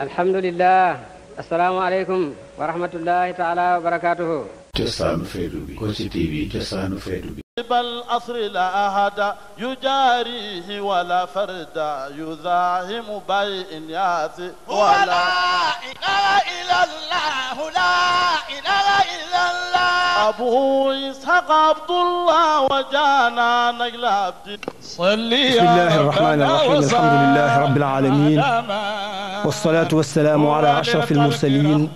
الحمد لله السلام عليكم ورحمة الله تعالى وبركاته جسان فيدوبي كوسي تي في جسان فيدوبي بالأصر طيب لا أحد يجاريه ولا فرد يزاحم بيء ياسي ولا إله إلا الله لا إله إلا الله أبو إسحاق عبد الله وجانا نجل عبد بسم الله الرحمن الرحيم الحمد لله رب العالمين والصلاة والسلام على أشرف المرسلين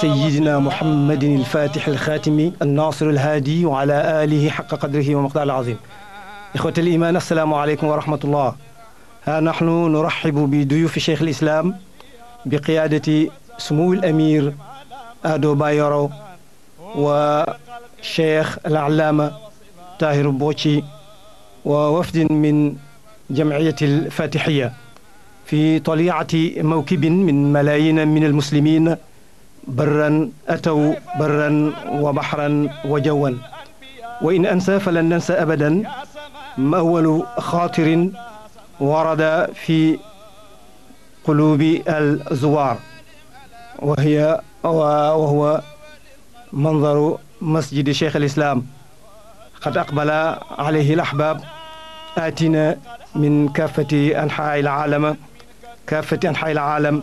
سيدنا محمد الفاتح الخاتم الناصر الهادي وعلى آله حق قدره ومقدار العظيم إخوة الإيمان السلام عليكم ورحمة الله ها نحن نرحب بضيوف شيخ الإسلام بقيادة سمو الأمير آدو بايرو وشيخ العلامة طاهر بوتشي ووفد من جمعية الفاتحية في طليعة موكب من ملايين من المسلمين برا أتوا برا وبحرا وجوا وإن أنسى فلن ننسى أبدا مأول خاطر ورد في قلوب الزوار وهي وهو منظر مسجد شيخ الإسلام قد أقبل عليه الأحباب آتنا من كافة أنحاء العالم كافة أنحاء العالم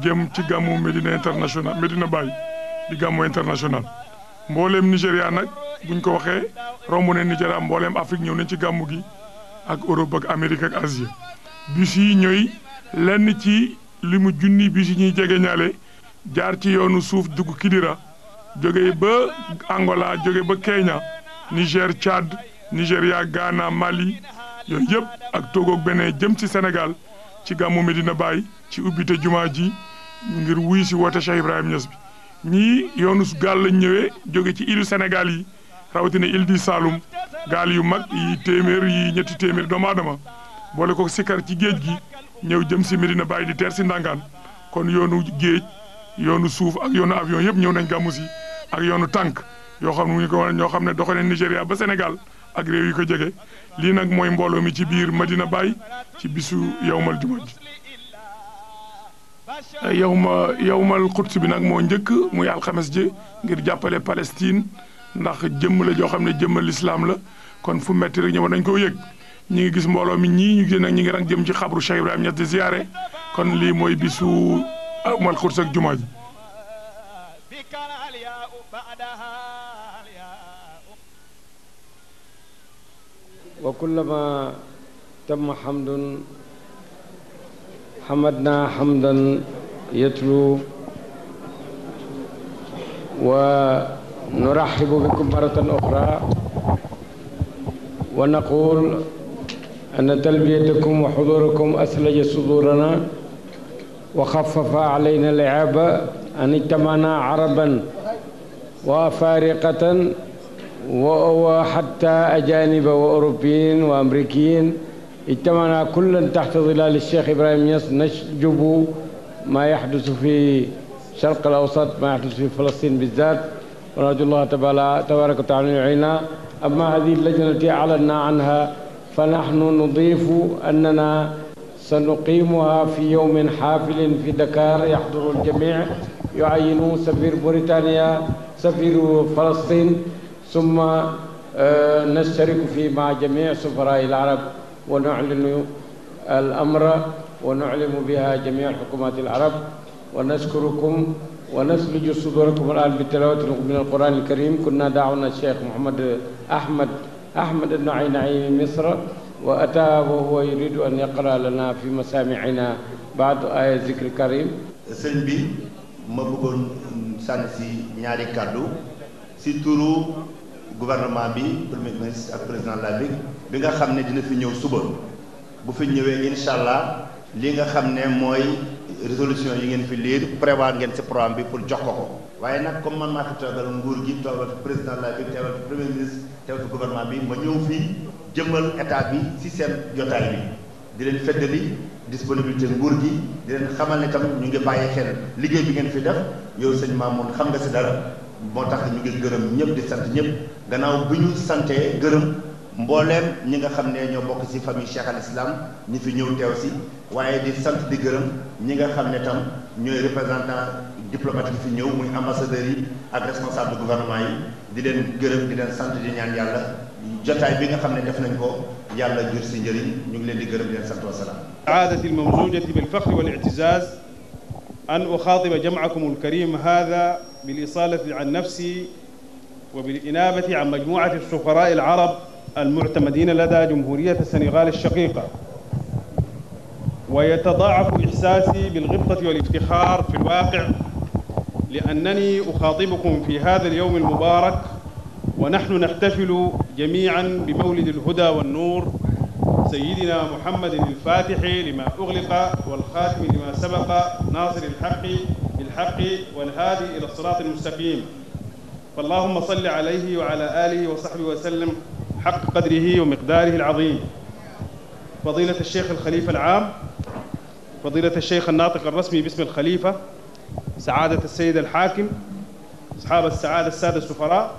jëm ci gàmmu Medina international Medina Baye di gàmmu international mbooleem Nigéria nag buñ ko waxee romb ne Nigéria mbooleem Afrique ñëw nañ ci gàmmu gi ak Europe ak Amérique ak Asie bis lenn ci limu mu junni bis yi ñuy jegeñaale jaar ci yoonu suuf dugg Kidira jóge ba Angola jóge ba keña Niger Tchad Nigéria Ghana Mali yooyu yëpp ak Togo ak jëm ci Sénégal ci gàmmu Medina Baye ci ubbite jumaa ji ngir wuy si woote Cheikh Ibrahima Niass bi ñii yoonu gaal lañ ñëwee jóge ci île Sénégal yi rawatina île di Saloum gaal yu mag yi téeméer yi ñetti téeméer doomu aadama boole ko sikkar ci géej gi ñëw jëm si Medina Baye di teer si ndàngaan kon yoonu géej yoonu suuf ak yoonu avion yëpp ñëw nañ gàmmu si ak yoonu tànk yoo xam ne ñu ko wane ñoo xam ne doxe ne Nigéria ba Sénégal ak réew yi ko jege lii nag mooy mbooloo mi ci biir Medina Baye ci bisu yowmal juma ji yow ma yowmal xudsi bi nag moo njëkk muy alxames ji ngir jàppale Palestine ndax jëmm la joo xam ne jëmmal lislaam la kon fu metti rek nañ koo yëg ñi ngi gis mbooloo mi ñii ñu gis ñi ngi rang jëm ci xabru Cheikh Ibrahima Niass di ziyaare kon lii mooy bisu yowmal xudsi ak jumaa ji wa حمدنا حمدا يتلو ونرحب بكم مرة أخرى ونقول أن تلبيتكم وحضوركم أثلج صدورنا وخفف علينا العابة أن اجتمعنا عربا وأفارقة وحتى أجانب وأوروبيين وأمريكيين اجتمعنا كلا تحت ظلال الشيخ إبراهيم يس نشجب ما يحدث في شرق الأوسط ما يحدث في فلسطين بالذات ونرجو الله تعالى تبارك وتعالى يعيننا أما هذه اللجنة التي أعلنا عنها فنحن نضيف أننا سنقيمها في يوم حافل في دكار يحضر الجميع يعين سفير بريطانيا سفير فلسطين ثم آه، نشترك فيه مع جميع سفراء العرب ونعلن الأمر ونعلم بها جميع حكومات العرب ونشكركم ونسلج صدوركم الآن بتلاوة من القرآن الكريم كنا دعونا الشيخ محمد أحمد أحمد النعي نعيم مصر وأتى وهو يريد أن يقرأ لنا في مسامعنا بعض آية ذكر كريم سلبي ما بغون سانسي نياري كادو سي تورو غوفرنمان بي بريمير مينيستر اك بريزيدان de bi nga xam ne dina fi ñëw suba bu fi ñëwee incha allah li nga xam ne mooy résolution yi ngeen fi lire prévoir ngeen ci programme bi pour jox ko ko waaye nag comme man maa fi toogal nguur gi toogal fi président de la République teewal fi premier ministre teewal fi bi ma ñëw fii jëmmal état bi si seen jotaay bi di leen feddali disponibilité nguur gi di leen xamal ne tam ñu ngi bàyyi xel liggéey bi ngeen fi def yow sëñ Mamoun xam nga si dara moo tax ñu ngi gërëm ñëpp di sant ñëpp gannaaw bi ñu santee gërëm mbollem ñi nga xamne ño bok ci fami Cheikh al Islam ñi fi ñëw tew ci waye di sant di gërëm ñi nga xamne tam ñoy représentant diplomatique fi ñëw muy ambassadeur yi ak responsable gouvernement yi di len gërëm di len sant di ñaan yàlla jotaay bi nga xamne def nañ ko yàlla jur ci njëriñ ñu ngi len di gërëm di leen sant wasalaam aadati almamzujati bilfaxri walictizaz an uxaatiba jamcakum alkarim hada bilisalati an nafsi وبالإنابة عن مجموعة السفراء العرب المعتمدين لدى جمهورية السنغال الشقيقة ويتضاعف إحساسي بالغبطة والافتخار في الواقع لأنني أخاطبكم في هذا اليوم المبارك ونحن نحتفل جميعا بمولد الهدى والنور سيدنا محمد الفاتح لما أغلق والخاتم لما سبق ناصر الحق بالحق والهادي إلى الصراط المستقيم فاللهم صل عليه وعلى آله وصحبه وسلم حق قدره ومقداره العظيم فضيلة الشيخ الخليفة العام فضيلة الشيخ الناطق الرسمي باسم الخليفة سعادة السيد الحاكم أصحاب السعادة السادة السفراء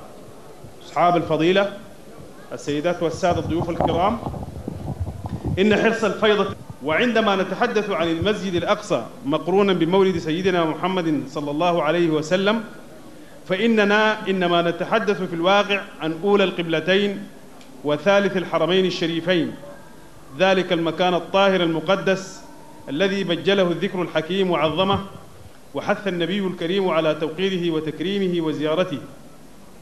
أصحاب الفضيلة السيدات والسادة الضيوف الكرام إن حرص الفيضة وعندما نتحدث عن المسجد الأقصى مقرونا بمولد سيدنا محمد صلى الله عليه وسلم فإننا إنما نتحدث في الواقع عن أولى القبلتين وثالث الحرمين الشريفين ذلك المكان الطاهر المقدس الذي بجله الذكر الحكيم وعظمه وحث النبي الكريم على توقيره وتكريمه وزيارته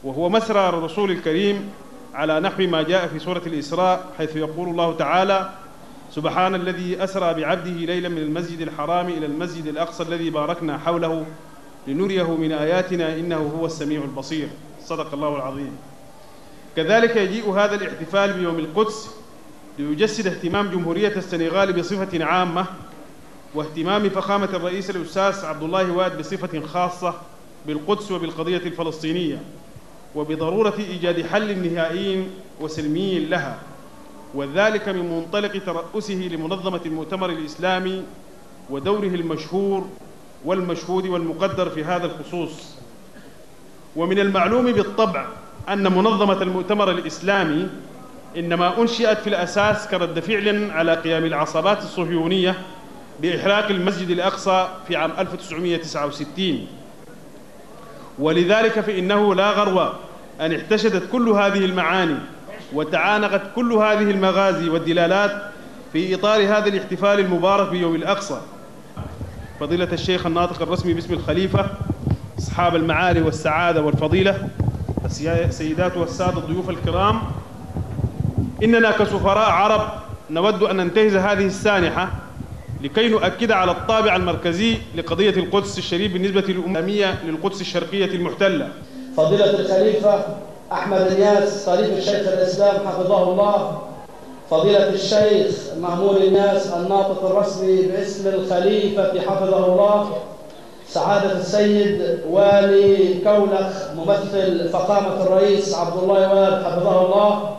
وهو مسرى الرسول الكريم على نحو ما جاء في سورة الإسراء حيث يقول الله تعالى سبحان الذي أسرى بعبده ليلا من المسجد الحرام إلى المسجد الأقصى الذي باركنا حوله لنريه من آياتنا إنه هو السميع البصير صدق الله العظيم كذلك يجيء هذا الاحتفال بيوم القدس ليجسد اهتمام جمهورية السنغال بصفة عامة واهتمام فخامة الرئيس الأستاذ عبد الله واد بصفة خاصة بالقدس وبالقضية الفلسطينية وبضرورة إيجاد حل نهائي وسلمي لها وذلك من منطلق ترأسه لمنظمة المؤتمر الإسلامي ودوره المشهور والمشهود والمقدر في هذا الخصوص ومن المعلوم بالطبع أن منظمة المؤتمر الإسلامي إنما أنشئت في الأساس كرد فعل على قيام العصابات الصهيونية بإحراق المسجد الأقصى في عام 1969 ولذلك فإنه لا غرو أن احتشدت كل هذه المعاني وتعانقت كل هذه المغازي والدلالات في إطار هذا الاحتفال المبارك بيوم الأقصى فضيلة الشيخ الناطق الرسمي باسم الخليفة أصحاب المعالي والسعادة والفضيلة السيدات والسادة الضيوف الكرام إننا كسفراء عرب نود أن ننتهز هذه السانحة لكي نؤكد على الطابع المركزي لقضية القدس الشريف بالنسبة للأممية للقدس الشرقية المحتلة فضيلة الخليفة أحمد الياس خليفة الشيخ الإسلام حفظه الله فضيلة الشيخ محمود الناس الناطق الرسمي باسم الخليفة حفظه الله سعادة السيد والي كونخ ممثل فخامة الرئيس عبد الله واد حفظه الله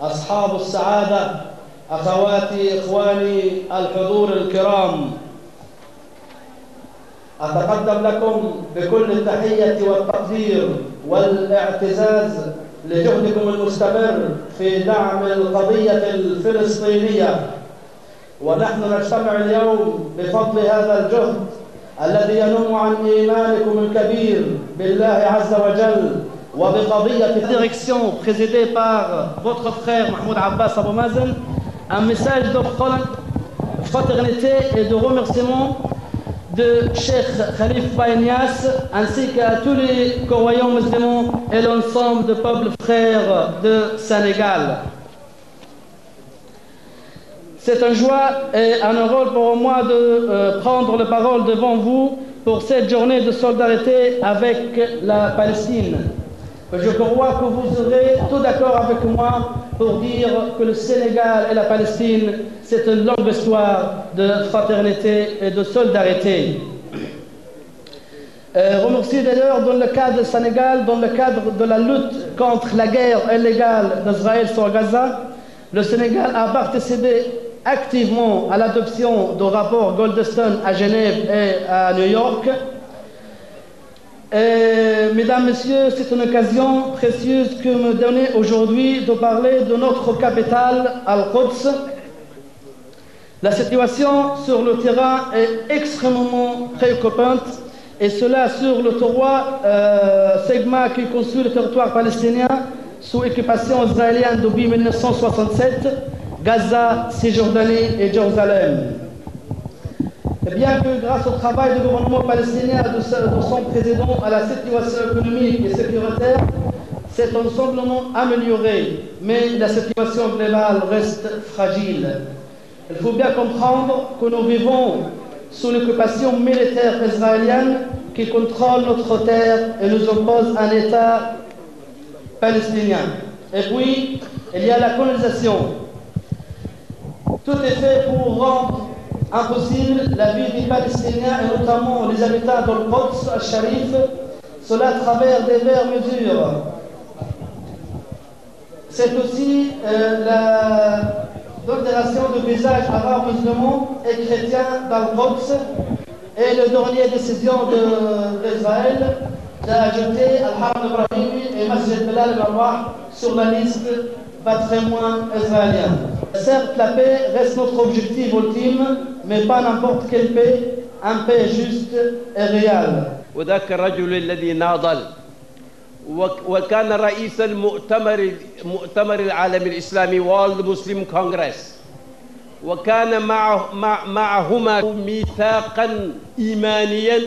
أصحاب السعادة أخواتي إخواني الحضور الكرام أتقدم لكم بكل التحية والتقدير والاعتزاز لجهدكم المستمر في دعم القضية الفلسطينية ونحن نجتمع اليوم بفضل هذا الجهد الذي ينم عن إيمانكم الكبير بالله عز وجل La direction présidée par votre frère Mahmoud Abbas Abou Mazen, un message de fraternité et de remerciement de Cheikh Khalif Baïnias ainsi qu'à tous les croyants musulmans et l'ensemble du peuple frère de Sénégal. C'est un joie et un rôle pour moi de euh, prendre la parole devant vous pour cette journée de solidarité avec la Palestine. Je crois que vous serez tout d'accord avec moi pour dire que le Sénégal et la Palestine, c'est une longue histoire de fraternité et de solidarité. Euh, remercier d'ailleurs dans le cadre du Sénégal, dans le cadre de la lutte contre la guerre illégale d'Israël sur Gaza, le Sénégal a participé activement à l'adoption du rapport Goldstone à Genève et à New York. mesdames, Messieurs, c'est une occasion précieuse que me donnez aujourd'hui de parler de notre capitale, Al-Quds. La situation sur le terrain est extrêmement préoccupante, et cela sur le trois euh, qui construit le territoire palestinien sous occupation israélienne depuis 1967 Gaza, Cisjordanie et Jérusalem. Et bien que grâce au travail du gouvernement palestinien et de son président à la situation économique et sécuritaire, cet ensemble amélioré, mais la situation globale reste fragile. Il faut bien comprendre que nous vivons sous l'occupation militaire israélienne qui contrôle notre terre et nous oppose un État palestinien. Et puis, il y a la colonisation tout est fait pour rendre impossible la vie des Palestiniens et notamment les habitants de Qods al-Sharif, cela à travers des mesures. C'est aussi euh, la visage de visage musulman musulman et chrétien dans Qods et la dernière décision de l'Israël d'ajouter Al-Haram Ibrahimi et Masjid Bilal al sur la liste patrimoine israélien. Certes, la paix reste notre objectif ultime, mais pas n'importe quelle paix, un paix juste et réel. وذاك الرجل الذي ناضل وكان رئيس المؤتمر مؤتمر العالم الاسلامي وورلد مسلم كونغرس وكان معه مع معهما ميثاقا ايمانيا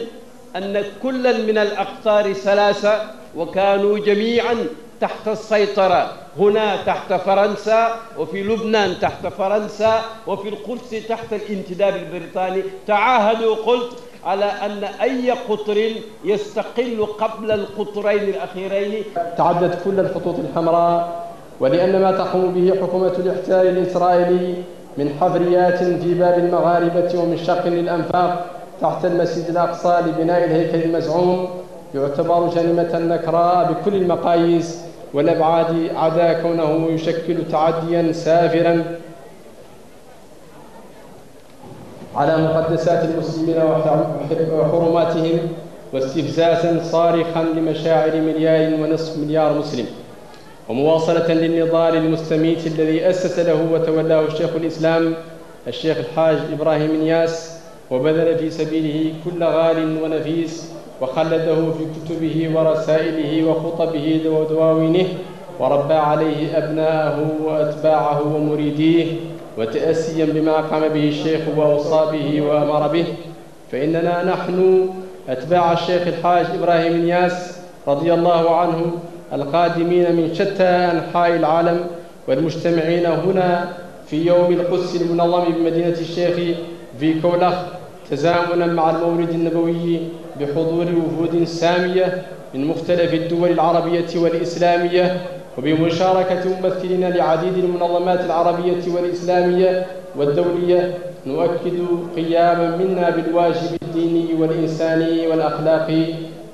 ان كلا من الاقطار ثلاثه وكانوا جميعا تحت السيطرة هنا تحت فرنسا وفي لبنان تحت فرنسا وفي القدس تحت الانتداب البريطاني تعاهدوا قلت على أن أي قطر يستقل قبل القطرين الأخيرين تعدت كل الخطوط الحمراء ولأن ما تقوم به حكومة الاحتلال الإسرائيلي من حفريات في باب المغاربة ومن شق للأنفاق تحت المسجد الأقصى لبناء الهيكل المزعوم يعتبر جريمة نكراء بكل المقاييس والأبعاد عدا كونه يشكل تعديا سافرا على مقدسات المسلمين وحرماتهم واستفزازا صارخا لمشاعر مليار ونصف مليار مسلم ومواصلة للنضال المستميت الذي أسس له وتولاه الشيخ الإسلام الشيخ الحاج إبراهيم نياس وبذل في سبيله كل غال ونفيس وخلده في كتبه ورسائله وخطبه ودواوينه وربى عليه أبناءه وأتباعه ومريديه وتأسيا بما قام به الشيخ وأوصى به وأمر به فإننا نحن أتباع الشيخ الحاج إبراهيم نياس رضي الله عنه القادمين من شتى أنحاء العالم والمجتمعين هنا في يوم القدس المنظم بمدينة الشيخ في كولخ تزامنا مع المولد النبوي بحضور وفود سامية من مختلف الدول العربية والإسلامية وبمشاركة ممثلين لعديد المنظمات العربية والإسلامية والدولية نؤكد قياما منا بالواجب الديني والإنساني والأخلاقي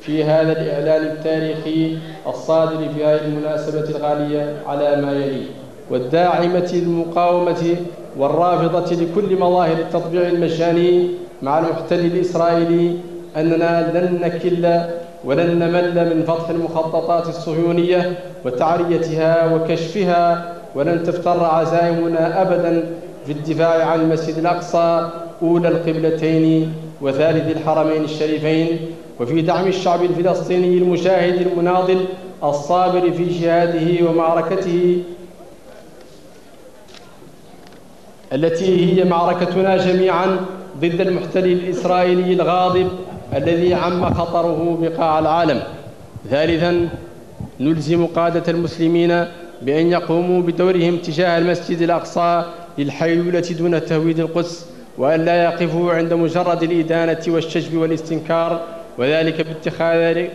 في هذا الإعلان التاريخي الصادر في هذه المناسبة الغالية على ما يلي والداعمة للمقاومة والرافضة لكل مظاهر التطبيع المجاني مع المحتل الإسرائيلي أننا لن نكل ولن نمل من فتح المخططات الصهيونية وتعريتها وكشفها ولن تفتر عزائمنا أبدا في الدفاع عن المسجد الأقصى أولى القبلتين وثالث الحرمين الشريفين وفي دعم الشعب الفلسطيني المشاهد المناضل الصابر في جهاده ومعركته التي هي معركتنا جميعا ضد المحتل الإسرائيلي الغاضب الذي عم خطره بقاع العالم ثالثا نلزم قادة المسلمين بأن يقوموا بدورهم تجاه المسجد الأقصى للحيولة دون تهويد القدس وأن لا يقفوا عند مجرد الإدانة والشجب والاستنكار وذلك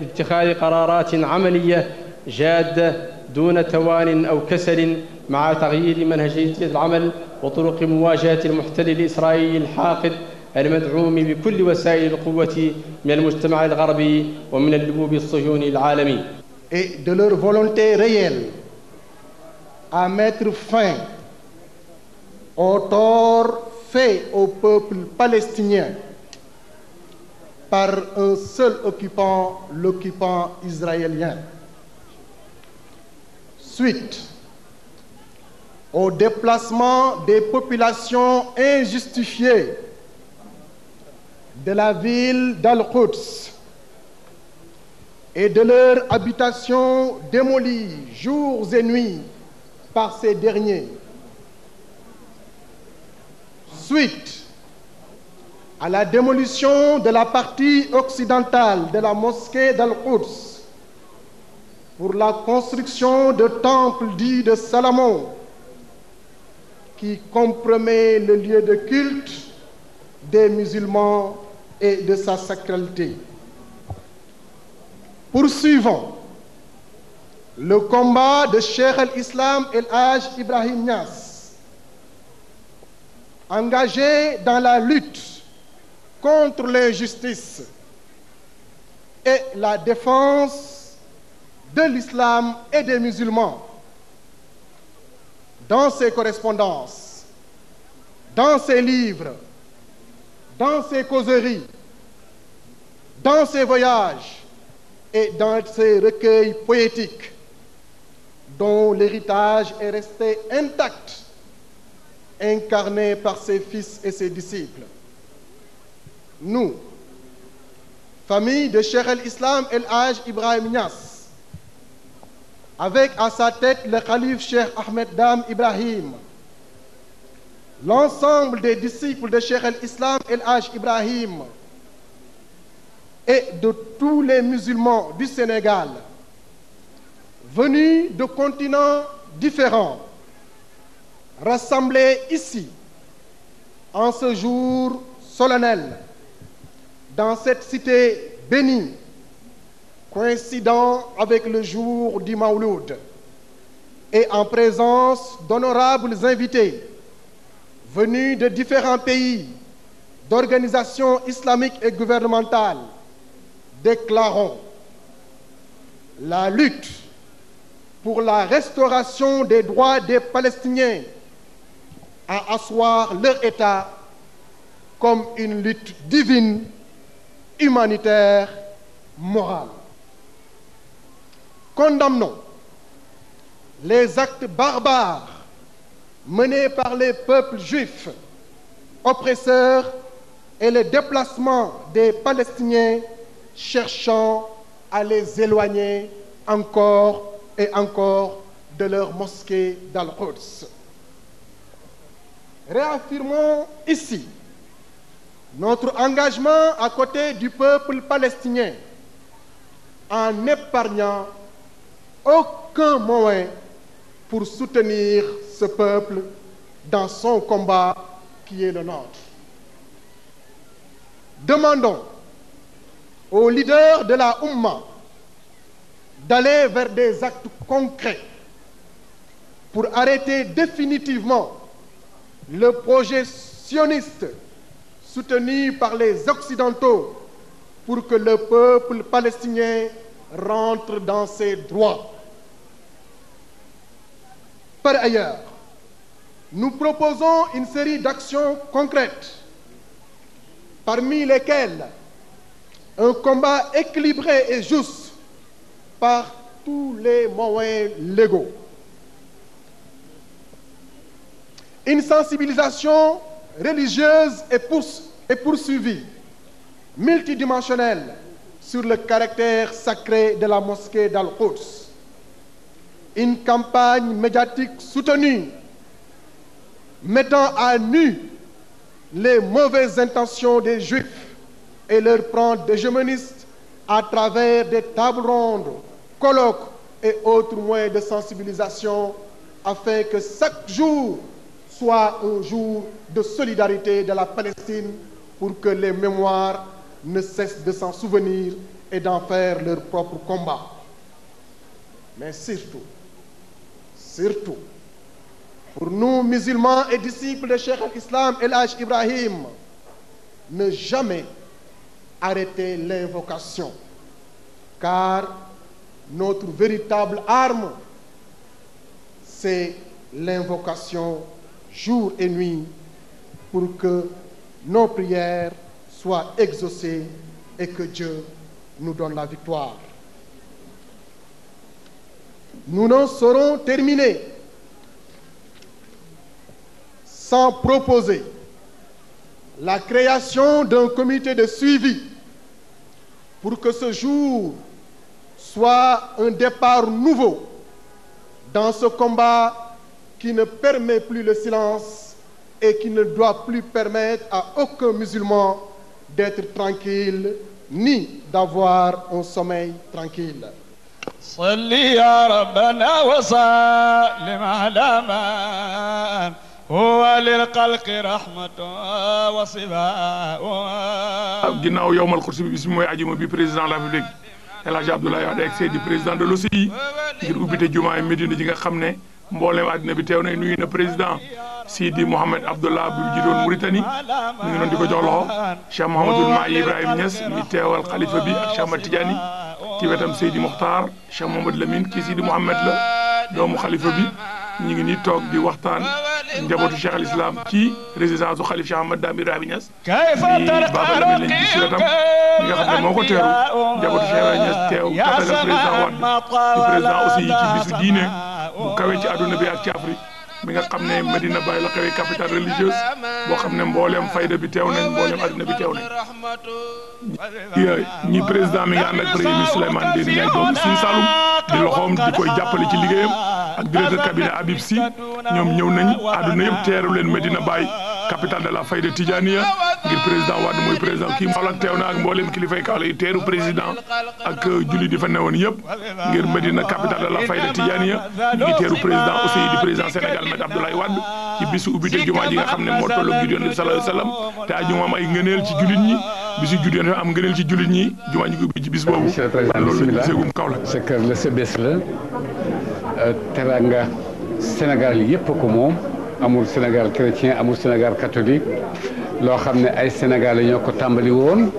باتخاذ قرارات عملية جادة دون توان أو كسل مع تغيير منهجية العمل وطرق مواجهة المحتل الإسرائيلي الحاقد et de leur volonté réelle à mettre fin au tort fait au peuple palestinien par un seul occupant, l'occupant israélien. Suite au déplacement des populations injustifiées de la ville d'Al-Quds et de leurs habitations démolies jours et nuits par ces derniers. Suite à la démolition de la partie occidentale de la mosquée d'Al-Quds pour la construction de temples dits de Salomon qui compromet le lieu de culte des musulmans et de sa sacralité. Poursuivons le combat de Cheikh al-Islam El Haj Ibrahim Nias, engagé dans la lutte contre l'injustice et la défense de l'islam et des musulmans. Dans ses correspondances, dans ses livres, dans ses causeries, dans ses voyages et dans ses recueils poétiques, dont l'héritage est resté intact, incarné par ses fils et ses disciples. Nous, famille de Cheikh el-Islam El-Haj Ibrahim Nias, avec à sa tête le calife Cheikh Ahmed Dam Ibrahim, l'ensemble des disciples de Cheikh el islam El Haj Ibrahim et de tous les musulmans du Sénégal venus de continents différents, rassemblés ici en ce jour solennel, dans cette cité bénie, coïncidant avec le jour du Mauloud, et en présence d'honorables invités venus de différents pays, d'organisations islamiques et gouvernementales, déclarons la lutte pour la restauration des droits des Palestiniens à asseoir leur État comme une lutte divine, humanitaire, morale. Condamnons les actes barbares menée par les peuples juifs oppresseurs et le déplacement des Palestiniens cherchant à les éloigner encore et encore de leur mosquée d'Al-Quds. Réaffirmons ici notre engagement à côté du peuple palestinien en épargnant aucun moyen pour soutenir ce peuple dans son combat qui est le nôtre. Demandons aux leaders de la Oumma d'aller vers des actes concrets pour arrêter définitivement le projet sioniste soutenu par les Occidentaux pour que le peuple palestinien rentre dans ses droits. Par ailleurs, nous proposons une série d'actions concrètes, parmi lesquelles un combat équilibré et juste par tous les moyens légaux. Une sensibilisation religieuse et poursuivie, multidimensionnelle, sur le caractère sacré de la mosquée d'Al-Quds une campagne médiatique soutenue mettant à nu les mauvaises intentions des Juifs et leur des gémonistes à travers des tables rondes, colloques et autres moyens de sensibilisation afin que chaque jour soit un jour de solidarité de la Palestine pour que les mémoires ne cessent de s'en souvenir et d'en faire leur propre combat. Mais surtout, surtout pour nous musulmans et disciples de Cheikh al-Islam El Hadj Ibrahim, ne jamais arrêter l'invocation, car notre véritable arme, c'est l'invocation jour et nuit pour que nos prières soient exaucées et que Dieu nous donne la victoire nous n'en serons terminés sans proposer la création d'un comité de suivi pour que ce jour soit un départ nouveau dans ce combat qui ne permet plus le silence et qui ne doit plus permettre à aucun musulman d'être tranquille ni d'avoir un sommeil tranquille. صلي يا ربنا وسلم على من هو للخلق رحمة وصفاء جناو يوم القرسي باسم ويعجم بي بريزيدان لابيبليك الاجي عبد الله يعد اكسيدي بريزيدان دلوسي جير اوبيتي جمعي مدينة جيغا خمني mboolem àddina bi teew nañ nuyu na président Sidi mohammed Abdullah bu jiitoon Mauritanie ñu non diko jox loxo Cheikh Mouhamadul ma ibrahim ness mi tewal khalifa bi ak Cheikh Ahmad Tidiane ci wetam sidi Mokhtar Cheikh Mouhamad Lamine kii Sidi mohammed la doomu khalifa bi. ñu ngi ni toog bi waxtaan njabootu Cheikh al Islam ci résidence su xalif Cheikh Ahmad Dame Ibrahima Niass di nga xam ne moo ko teeru njabootu Cheikh Ibrahima Niass teew tàggatal président Wade di président aussi ci bisu diine bu bi ak ci Afrique mi nga xam ne Medina Baye la xewee capitale religieuse boo xam ne mbooleem fayda bi teew nañ mbooleem adduna bi teew nañ ñi président mi nga ànd ak premier ministre Souleymane Ndéné Ndiaye doomu Sine Saloum di loxoom di koy jàppale ci liggéeyam ak directeur cabinet abib si ñoom ñëw nañu àdduna yëpp teeru leen ma dina Baye capital de la fayda tijaniya ngir président Wade mooy président kii Kaolack teew na ak mboolem kilifay Kaolack yi teeru président ak euh, julli di fa newoon yëpp ngir Medina capital de la fayda tijaniya ñu ngi teeru président aussi di président Sénégal Maître Abdoulaye Wade ci bisu ubbite jumaa ji nga xam ne moo tolloog juddu sallallahu alayhi wa sallam te ajuma am ci jullit ñi bisu juddu Yonent am ngëneel ci jullit ñi jumaa ji ko ubbi ci bis boobu loolu la gisagum Kaolack la la euh, teranga Sénégal yëpp ko moom amul Sénégal chrétien amul Sénégal katolik loo xam ne ay Sénégal ñoo ko tàmbali woon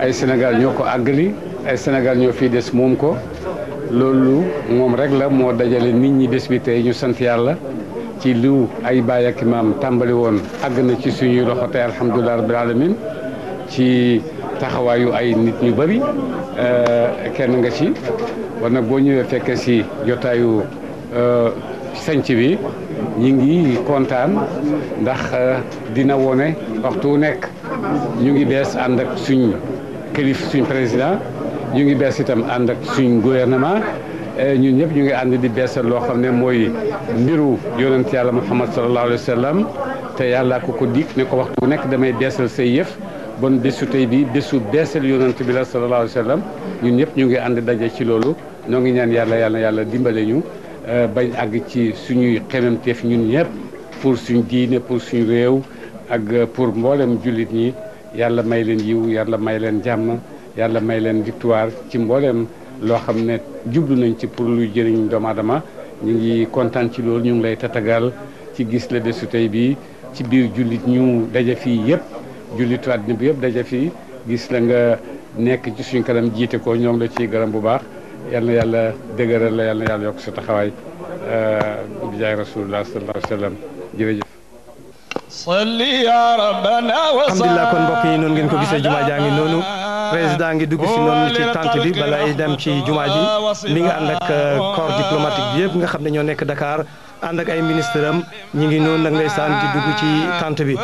ay Sénégal ñoo ko àggali ay Sénégal ñoo fii des moom ko loolu moom rek la moo dajale nit ñi bés bi tey ñu sant yàlla ci liw ay baay maam tàmbali woon àgg na ci suñuy loxo tey alhamdulilah rabbil alamin ci taxawaayu ay nit ñu bëri euh, kenn nga ci war nag boo ñëwee fekk si jotaayu euh, sanc bi ñu ngi kontaan ndax euh, dina wone waxtu wu nekk ñu ngi bees ànd ak suñ kilifa suñ président ñu ngi bees itam ànd ak suñ gouvernement euh, ñun ñëpp ñu ngi ànd di beesal loo xam ne mooy mbiru yonent yàlla muhammad sallallahu alayhi wa sallam te yàlla ko ko dig ne ko waxtu wu nekk damay beesal say yëf bon bésu tey bi bésu beesal yonent bi la sallallahu alayhi wa sallam ñun ñëpp ñu ngi ànd daje ci loolu ñoo ngi ñaan yàlla yàlla yàlla dimbale ñu Euh, bañ àgg ci suñuy xememteef ñun ñëpp pour suñ diine pour suñu réew ak euh, pour mboolem jullit ñi yàlla may leen yiw yàlla may leen jàmm yàlla may leen victoire ci mboolem loo xam ne jublu nañ ci pour luy jëriñ doomu aadama ñu ngi kontaan ci loolu ñu ngi lay tatagal ci gis la desu tey bii ci biir jullit ñu daja fii yëpp jullitu àddina bi yëpp daje fii gis la nga nekk ci suñu kanam jiite ko ñoom la ciy gërëm bu baax. yal na yàlla dëgëral la yal na yàlla yokk sa taxawaay eh, bi jaay rasulullah sallallahu alayhi wa sallam jërëjëf alhamdulilah kon mbokk yi noonu ngeen ko gisee jumaa jaa ngi noonu président ngi dugg si noonu ci tente bi balay dem ci jumaa ji mi nga ànd ak eh, corps diplomatique bi yëpp nga xam ne ñoo nekk Dakar ànd ak ay ministre am ñi ngi noonu nag ndeysaan di dugg ci tant bi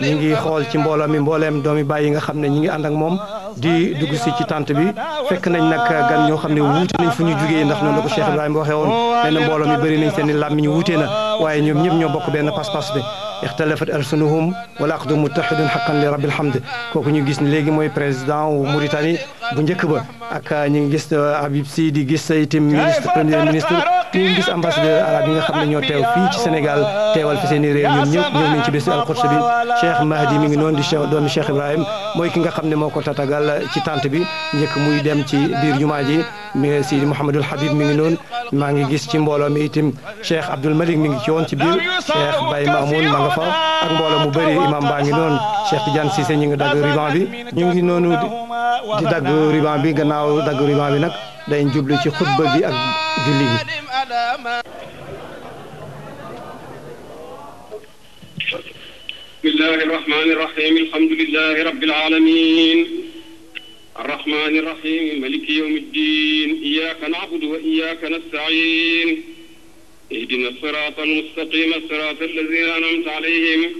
ñi ngi xool ci mbooloo mi mbooleem doomi baay yi nga xam ne ñi ngi ànd ak moom di dugg si ci tant bi fekk nañ nag gan ñoo xam ne wuute nañ fu ñu jugee ndax noonu la ko Cheikh Ibrahima waxee woon nee na mbooloo mi bëri nañ seen i làmmiñ wute na waaye ñoom ñëpp ñoo bokk benn pas-pas bi اختلفت ارسنهم والعقد متحد حقا لرب الحمد كوكو نيو غيس نلغي موي بريزدان وموريتاني بو نجيك با اكا نيو غيس حبيب سيدي غيس ايتم مينيستر بريمير مينيستر نيو غيس امباسادور على بيغا خامل نيو تيو في سي سنغال تيوال في سي ني ريو نيو نيو نيو بيس القدس بي شيخ مهدي ميغي نون دي شيخ دومي شيخ ابراهيم موي كيغا خامل موكو تاتاغال سي تانت بي نيك موي ديم سي بير جوماجي مي سيدي محمد الحبيب ميغي نون ماغي غيس سي مبولو مي ايتم شيخ عبد الملك ميغي سي وون سي بير شيخ باي مامون ماغا nga fa ak mu imam baa ngi Cheikh Tidiane Cissé ñu ngi dagg bi ñu ngi di dagg ruban bi gannaaw dagg ruban bi nag day jublu ci xutba bi ak julli bi بسم الرحمن الرحيم الحمد لله رب العالمين الرحمن الرحيم ملك يوم الدين إياك نعبد وإياك نستعين اهدنا الصراط المستقيم صراط الذين أنعمت عليهم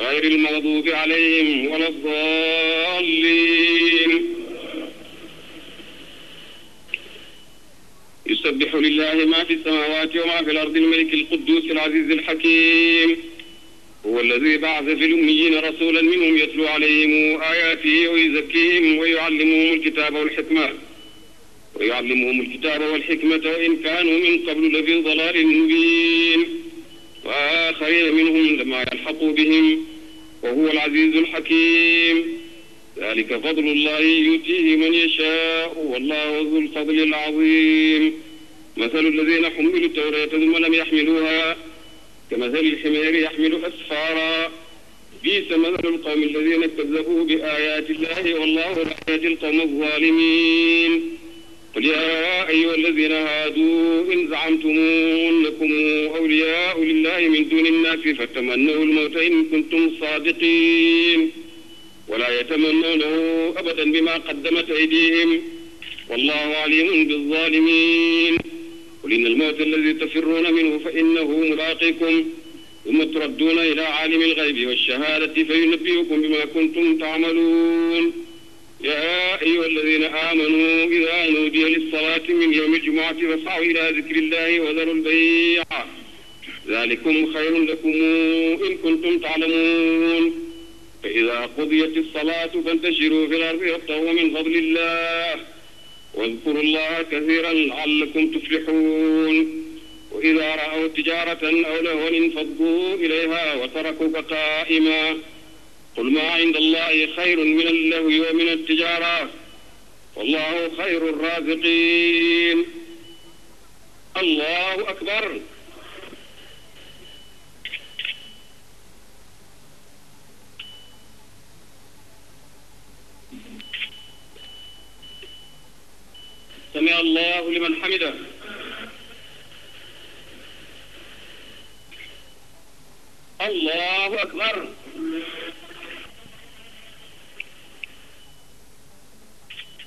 غير المغضوب عليهم ولا الضالين يسبح لله ما في السماوات وما في الأرض الملك القدوس العزيز الحكيم هو الذي بعث في الأميين رسولا منهم يتلو عليهم آياته ويزكيهم ويعلمهم الكتاب والحكمة ويعلمهم الكتاب والحكمة وإن كانوا من قبل لفي ضلال مبين وآخرين منهم لما يلحقوا بهم وهو العزيز الحكيم ذلك فضل الله يؤتيه من يشاء والله ذو الفضل العظيم مثل الذين حملوا التوراة ثم لم يحملوها كمثل الحمير يحمل أسفارا بئس مثل القوم الذين كذبوا بآيات الله والله لا يهدي القوم الظالمين قل يا أيها الذين هادوا إن زعمتم أنكم أولياء لله من دون الناس فتمنوا الموت إن كنتم صادقين ولا يتمنونه أبدا بما قدمت أيديهم والله عليم بالظالمين قل إن الموت الذي تفرون منه فإنه ملاقيكم ثم تردون إلى عالم الغيب والشهادة فينبئكم بما كنتم تعملون يا أيها الذين آمنوا إذا نودي للصلاة من يوم الجمعة فاسعوا إلى ذكر الله وذروا البيع ذلكم خير لكم إن كنتم تعلمون فإذا قضيت الصلاة فانتشروا في الأرض وابتغوا من فضل الله واذكروا الله كثيرا لعلكم تفلحون وإذا رأوا تجارة أو لهوا انفضوا إليها وتركوا قائما قل ما عند الله خير من الله ومن التجارة والله خير الرازقين الله أكبر سمع الله لمن حمده الله أكبر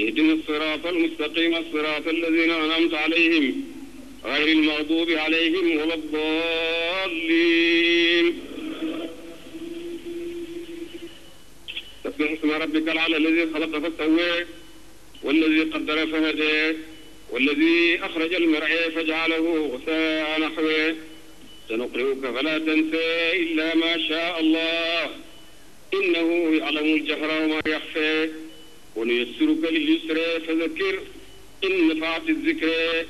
اهدنا الصراط المستقيم الصراط الذين أنعمت عليهم غير المغضوب عليهم ولا الضالين اسم ربك العلى الذي خلق فسوى والذي قدر فهداه والذي أخرج المرعى فجعله غثاء نحوه سنقرئك فلا تنسى إلا ما شاء الله إنه يعلم الجهر وما يخفى ونيسرك لليسرى فذكر إن نفعت الذكرى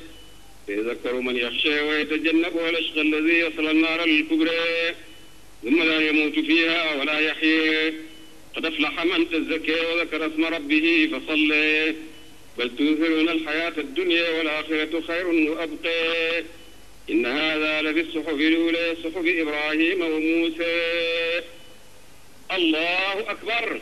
فيذكر من يخشى ويتجنب الأشقى الذي يصل النار الكبرى ثم لا يموت فيها ولا يحيى قد أفلح من تزكى وذكر اسم ربه فصلى بل تؤثرون الحياة الدنيا والآخرة خير وأبقى إن هذا لفي الصحف الأولى صحف إبراهيم وموسى الله أكبر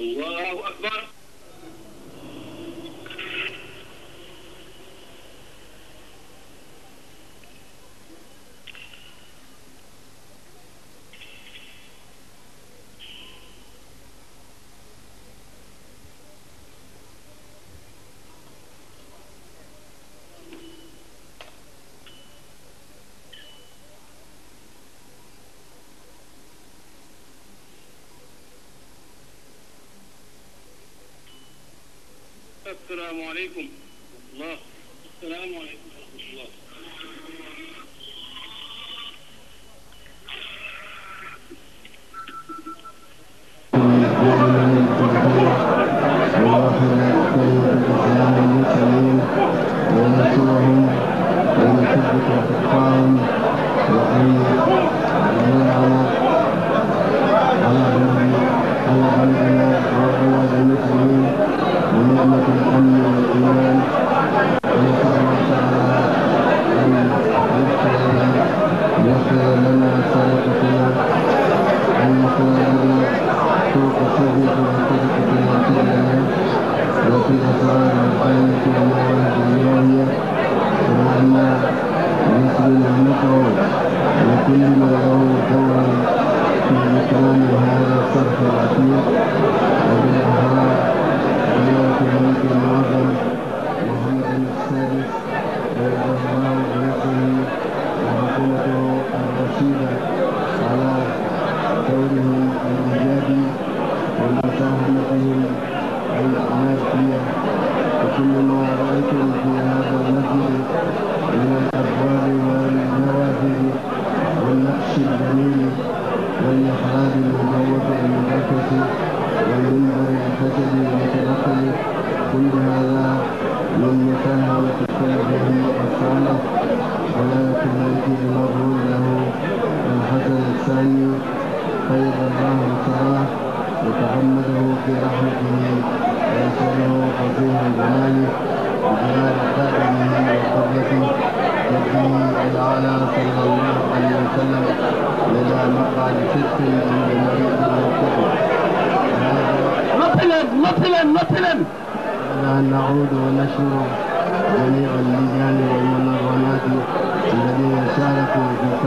الله أكبر السلام عليكم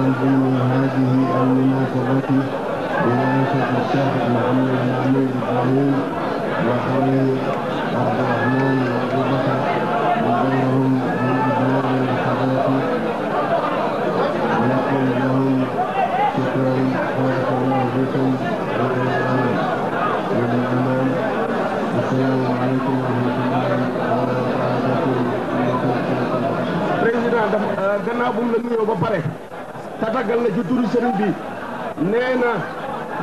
يلزم من هذه المناسبة مناقشة الشيخ محمد بن عمير إبراهيم وحبيب عبد الرحمن وأبو بكر وغيرهم من إبلاغ الحضرة ونقول لهم شكرا بارك الله بكم وبالأمان وبالأمان السلام عليكم ورحمة الله وبركاته. président dafa euh, gannaaw bu mu la nuyoo ba pare te gal na ci turu sëriñ bi nee na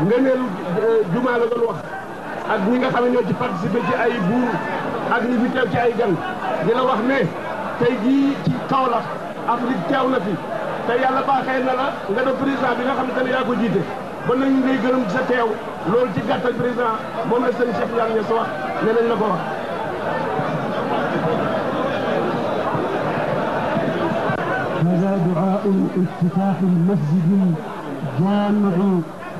ngëneelu euh, jumaa la doon wax ak ñi nga xam ne ñoo ci participé ci ay buur ak ni fi teew ci ay gan di la wax ne tey jii ci Kaolack Afrique teew na fi te yàlla baaxee na la nga doon président bi nga xam ne yaa ko jiite ba nañu ngay gërëm sa teew loolu ci gàttal président moom la sëñ Cheikh Ndiaye sa wax ne nañ la ko wax هذا دعاء افتتاح المسجد الجامع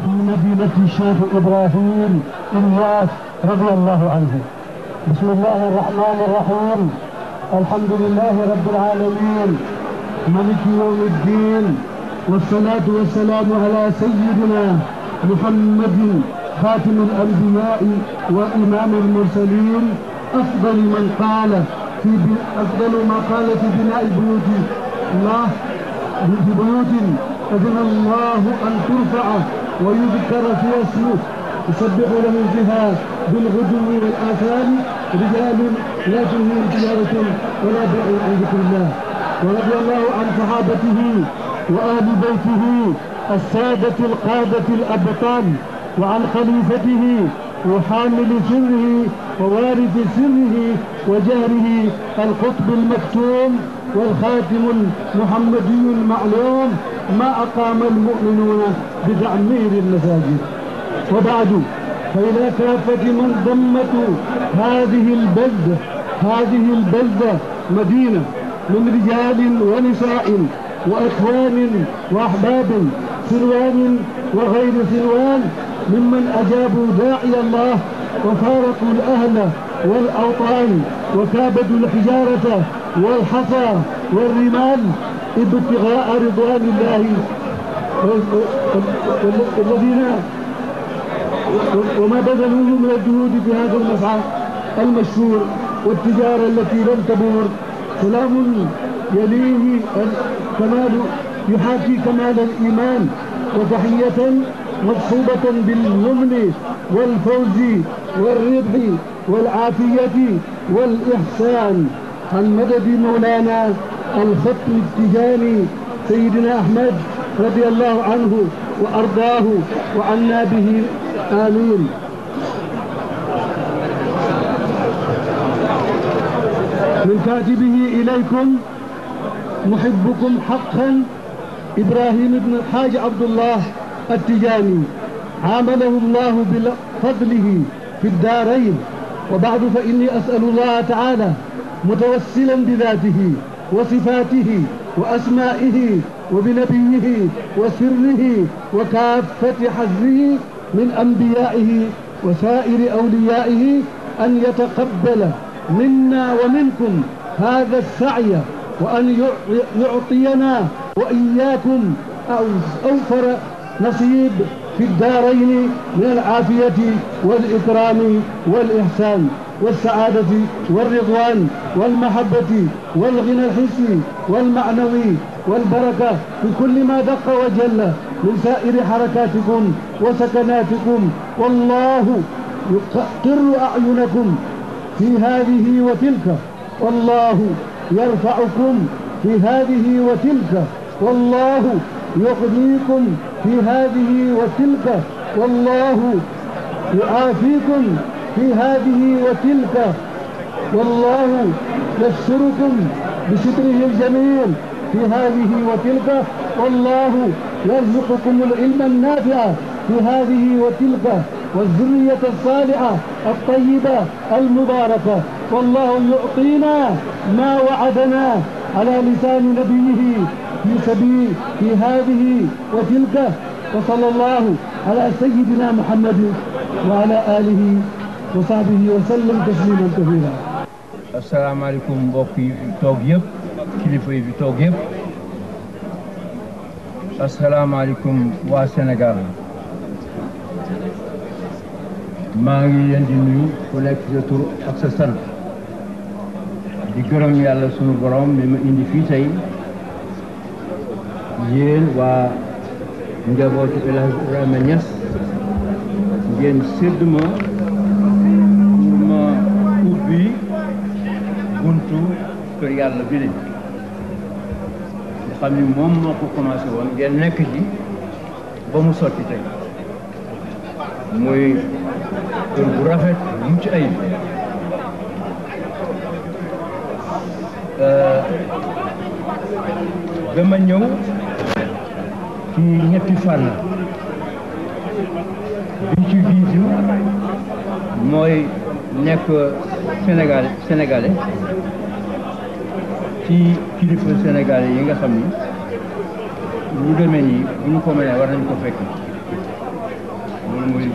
في مدينة الشيخ إبراهيم إلياس رضي الله عنه بسم الله الرحمن الرحيم الحمد لله رب العالمين ملك يوم الدين والصلاة والسلام على سيدنا محمد خاتم الأنبياء وإمام المرسلين أفضل من قال في أفضل ما قال في بناء البيوت الله في بيوت أذن الله أن ترفع ويذكر فيها اسمه يسبح له فيها بالغدو والآثام رجال لا تلهيهم تجارة ولا بيع عن ذكر الله ورضي الله عن صحابته وآل بيته السادة القادة الأبطال وعن خليفته وحامل سره ووارث سره وجهره القطب المكتوم والخاتم المحمدي المعلوم ما أقام المؤمنون بتعمير المساجد وبعد فإلى كافة من ضمت هذه البلدة هذه البلدة مدينة من رجال ونساء وأكوان وأحباب سلوان وغير سلوان ممن أجابوا داعي الله وفارقوا الأهل والأوطان وكابدوا الحجارة والحصى والرمال ابتغاء رضوان الله الذين وما بذلوه من الجهود في هذا المسعى المشهور والتجارة التي لم تبور سلام يليه الكمال يحاكي كمال الإيمان وتحية مصحوبة باليمن والفوز والربح والعافية والإحسان عن مدد مولانا الخط التجاني سيدنا أحمد رضي الله عنه وأرضاه وعنا به آمين من كاتبه إليكم محبكم حقا إبراهيم بن الحاج عبد الله التجاني عامله الله بفضله في الدارين وبعد فإني أسأل الله تعالى متوسلا بذاته وصفاته وأسمائه وبنبيه وسره وكافة حزه من أنبيائه وسائر أوليائه أن يتقبل منا ومنكم هذا السعي وأن يعطينا وإياكم أوفر نصيب في الدارين من العافية والإكرام والإحسان والسعادة والرضوان والمحبة والغنى الحسي والمعنوي والبركة في كل ما دق وجل من سائر حركاتكم وسكناتكم والله يقر أعينكم في هذه وتلك والله يرفعكم في هذه وتلك والله يخزيكم في هذه وتلك والله يعافيكم في هذه وتلك والله يستركم بستره الجميل في هذه وتلك والله يرزقكم العلم النافع في هذه وتلك والذرية الصالحة الطيبة المباركة والله يعطينا ما وعدنا على لسان نبيه في سبيل في هذه وتلك وصلى الله على سيدنا محمد وعلى آله وصحبه وسلم تسليما كثيرا السلام عليكم بوكي توغيب كليفي في توغيب السلام عليكم وا سنغال ماغي يندي نيو كوليك جوتور اكسسان دي غروم يالا سونو غروم ميم اندي في تاي yéen waa njabootu El Hadj Ibrahima Niass ngeen sédd ma pour ma ubbi buntu kër yàlla bi lañ nga xam ni moom moo ko commencé woon ngeen nekk ci ba mu sotti tey muy kër bu rafet mucc ayib dama euh, ñëw ci ñetti fànn bi ci jiitu mooy nekk Sénégal sénégalais ci kilifa sénégalais yi nga xam ni lu demee nii bu ñu ko mënee war nañ ko fekk loolu mooy li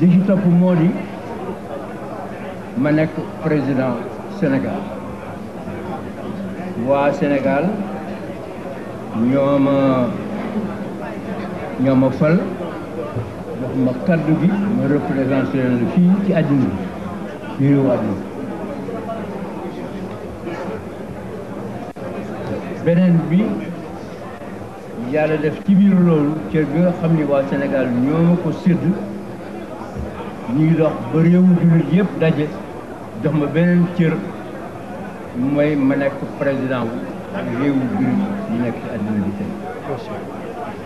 ci jiitu li Sénégal Sénégal ñoo ma ñoo ma fal jox ma kaddu gi ma représenté leen fii ci àddina bi réewu àddina beneen bi yàlla def ci biir loolu cër bi nga xam ni waa senegal ñoo ma ko sédd ñuy dox ba réewu jullit yëpp daje jox ma beneen cër mooy ma nekk président wu réewu ñu nekk ci àddina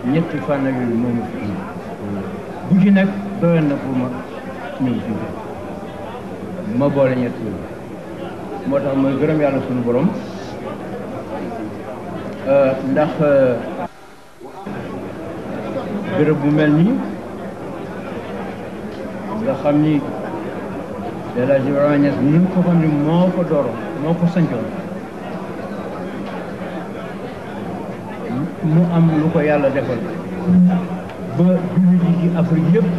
bi ñetti fànn yooyu moo ma fi indi bu ci nekk doyoon na pour ma ma boole ñett yooyu moo tax mooy gërëm yàlla suñu borom euh, ndax euh, bërëb bu mel nii nga xam ni El Hadj Ibrahima Niass ñun ni moo ko dooroon moo ko sancoon mu am lu ko yàlla defal ba jullit yi ci Afrique yëpp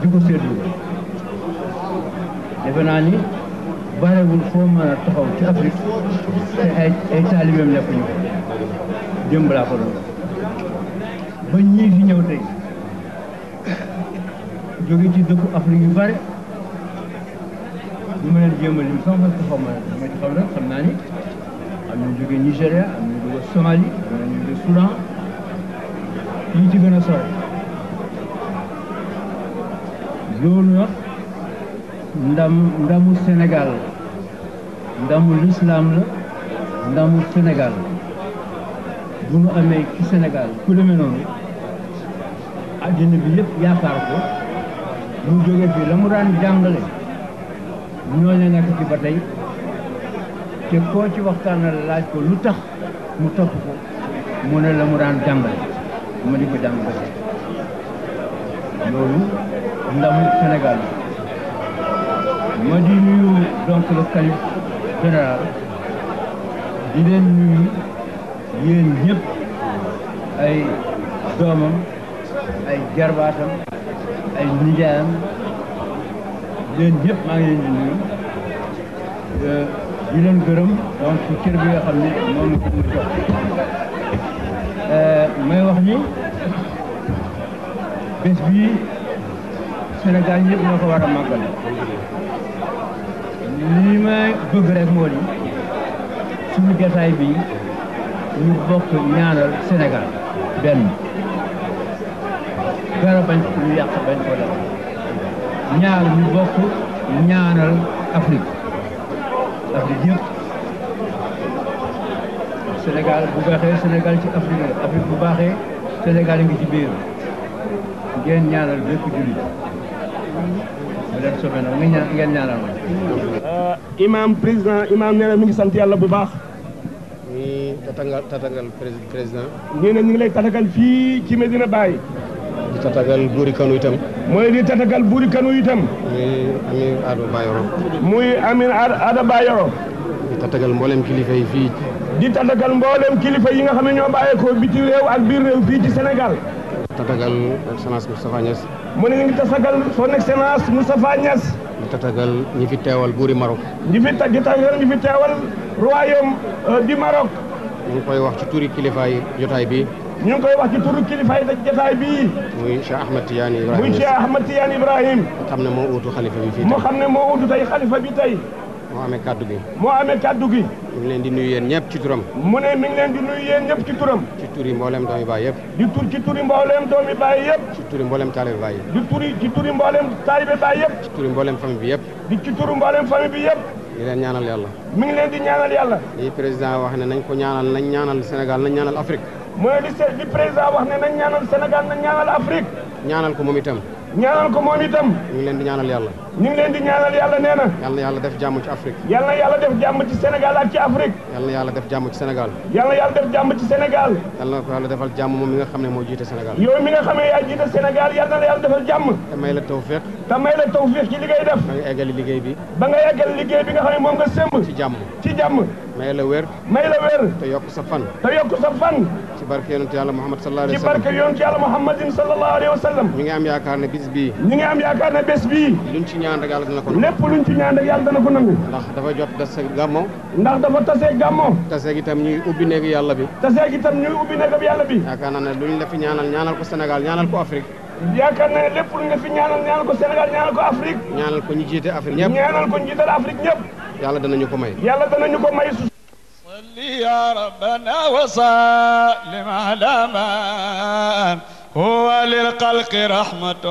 di ko defe naa ni barewul foo mën a taxaw ci Afrique te ay ay taalibeem nekk ñu démb laa ko doon ba ñii fi ñëw tey jóge ci dëkku Afrique yu bare ñu ma leen jéem a lim sama xaw ma damay taxaw nag naa ni am na jóge Nigéria Somalie ñu ngi Soudan ñu ci gën a sori loolu nag ndam ndamu Sénégal ndamu lislaam la ndamu Sénégal bu nu amee ci Sénégal ku demee noonu àddina bi yëpp yaakaar ko mu jóge fi la mu daan jàngale ñoo ne nekk ci ba tey te koo ci waxtaanal laaj ko lu tax mu topp ko mu ne la mu daan jàngale ma di ko jàngale loolu ndamu Sénégal ma di nuyu donc le calife général di leen nuyu yéen ñëpp ay doomam ay jarbaatam ay nijaayam leen ñëpp maa ngi leen di nuyu euh, di leen gërëm donc cër bi nga xam ne moom la ñu jox euh, may wax ni bés bii Sénégal yëpp ñoo ko war a màggal li ma bëgg rek moo di suñu jotaay bi ñu bokk ñaanal Sénégal benn dara bañ ñu yàq bañ ko def ñaar ñu bokk ñaanal Afrique. Afrique yëpp Sénégal bu baaxee Sénégal ci Afrique la Afrique bu ngi ci biir ngeen ñaanal bépp jullit bu leen soobee nag ñaanal euh, imaam président imaam nee mi ngi sant yàlla bu baax. ñii tatagal tatagal président. nee na ñu ngi lay tatagal fii ci Medina Baye. tatagal buuri kanu itam. mooy di tatagal buuri kanu itam. muy Amin Ada Bayero. muy Amin Ada Bayero. di tatagal mboolem kilifa yi fii. di tatagal mboolem kilifa yi nga xam ne ñoo bàyyeekoo biti réew ak biir réew fii ci Sénégal. tatagal excellence Moustapha Niass. mu ne ñu ngi tatagal son excellence Moustapha Niass. di tatagal ñi fi teewal buuri Maroc. ñi fi tatagal ñi fi teewal royaume euh, du Maroc. ñu ngi koy wax ci turi kilifa yi jotaay bi. ñu ngi koy wax ci turu kilifa yi jotaay bii. muy Cheikh Ahmed Tidiane Ibrahima muy Cheikh Ahmed Tidiane Ibrahima. xam ne moo uutu xalifa bi fii tey. moo xam ne moo uutu tey xalifa bi tey. moo amee kaddu gi. moo amee kaddu gi. mi ngi leen di nuyu yéen ñëpp ci turam. mu ne mi ngi leen di nuyu yéen ñëpp ci turam. ci turi mboolem doomi baay yëpp. di tur ci turi mboolem doomi baay yëpp. ci turi mboolem taalibe baay yëpp. di turi ci turi mboolem taalibe baay yëpp. ci turi mboolem famille bi yëpp. di ci turi mboolem famille bi yëpp. di leen ñaanal yàlla. mi ngi leen di ñaanal yàlla. lii président wax ne nañ ko ñaanal nañ ñaanal Sénégal nañ ñaanal Afrique. mooy li seet bi président wax ne nañ ñaanal Sénégal nañ ñaanal Afrique. ñaanal ko moom itam. ñaanal ko moom itam. ñu ngi leen di ñaanal yàlla. ñu ngi leen di ñaanal yàlla nee na. yàlla na yàlla def jàmm ci Afrique. yàlla na yàlla def jàmm ci Sénégal ak ci Afrique. yàlla na yàlla def jàmm ci Sénégal. yàlla na yàlla def jàmm ci Sénégal. yàlla na ko yàlla defal jàmm moom mi nga xam ne moo jiite Sénégal. yow mi nga xam ne yaa jiite Sénégal yàlla na la yàlla defal jàmm. te may la tawféex. te may la tawféex ci li ngay def. ba nga eggali liggéey bi. ba nga eggali liggéey bi nga xam ne moom nga sëmb. ci jàmm ci jàmm may la wér may la wér te yokk sa fan te yokk sa fan ci barke yonent yàlla Muhammad sallallahu alayhi wa sallam ci barke yonent yàlla Muhammadin sallallahu alayhi wa sallam ñu ngi am yaakaar ne bis bii ñu ngi am yaakaar ne bés bii luñ ci ñaan rek yàlla dana ko nangu lépp luñ ci ñaan rek yàlla dana ko nangu ndax dafa jot tase gàmmo ndax dafa tasee gàmmo tasee gi tam ñuy ubbi néegu yàlla bi tasee gi tam ñuy ubbi néegu yàlla bi yaakaar naa ne luñ la fi ñaanal ñaanal ko Sénégal ñaanal ko Afrique yaakaar na ne lépp lu nga fi ñaanal ñaanal ko Sénégal ñaanal ko Afrique ñaanal ko ñi jiite Afrique ñëpp ñaanal ko ñi jiital Afrique ñëpp yàlla danañu ko may yàlla يا ربنا وسلم على من هو للقلق رحمة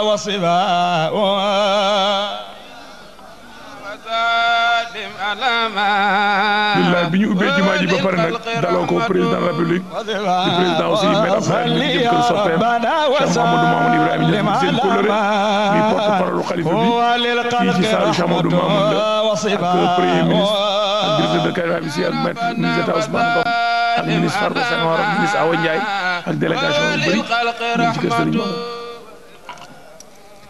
وصفاء billaay bi ñu ubbee jumaa ji ba pare nag daloo ko président de la république di président aussi maire Abdoulaye Mbacke Diop kër soppeem Cheikh Mamadou Mamoun Ibrahima Niass mi seen kóllëre mi porte-parole xalifa bi fii ci saalu Cheikh Mamadou Mamoun la ak premier ministre ak directeur de cahier bi si ak maître ministre d'État Ousmane Ngom ak ministre Farba Senghor ak ministre Awa Ndiaye ak délégation yu bëri ñu ngi ci kër Serigne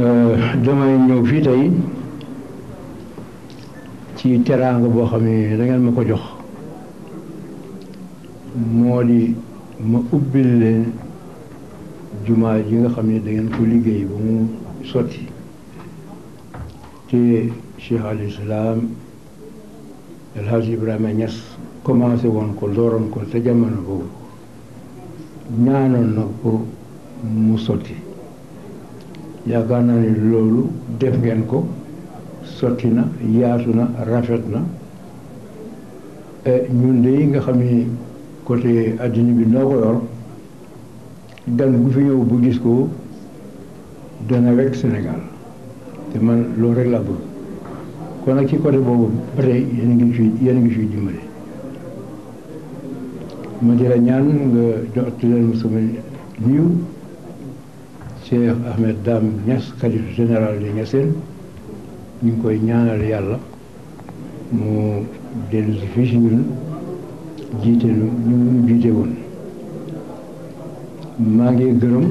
Euh, damay ñëw fii tey ci teraanga boo xam ne da ma ko jox moo di ma ubbil leen jumaa ji nga xam ne dangeen ko liggéey ba mu sotti te Cheikh al Islam El Hadj Ibrahima Niass commencé woon ko dooroon ko te jamono boobu ñaanoon na ko mu sotti yaakaar naa ne loolu def ngeen ko sotti na yaatu na rafet na e, ñun de nga xam ni côté adduna bi noo ko yor gan bu fi ñëw bu gis ko dana rek senegal te man loolu rek laa kon nag ci côté boobu ba tey yéen ngi ci yéen ngi fi dimbale ma di la ñaan nga jot leen sama nuyu Cheikh Ahmed Dame Niass xalif général de Niassène ñu ngi koy ñaanal yàlla mu dellu fii si ñun jiite lu ñu jiite woon maa ngi gërëm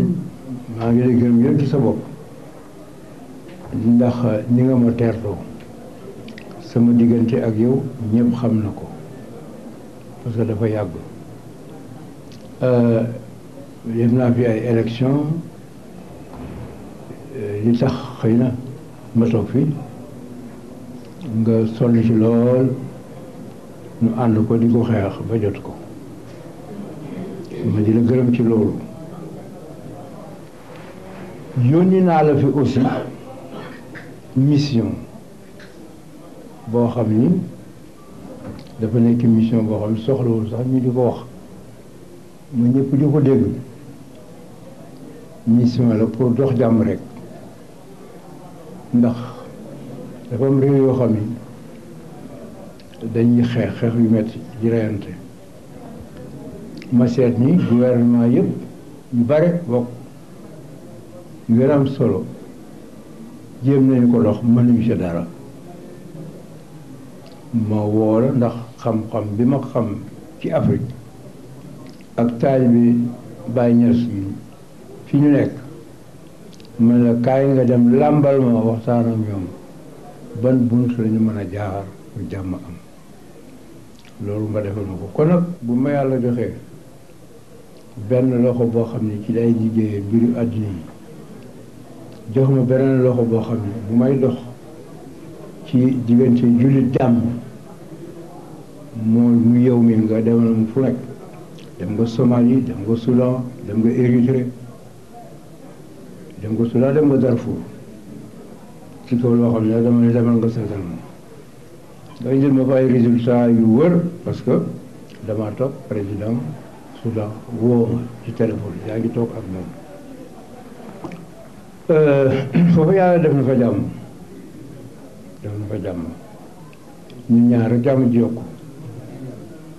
maa ngi lay gërëm yow ci sa bopp ndax ni nga ma teertoo sama diggante ak yow ñëpp xam na ko parce que dafa yàgg def euh, naa fi ay élection li tax xëy na mato fi fii nga sonn ci lool ñu ànd ko di ko xeex ba jot ko ma di la gërëm ci loolu yónni naa la fi aussi mission boo xam ni dafa nekk mission boo xam ne soxlawul sax ñu di ko wax ma ñëpp di ko dégg mission la pour dox jàmm rek ndax dafa am réew yoo xam ni dañuy xeex xeex yu metti di ma seet ni gouvernement yëpp yu bare bokk yu gën solo jéem nañu ko dox mënuñu ci dara ma woo ndax xam-xam bi ma xam ci Afrique ak taalibe Baay Ñas yi fi ñu nekk man la kaay nga dem làmbal ma waxtaan ak ñoom ban bunt la ñu mën a jaar bu jàmm am loolu nga defal ma ko kon bu ma yàlla joxee benn loxo boo xam ne ci lay liggéeyee mbiru àddina yi jox ma beneen loxo boo xam ne bu may dox ci diggante jullit jàmm mooy mu yow mi nga demal mu fu nekk dem nga Somalie dem nga Soudan dem nga Érythrée dem nga Soudan dem nga Darfour ci tool boo xam ne dama ne demal nga seetal ma nga indil ma fa ay résultats yu wër parce que damaa toog président Soudan woo ma ci téléphone yaa ngi toog ak moom euh, foofu yàlla def na fa jàmm def na fa jàmm ñu ñaar rek jàmm ji yokku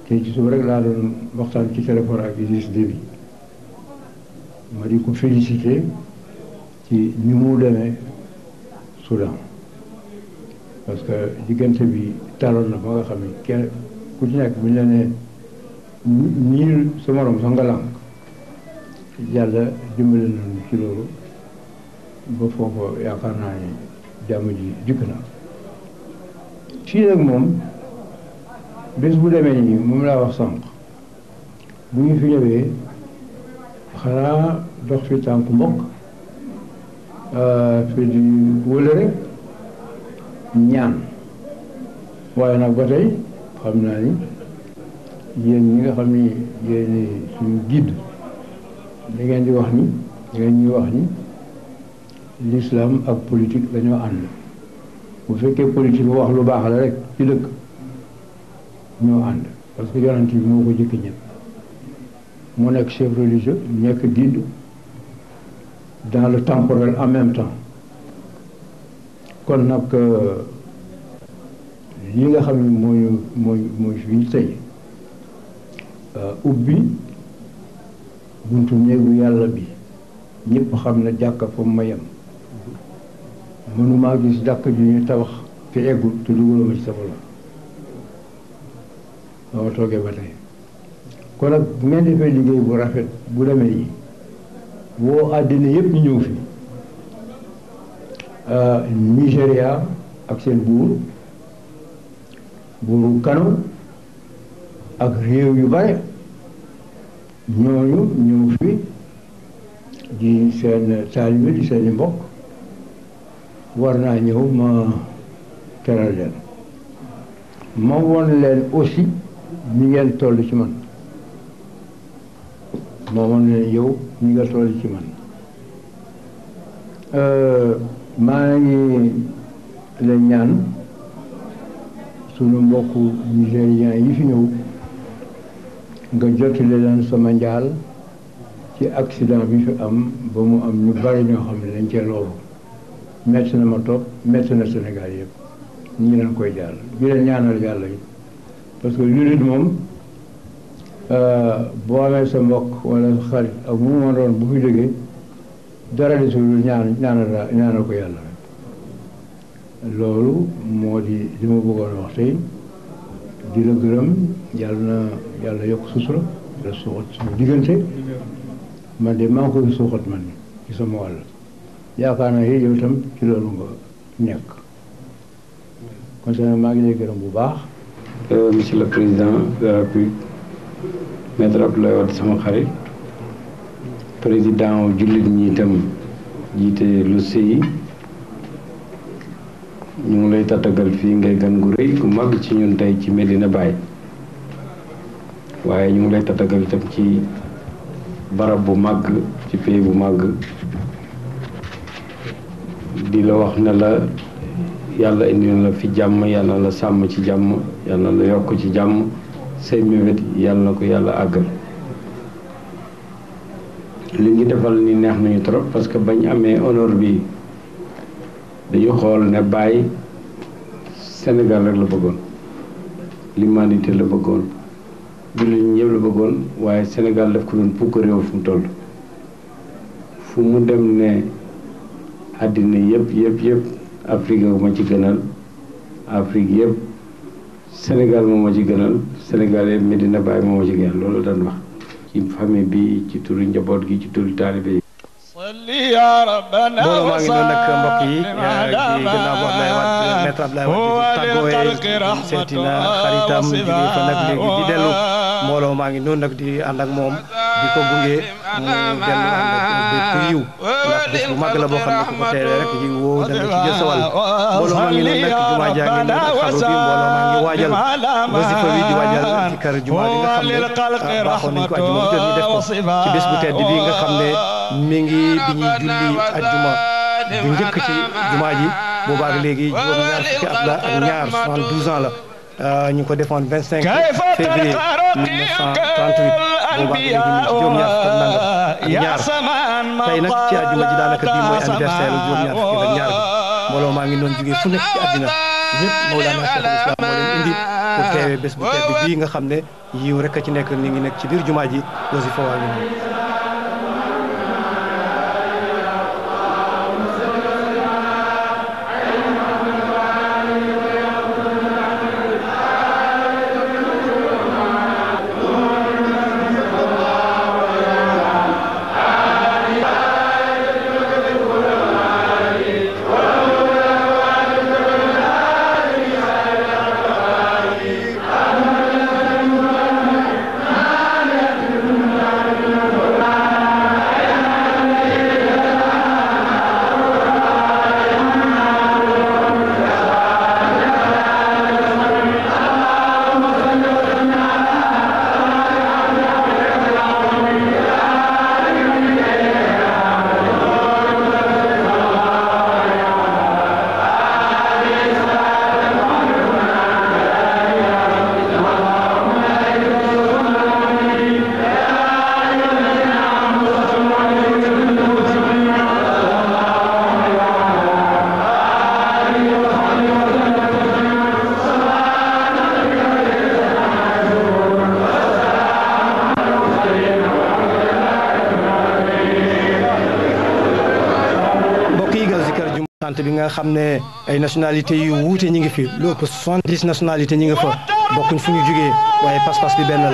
tey ci suba rek laa doon waxtaan ci téléphone ak Idriss Déby ma di ko félicité ci ñu mu deme Soudan parce que diggante bi taroon na ba nga xam ne kenn ku ci nekk bu ñu la nii sa morom sax nga lànk yàlla dimbale nañu ci loolu ji dikk na fii moom bés bu demee nii moom laa wax sànq bu ñu fi ñëwee xanaa dox fi tànk mbokk fi di wëlëre ñaan waaye nag ba tey xam naa ni yéen ñi nga xam ni yéen suñu guide da ngeen di wax ni da ngeen ñuy wax ni l'islam ak politique dañoo ànd bu fekkee politique wax lu baax la rek ci dëkk ñoo ànd parce que yonent bi moo ko jëkk ñëpp moo nekk chef religieux nekk guide dans le temporel en même temps kon nak euh, li nga xam ne mooy mooy mooy suñu tey euh, ubbi buntu néegu yàlla bi ñëpp xam ne jàkka fa ma mënumaa gis jàkka ju ñu tabax fi eggul te dugaloo ma ci sama loxo dama toogee ba tey kon nag bu ngeen defee liggéey bu rafet bu demee yi woo àddina yépp ñu ñëw fi euh, Nigéria ak seen buur bu Kano ak réew yu bare ñooñu ñëw fi di seen taalibe di seeni mbokk war naa ñëw ma teral leen ma won leen aussi ñu ngeen toll ci man moo mën yow ñi nga toll ci man euh, maa ngi la ñaan sunu mbokku nigérian yi fi ñëw nga jotule leen sama njaal ci accident bi fi am ba mu am ñu bari ñoo xam ne dañ cee loolu metti na ma topp metti na Sénégal yëpp ñu ngi leen koy jàll ñu leen ñaanal yàlla yi parce que lulit moom Euh, boo amee sa mbokk walla sa xarit ak mu ma doon bu fi jógee dara desul ñaan ñaanal ñaanal ko yàlla rek loolu moo di li ma bëggoon a wax di la gërëm yàlla yàlla yokk sutura la suuxat suñu diggante man de maa ngi ko suuxat man ci sama wàll yaakaar naa yow itam ci loolu nga nekk kon tamit maa ngi lay gërëm bu baax. Euh, monsieur le président de la République. maître Abdoulaye Wade sama xarit président jullit ñi itam jiite lu séyi ñu ngi lay tatagal fii ngay gan gu rëy ku màgg ci ñun tey ci Medina Baye waaye ñu ngi lay tatagal itam ci barab bu màgg ci pays bu di la wax ne la yàlla indi na la fi jàmm yàlla la sàmm ci jàmm yàlla la yokk ci jàmm say mébét yàlla na ko yàlla àggal li ngi defal ni neex nañu trop parce que bañ amee honneur bi dañu xool ne bàyyi Sénégal rek la bëggoon l'humanité la bëggoon jullit ñëpp la bëggoon waaye senegal def ko doon pour ko réew fu mu toll fu mu dem ne àddina yëpp yëpp yëpp Afrique ma ci gënal Afrique yëpp Sénégal moom moo ci gënal sénégalais Medina Baye moom moo ci gënal loolu daan wax ci famille bi ci turu njaboot gi ci turu taalibe yi. mbooloo maa ngi noonu nag mbokk yi na xaritam jógee di dellu maa ngi noonu nag di ànd moom di ko gunge. mu dellu ànd ak yiw ndax bés bu màgg la boo xam ne ku ko teelee rek yiw woowu dana ci jël sa wàll mbooloo maa ngi ne nekk jumaa jaa ngi ne ak xabru bi mbooloo maa ngi waajal wasifa bi di waajal ci kër jumaa bi nga xam ne baaxoon nañ ko ajuma jot ñu def ko ci bés bu tedd bi nga xam ne mi ngi bi ñuy julli ajuma bu njëkk ci jumaa ji boobaak léegi juróom ñaar fukki at la ak ñaar soixante-douze ans la Euh, ñu ko defoon 25 février 1938. booba ak léegi juróom-ñaar fukk ak ñaar tey nag ci àjjuma daanaka bii mooy anniversaire juróom-ñaar fukk ngi doon jógee fu nekk ci àddina ñëpp Mawlana Cheikh al Islam moo leen indi pour teewee bés bu nga xam ne yiw rek a ci nekk ni ngi nekk ci biir jumaa ji aussi fa waa xam ne ay nationalité yu wuute ñi ngi fi lu ëpp soixante-dix nationalité ñi nga fa bokkuñ fu ñu jógee waaye pas-pas bi benn la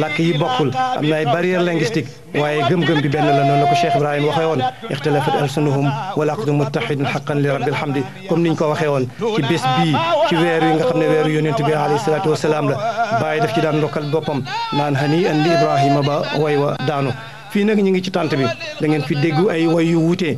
làkk yi bokkul am ay barrière linguistique waaye gëm-gëm bi benn la noonu la ko Cheikh Ibrahima waxee woon ixtilafat alsunuhum wal aqdu muttahidun xaqan li rabbil hamdi comme niñ ko waxee woon ci bés bii ci weer yi nga xam ne yonent bi alayhi salaatu wasalaam la bàyyi daf ci daan ndokkal boppam naan hani an li Ibrahima ba way wa daanu fii nag ñu ngi ci tànt bi dangeen ngeen fi dégg ay woy yu wuute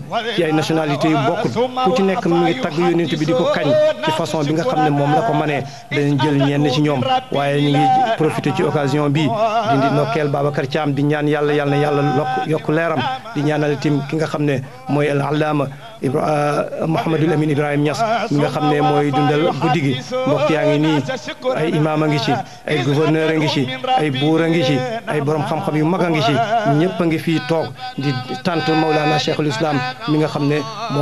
ay nationalité yu bokkul ku ci nekk mu ngi tagg yónent bi di ko kañ ci façon bi nga xam ne moom la ko manee dañu jël ñenn ci ñoom waaye ñu ngi profité ci occasion bi dindi nokkeel Babacar Thiam di ñaan yàlla yàlla na yàlla lokk yokk leeram di ñaanal tim ki nga xam ne mooy al alaama Uh, Mouhamadul Amin Ibrahima Niass mi nga xam ne mooy dundal guddi gi mbokk yaa ngi ay Imam a ci ay gouverneur a ci ay buur a ci ay borom xam-xam yu mag a ngi ci ñëpp a ngi fii di tant Maulana Cheikhul Islam mi nga xam ne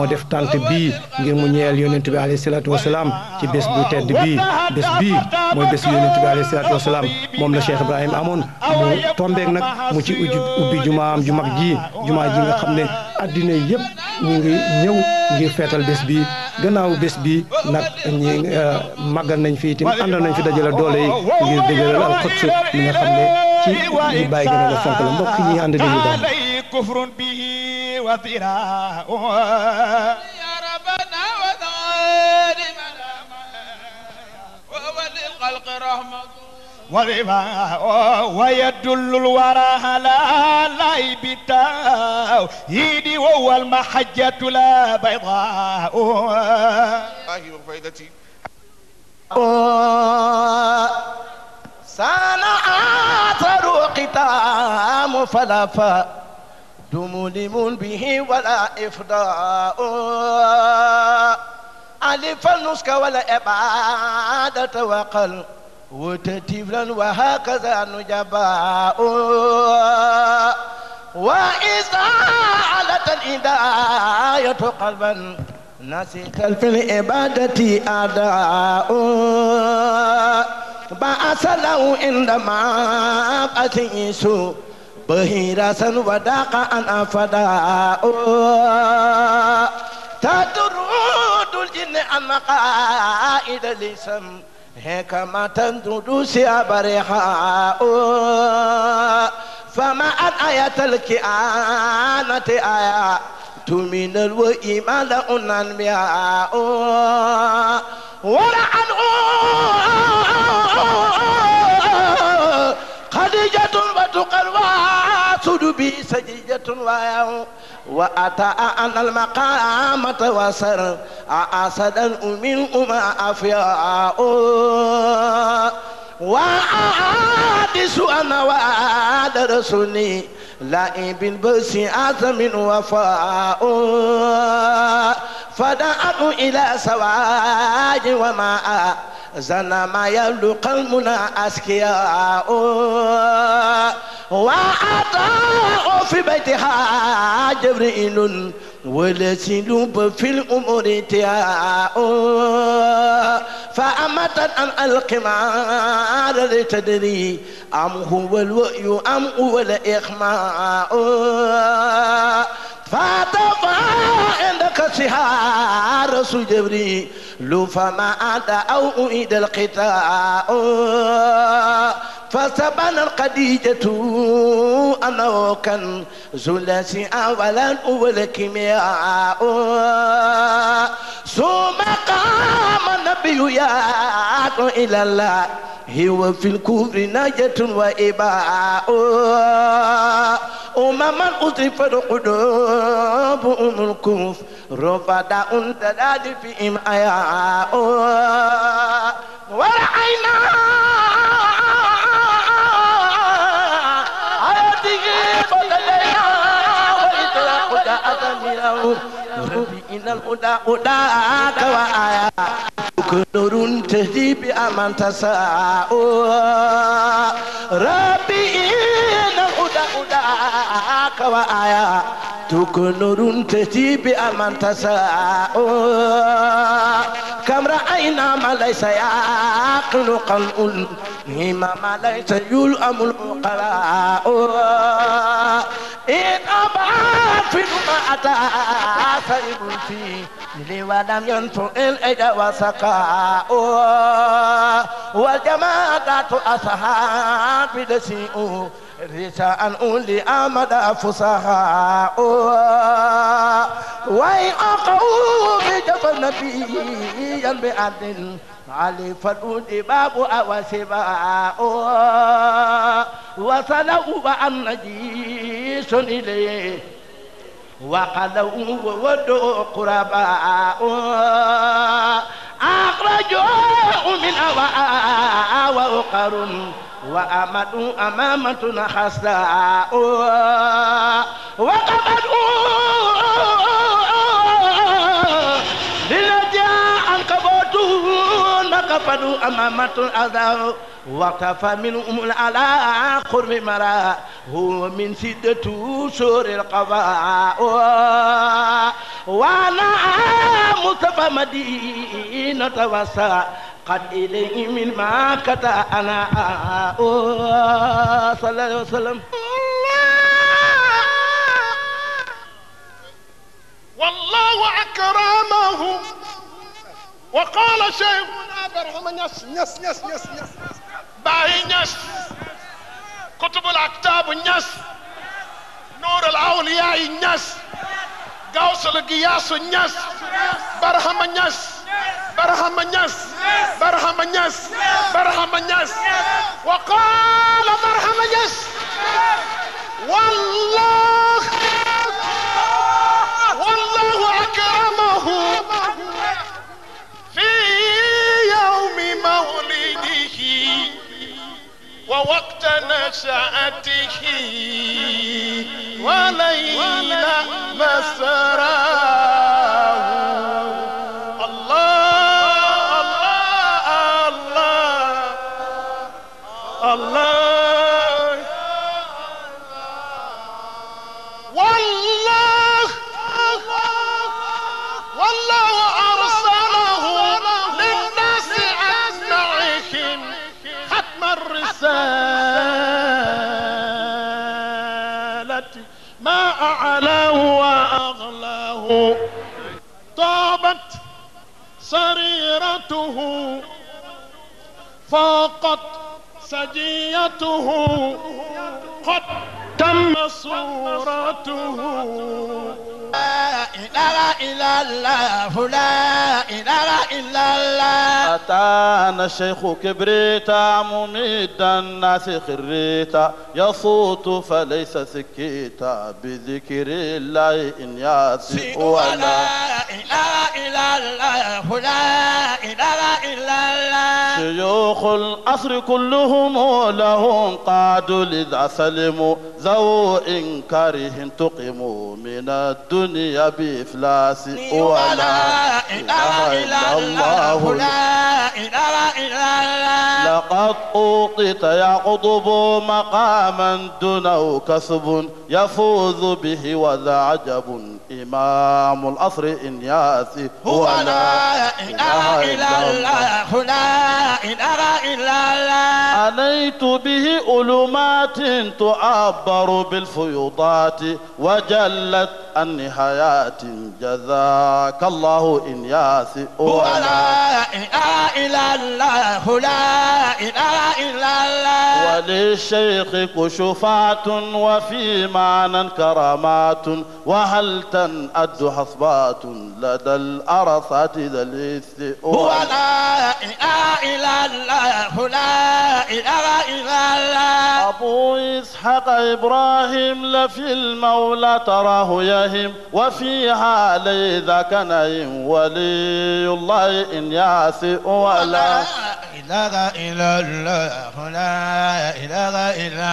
def tant bii ngir mu ñeel yonent bi alayhi salatu wasalaam ci bés bu tedd bii bés bii mooy bés yonent bi alayhi salatu wasalaam moom la Cheikh Ibrahima amoon mu tombeek nag mu ci ubbi jumaam ju mag ji jumaa ji nga xam àddina yépp ñu ngi ñëw ngir feetal bés bi gannaaw bés bi nag ñi euh, màggal nañ fi itam ànd nañ fi dajale doole yi ngir dëgëral al xëtsu li nga xam ne ci ñu bàyyi gën a la fonk la mbokk yi ànd dañu daan كفر به وطراء يا ربنا وتعالي وولي الخلق رحمه ورما ويدل الورى على العيب التوحيد وهو المحجة لا بيضاء صنعت رقتام فلفا دملم به ولا إفداء ألف النسك ولا إبادة وقلب وتتبلا وهكذا نجباء وإذا علت الإداية قلبا نسيت في العبادة أداء بعث له عندما بعث بهيرة وداق أن أفداء تدرود الجن عن مقائد الإسم هيك حكمة تدوس أبرحاء آه، فما أن آه، آية الكيانة آية من الوئيم لأن أنبياء ولا أن خديجة بنت قلوان المقصود به سجية وياو وأتى أن المقامة وسر أسدا من أما أفياء وأحادث أنا وأحد رسولي لئن بالبس أعظم وفاء فدعوا إلى سواج وماء ما يبدو قلبنا أسكياء وعطاء في بيتها جبريل ولسلوب في الأمور تياء فأمت أن ألقي ما لتدري أم هو الوئي أم هو الإخماء فاتفا عندك سهار رسول جبريل لفما أنت أو أعيد القطاع فسبنا القديجة أنا وكان زلسي أولا أول كيمياء ثم قام النبي يا إلى الله هو في الكفر ناجة وإباء أمما أطرفت أم الكفر رفداء تداد فيهم أياء ورأينا آياته فدلينا وإطلاق جاءت منه ربي إن الهدى هداك وآيا نور تهدي بأمن تساء ربي إن الهدى هداك وآيا تكنرون تتي بأمان تساء كم رأينا ما ليس يعقل قلب مما ما ليس يلأم العقلاء إن أبا في أتى سيب في لي ولم ينفع الأيد وسقاء والجماعة أصحاب دسيء رجاء أولي أمد فصحاء ويأقعوا بجف نبيا بعدل علي فالأولي باب أوسباء وصلوا بأن نجيس إليه وقالوا وودوا قرباء أخرجوا من أواء وأقرم وأمد أمامة خساء وقبد للجاء أنقبت نقبد أمامة أذى وكفى منهم العلا قرب مرا هو من سدة سور القضاء وأنا مصطفى مدينة وساء قد إليه من ما كتا أنا آه، صلى الله عليه وسلم والله أكرمه وقال شيخنا برهم نس نس نس نس نس باهي نس كتب الأكتاب نس نور الأولياء نس Gawsul Giyaasu Ñas برهما Ñas برهما الناس برهما الناس برهما الناس وقال برهما الناس والله والله أكرمه في يوم مولده ووقت نشأته وليل مسراه طابت سريرته فاقت سجيته قد تم صورته لا إله إلا الله لا إله إلا الله أتانا الشيخ كبريتا مميد الناس خريتا يصوت فليس سكيتا بذكر الله إن ياسي ولا لا إله إلا الله لا إله إلا الله شيوخ الأصر كلهم لهم قادوا لذا سلموا إن كاره تقيم من الدنيا بإفلاس ولا إله إلا الله لا إله إلا الله لقد أوطيت قطب مقاما دونه كسب يفوز به وذا عجب إمام الأصر إن ياسي هو لا إله إلا الله لا إله إلا الله أنيت به ألومات تعبر القمر بالفيوضات وجلت النهايات جزاك الله إن هو لا إله إلا الله لا إله إلا الله وللشيخ كشفات وفي معنى كرامات وهل تنأد حصبات لدى الأرصات ذا هو لا إله إلا الله لا إله إلا الله أبو إسحاق إبراهيم لفي المولى تراه يهم وفيها ذاك نعيم ولي الله إن ياسئ ولا لا إله إلا الله لا إله إلا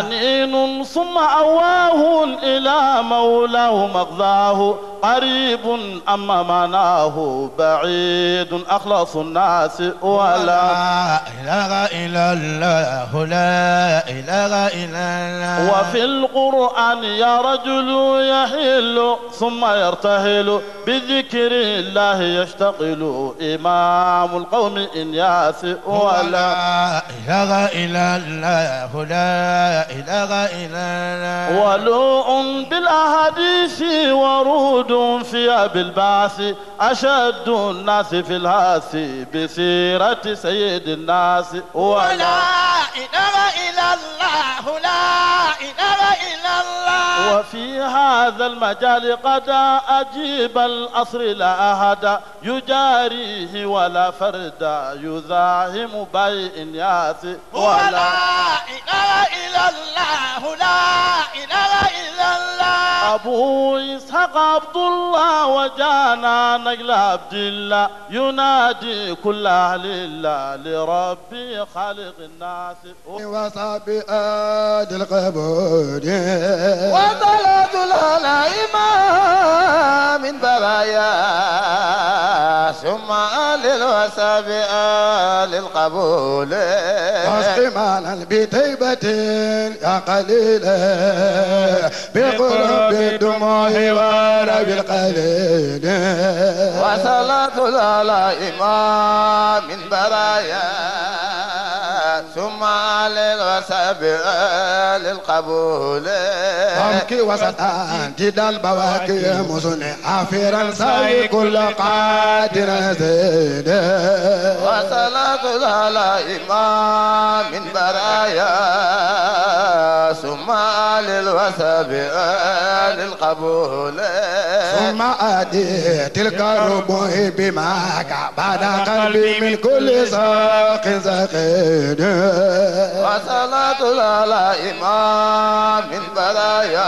أنين ثم أواه إلى مولاه مغزاه قريب أما مناه بعيد أخلص الناس ولا إله إلا الله لا إله إلا وفي القرآن يا رجل يحل ثم يرتهل بذكر الله يشتغل إمام القوم إن ياثئ ولا إله إلا الله لا إله إلا الله ولوء بالأحاديث ورود فيها بالبعث أشد الناس في الهاث بسيرة سيد الناس ولا إله إلا الله لا وفي هذا المجال قد أجيب الأصر لا أحد يجاريه ولا فرد يزاحم بيء ياسي ولا لا إله إلا الله لا إله إلا الله أبو إسحاق عبد الله وجانا نجل عبد الله ينادي كل أهل الله لربي خالق الناس وصاب آد القبور دلت الهلائم من برايا ثم للوسب للقبول اسقمانا بتيبة يا قليل بقرب الدموع ورب القليل وصلاة الهلائم من برايا ثم للغسب للقبول أمكي وسطان جد البواكي مزن عفيرا ساي كل قادر زيد وصلاة على إمام من برايا ثم للوسب للقبول ثم أدي تلك الربوه بما بعد قلبي من كل ساق زقيد وصلاة على إمام البرايا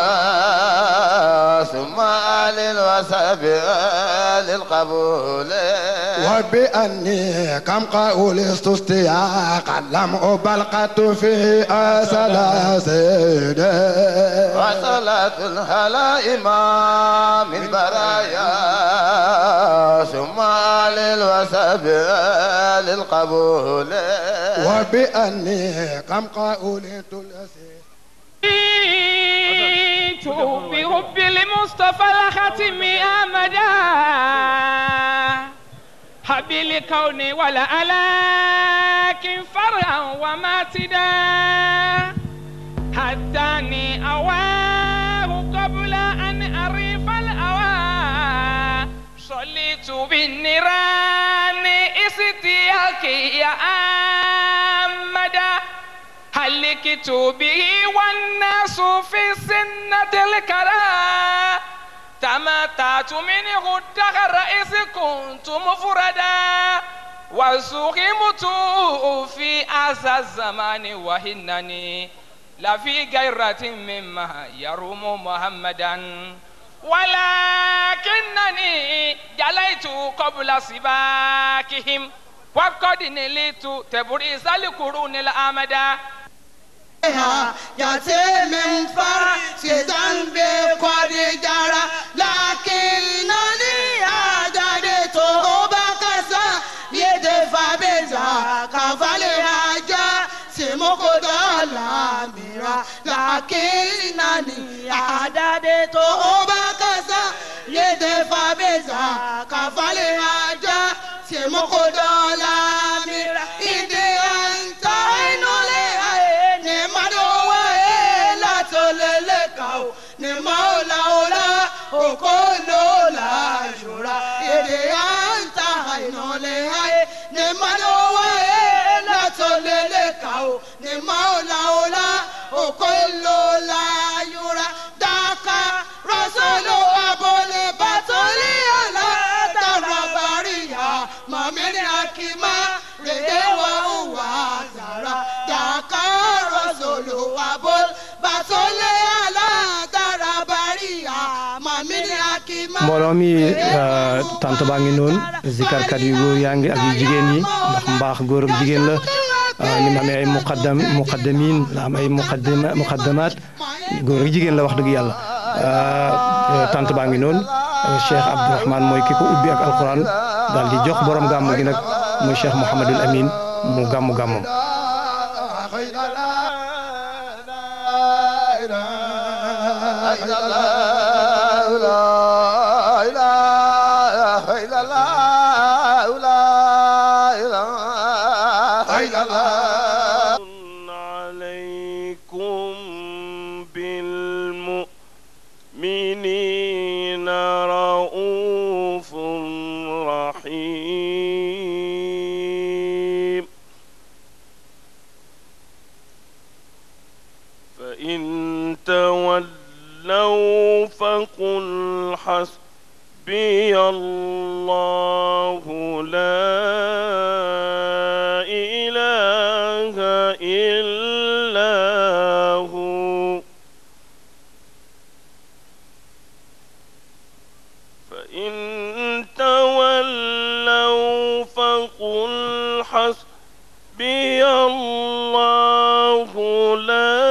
ثم آل القبول وبأني كم قول قد لم أبل فيه أسلا سلاسل وصلاة الهلائم من برايا ثم آل القبول وبأني كم قول استستيا جئت برب المصطفى الختم أمدا حب الكون ولا ألاك فرعا وماتدا حداني أواه قبل أن أريف الأوى صليت بالنيران استياكي يا آه هلكت به والناس في سنة الكراء تمتعت منه الدهر إذ كنت مفردا وسقمت في أسى الزمان وهنني لا في غيرة مما يروم محمدا ولكنني جليت قبل سباكهم وقد نلت تبريز القرون الأمدا ha yàtí mi ń fara ṣètàn gbé kọ́dé jara lákìn náà ní àjáde tó bá kásá yéde fàbẹ́jà kàfálẹ̀ ajá sèmókòdó làmìrà lákìn náà ní àjáde tó bá kásá yéde fàbẹ́jà kàfálẹ̀ ajá sèmókòdó làmìrà. mbooloo mi euh, tant baa ngi noonu zikarkat yu góor yaa ngi ak yu jigéen yi ndax góor ak jigéen la euh, ni mu amee ay muqaddam muqaddamin la am ay muqaddamaat góor ak jigéen la wax dëgg yàlla euh, tant baa ngi noonu Cheikh Abdourahmane mooy ki ubbi ak alquran daal di jox borom gàmm gi nag muy Cheikh Mouhamadul Amin mu gàmmu gàmmam ilaha illallah حسبي الله لا إله إلا هو فإن تولوا فقل حسبي الله لا إله إلا هو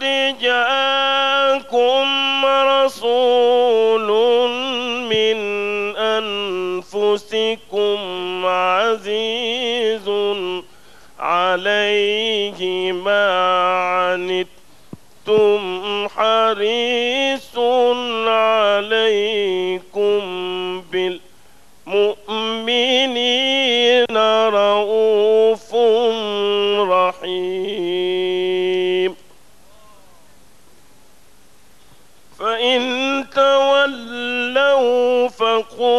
قد جاءكم رسول من أنفسكم عزيز عليه ما عنتم حريص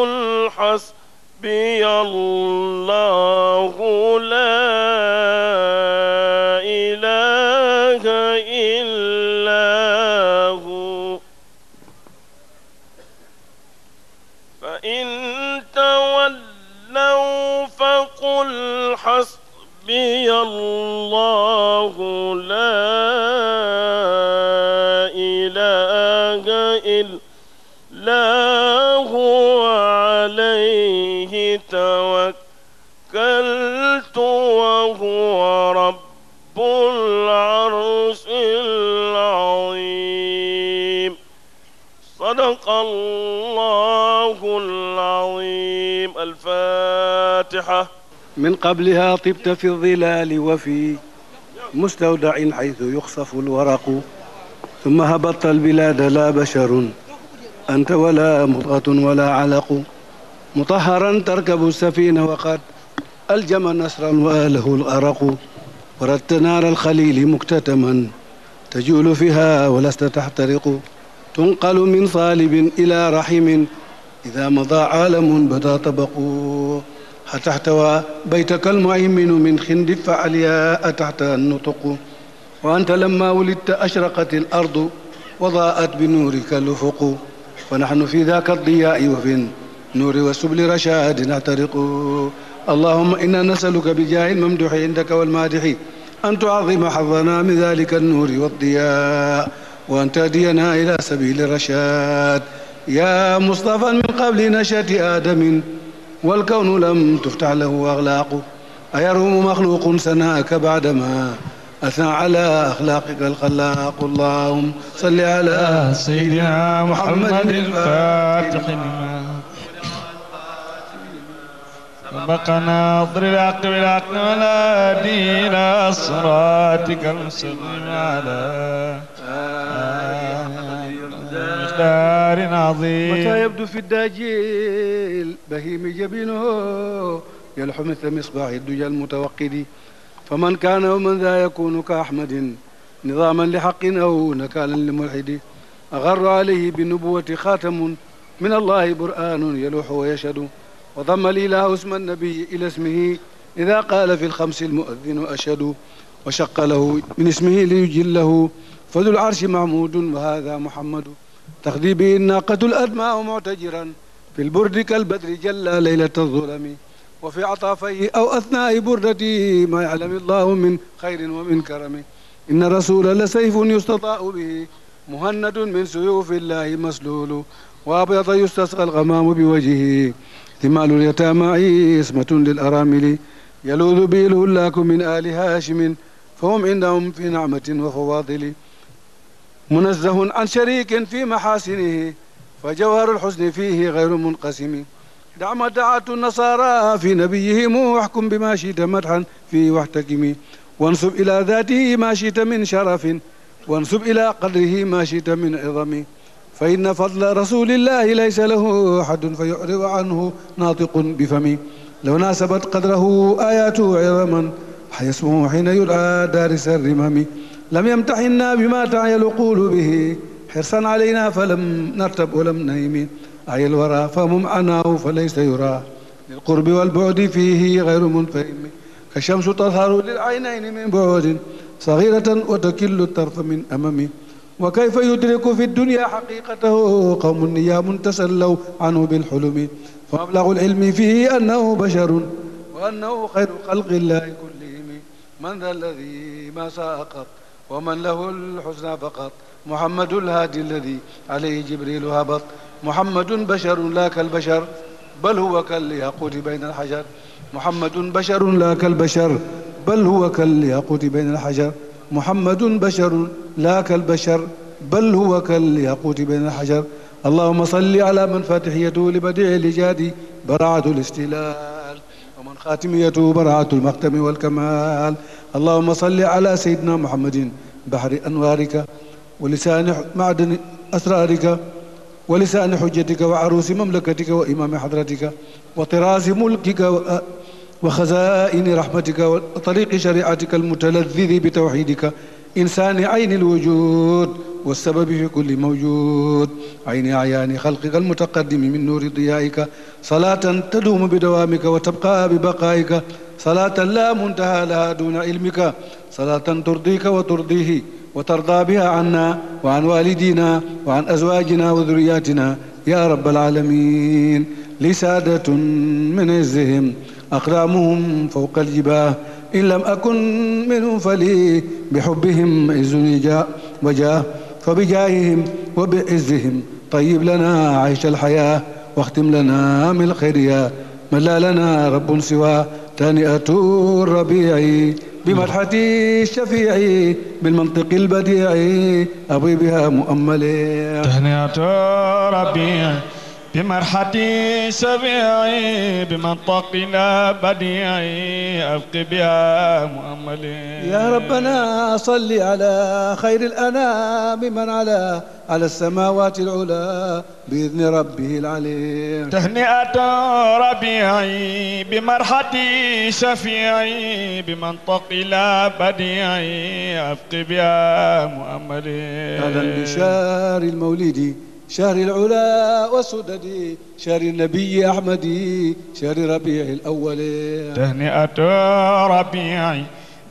قل حسبي الله لا إله إلا هو فإن تولوا فقل حسبي الله لا إله إلا الرجيم الفاتحة من قبلها طبت في الظلال وفي مستودع حيث يخصف الورق ثم هبطت البلاد لا بشر أنت ولا مضغة ولا علق مطهرا تركب السفينة وقد ألجم نسرا وآله الأرق وردت نار الخليل مكتتما تجول فيها ولست تحترق تنقل من صالب إلى رحم إذا مضى عالم بدا طبقه هتحتوى بيتك المؤمن من خندف فعليا أتحت النطق وأنت لما ولدت أشرقت الأرض وضاءت بنورك الأفق ونحن في ذاك الضياء وفي النور وسبل رشاد نعترق اللهم إنا نسألك بجاه الممدوح عندك والمادح أن تعظم حظنا من ذلك النور والضياء وأن تهدينا إلى سبيل الرشاد يا مصطفى من قبل نشأة آدم والكون لم تفتح له أغلاقه أيروم مخلوق سناك بعدما أثنى على أخلاقك الخلاق اللهم صل على سيدنا محمد الفاتح لما سبق ناظر العقل بالعقل ولا دين صراطك المستقيم على مقدار عظيم متى يبدو في الداجيل بهيم جبينه يلحم مثل مصباح الدجى المتوقد فمن كان ومن ذا يكون كأحمد نظاما لحق أو نكالا لملحد أغر عليه بالنبوة خاتم من الله برآن يلوح ويشهد وضم الإله اسم النبي إلى اسمه إذا قال في الخمس المؤذن أشهد وشق له من اسمه ليجله فذو العرش معمود وهذا محمد تخدي به الناقة الأدماء معتجرا في البرد كالبدر جلى ليلة الظلم وفي عطافيه أو أثناء بردته ما يعلم الله من خير ومن كرم إن رسول لسيف يستطاع به مهند من سيوف الله مسلول وأبيض يستسقى الغمام بوجهه ثمال اليتامى اسمة للأرامل يلوذ به الهلاك من آل هاشم فهم عندهم في نعمة وفواضل منزه عن شريك في محاسنه فجوهر الحسن فيه غير منقسم دع ما النصارى في نبيهم واحكم بما شئت مدحا في واحتكم وانسب إلى ذاته ما شئت من شرف وانسب إلى قدره ما شئت من عظم فإن فضل رسول الله ليس له أحد فيعرض عنه ناطق بفم لو ناسبت قدره آياته عظما حي اسمه حين يدعى دارس الرمم لم يمتحنا بما تعي قلوبه به حرصا علينا فلم نرتب ولم نيم أي الورى فممعناه فليس يرى للقرب والبعد فيه غير منفهم كالشمس تظهر للعينين من بعد صغيرة وتكل الطرف من أمم وكيف يدرك في الدنيا حقيقته قوم نيام تسلوا عنه بالحلم فمبلغ العلم فيه أنه بشر وأنه خير خلق الله كلهم من ذا الذي ما ساقط ومن له الحسنى فقط محمد الهادي الذي عليه جبريل هبط محمد بشر لا كالبشر بل هو كالياقوت بين الحجر محمد بشر لا كالبشر بل هو كالياقوت بين الحجر محمد بشر لا كالبشر بل هو كالياقوت بين الحجر اللهم صل على من فاتحيته لبديع الإجاد براعة الاستلال ومن خاتميته براعة المختم والكمال اللهم صل على سيدنا محمد بحر أنوارك ولسان معدن أسرارك ولسان حجتك وعروس مملكتك وإمام حضرتك وطراز ملكك وخزائن رحمتك وطريق شريعتك المتلذذ بتوحيدك إنسان عين الوجود والسبب في كل موجود عين أعيان خلقك المتقدم من نور ضيائك صلاة تدوم بدوامك وتبقى ببقائك صلاة لا منتهى لها دون علمك صلاة ترضيك وترضيه وترضى بها عنا وعن والدينا وعن أزواجنا وذرياتنا يا رب العالمين لسادة من عزهم أقدامهم فوق الجباه إن لم أكن منهم فلي بحبهم جاء وجاه فبجاههم وبعزهم طيب لنا عيش الحياة واختم لنا من الخير يا من لا لنا رب سوى تانئة الربيع بمدحتي الشفيعي بالمنطق البديع أبوي بها مؤملي تهنئة ربيع بمرحتي سبيعي بمنطقنا لا بديعي أبق بها مؤملي يا ربنا صل على خير الأنام من على على السماوات العلا بإذن ربه العليم تهنئة ربيعي بمرحتي شفيعي بمنطق لا بديعي أفق بها مؤملي هذا بشار الموليدي شهر العلا وسددي شهر النبي أحمدي شهر ربيع الأول تهنئة ربيعي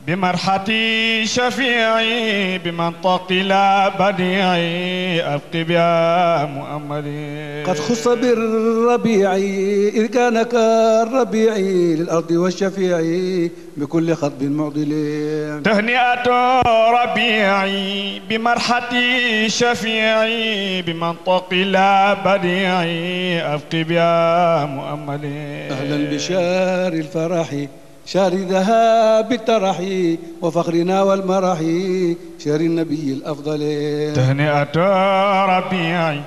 بمرحتي شفيعي بمنطقي لا بديعي أبقي بها مؤملي قد خص بالربيع إذ كان كالربيع للأرض والشفيع بكل خطب معضل تهنئة ربيعي بمرحتي شفيعي بمنطقي لا بديعي أبقي بها مؤملي أهلا بشار الفرح شهر ذهاب الترحي وفخرنا والمرحي شهر النبي الأفضل تهنئة ربيعي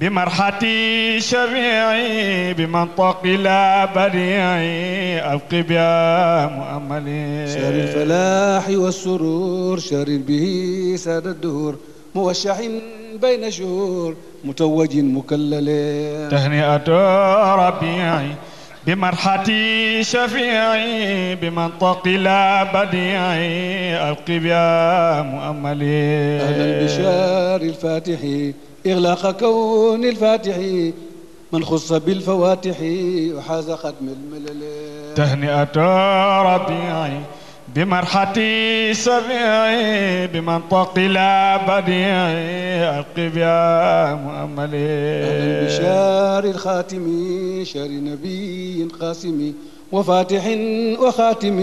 بمرحتي شريعي بمنطق لا بريعي أبقي بيا مؤملي شهر الفلاح والسرور شهر به ساد الدهور موشح بين شهور متوج مكلل تهنئة ربيعي بمرحتي شفيعي بمنطق لا بديعي ألقي يا مؤملي أهلا بشار الفاتح إغلاق كون الفاتح من خص بالفواتح وحاز ختم الملل تهنئة ربيعي بمرحتي سبيعي بمنطقي لا بديعي أقف يا مؤملي أهلا بشار الخاتم شار نبي قاسم وفاتح وخاتم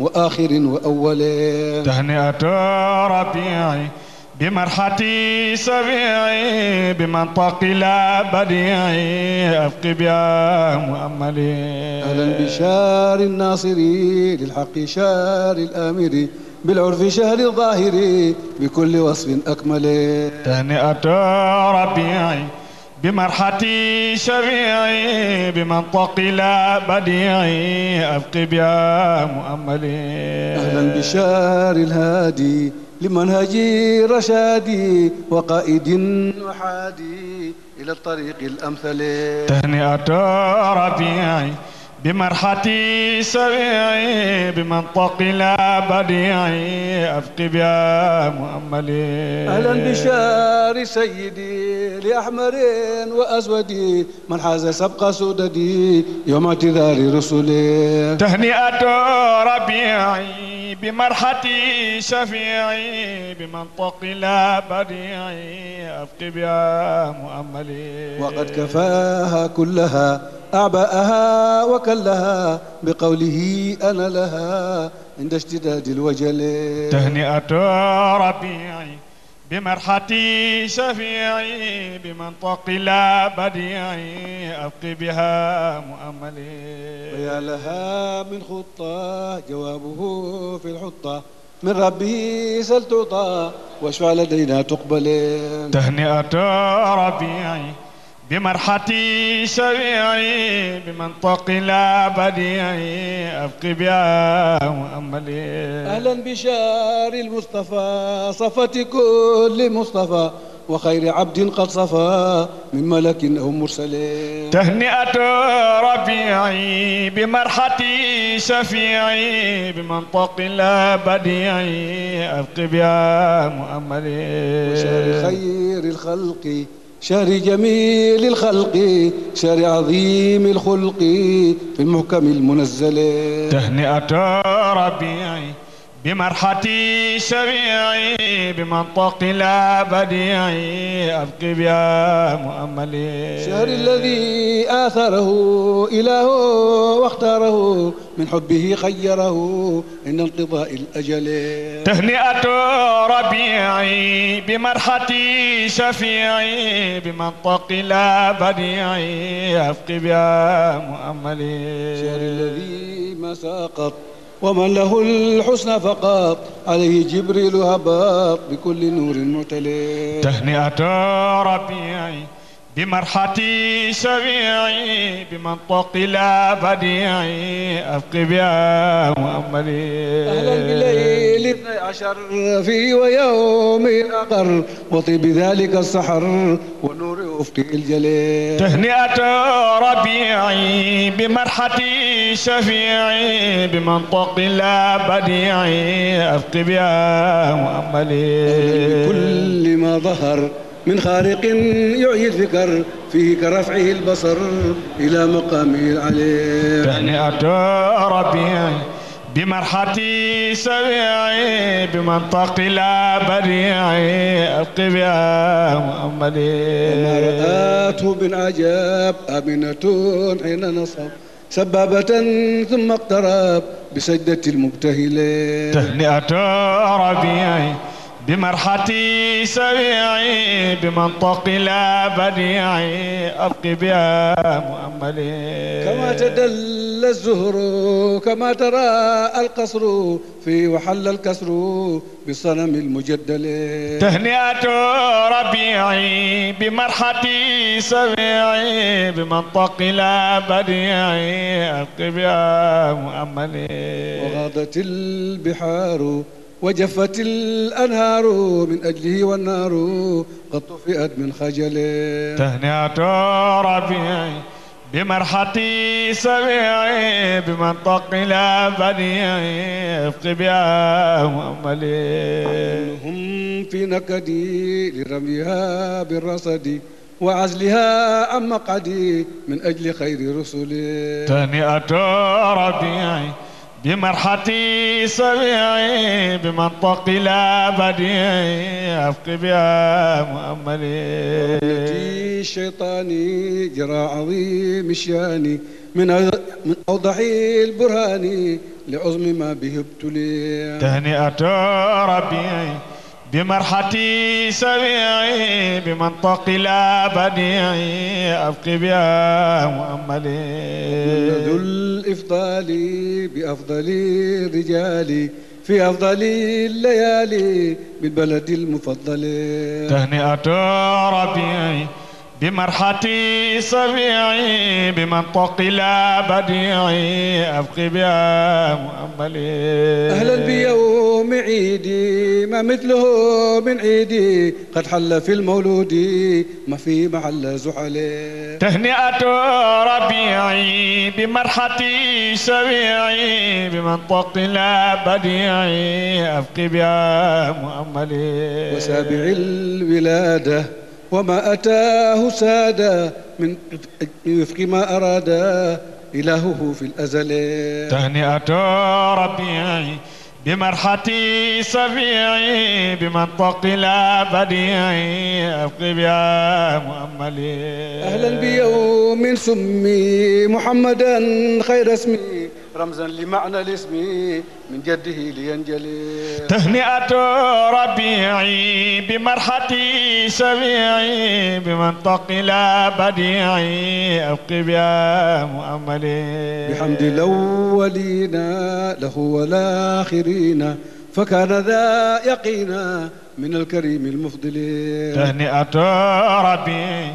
وآخر وأول تهنئة ربيعي بمرحتي سبيعي بمنطق لا بديعي أفقي بيا مؤملي أهلا بشار الناصري للحق شار الآمري بالعرف شهر الظاهري بكل وصف أكمل تهنئة ربيعي بمرحتي شفيعي بمنطق لا بديعي أفقي بيا مؤملي أهلا بشار الهادي لمنهج رشادي وقائد وحادي إلى الطريق الأمثل تهنئة ربيعي بمرحتي سريعي بمنطق لا بديعي أفقي بيا مؤملي أهلا بشاري سيدي لأحمر وأزودي من حاز سبق سددي يوم اعتذار رسلي تهنئة ربيعي بمرحتي شفيعي بمنطق لا بديعي أفقي بيا مؤملي وقد كفاها كلها أعبأها وكلها بقوله أنا لها عند اشتداد الوجل تهنئة ربيعي بمرحتي شفيعي بمنطق لا بديعي أبقي بها مؤملي ويا لها من خطة جوابه في الحطة من ربي سلتوطا واشفع لدينا تقبل تهنئة ربيعي بمرحتي شريعي بمنطق لا بديعي أبقي بيا وأملي أهلا بشار المصطفى صفة كل مصطفى وخير عبد قد صفى من ملك أو مرسلين تهنئة ربيعي بمرحتي شفيعي بمنطق لا بديعي أبقي بيا مؤملي وشار خير الخلق شهر جميل الخلق شهر عظيم الخلق في المحكم المنزل تهنئة ربيعي بمرحتي شفيعي بمنطق لا بديعي أبقي بيا مؤملي شهر الذي آثره إله واختاره من حبه خيره عند انقضاء الأجل تهنئة ربيعي بمرحتي شفيعي بمنطق لا بديعي أبقي بيا مؤملي شهر الذي ما ساقط ومن له الحسن فقط عليه جبريل هباق بكل نور معتلي تهنئة ربي بمرحتي شفيعي بمنطق لا بديعي أبقي بها مؤملي أهلا بالليل اثني عشر في ويوم أقر وطيب ذلك السحر ونور أفقي الجليل تهنئة ربيعي بمرحتي شفيعي بمنطق لا بديعي أبقي بها وأملي كل ما ظهر من خالق يعيي الفكر فيه كرفعه البصر إلى مقامه العلي تهنئة ربي بمرحتي سبيعي بمنطق لا بريعي أبقي بها مؤملي ومرآته من عجاب آمنة حين نصب سبابة ثم اقترب بسجدة المبتهلين تهنئة ربيعي بمرحتي سريعي بمنطق لا بديعي أبقي بها مؤملي كما تدل الزهر كما ترى القصر في وحل الكسر بصنم المجدل تهنئة ربيعي بمرحتي سريعي بمنطق لا بديعي أبقي بها مؤملي وغاضت البحار وجفت الأنهار من أجله والنار قد طفئت من خجله تهنئة ربيعي بمرحتي سبيعي بمنطق لا بنيعي افق بها مؤملي هم في نكدي لرميها بالرصد وعزلها عن مقعدي من أجل خير رسلي تهنئة ربيعي بمرحتي سمعي بمنطقي لا بديعي أفقي بها مؤملي شيطاني جرى عظيم شاني من أوضحي البرهاني لعظم ما به ابتلي تهنئة ربيعي بمرحتي سميعي بمنطق لا بنيعي أبقي بها مؤملي بلد الإفضال بأفضل الرجال في أفضل الليالي بالبلد المفضل تهنئة ربيعي بمرحتي سبيعي بمنطق لا بديعي أبقي بها مؤملي أهلا بيوم عيدي ما مثله من عيدي قد حل في المولود ما في محل زحلي تهنئة ربيعي بمرحتي سبيعي بمنطق لا بديعي أبقي بها مؤملي وسابع الولادة وما أتاه سادا من وفق ما أرادا إلهه في الأزل تهنئة ربيعي بمرحتي سبيعي بمنطق لا بديعي أبقي بها مؤملي أهلا بيوم سمي محمدا خير اسمي رمزا لمعنى الاسم من جده لينجلي تهنئة ربيعي بمرحتي سبيعي بمنطق لا بديعي أبقي بها مؤملي بحمد الأولين له والآخرين فكان ذا يقينا من الكريم المفضل تهنئة ربيعي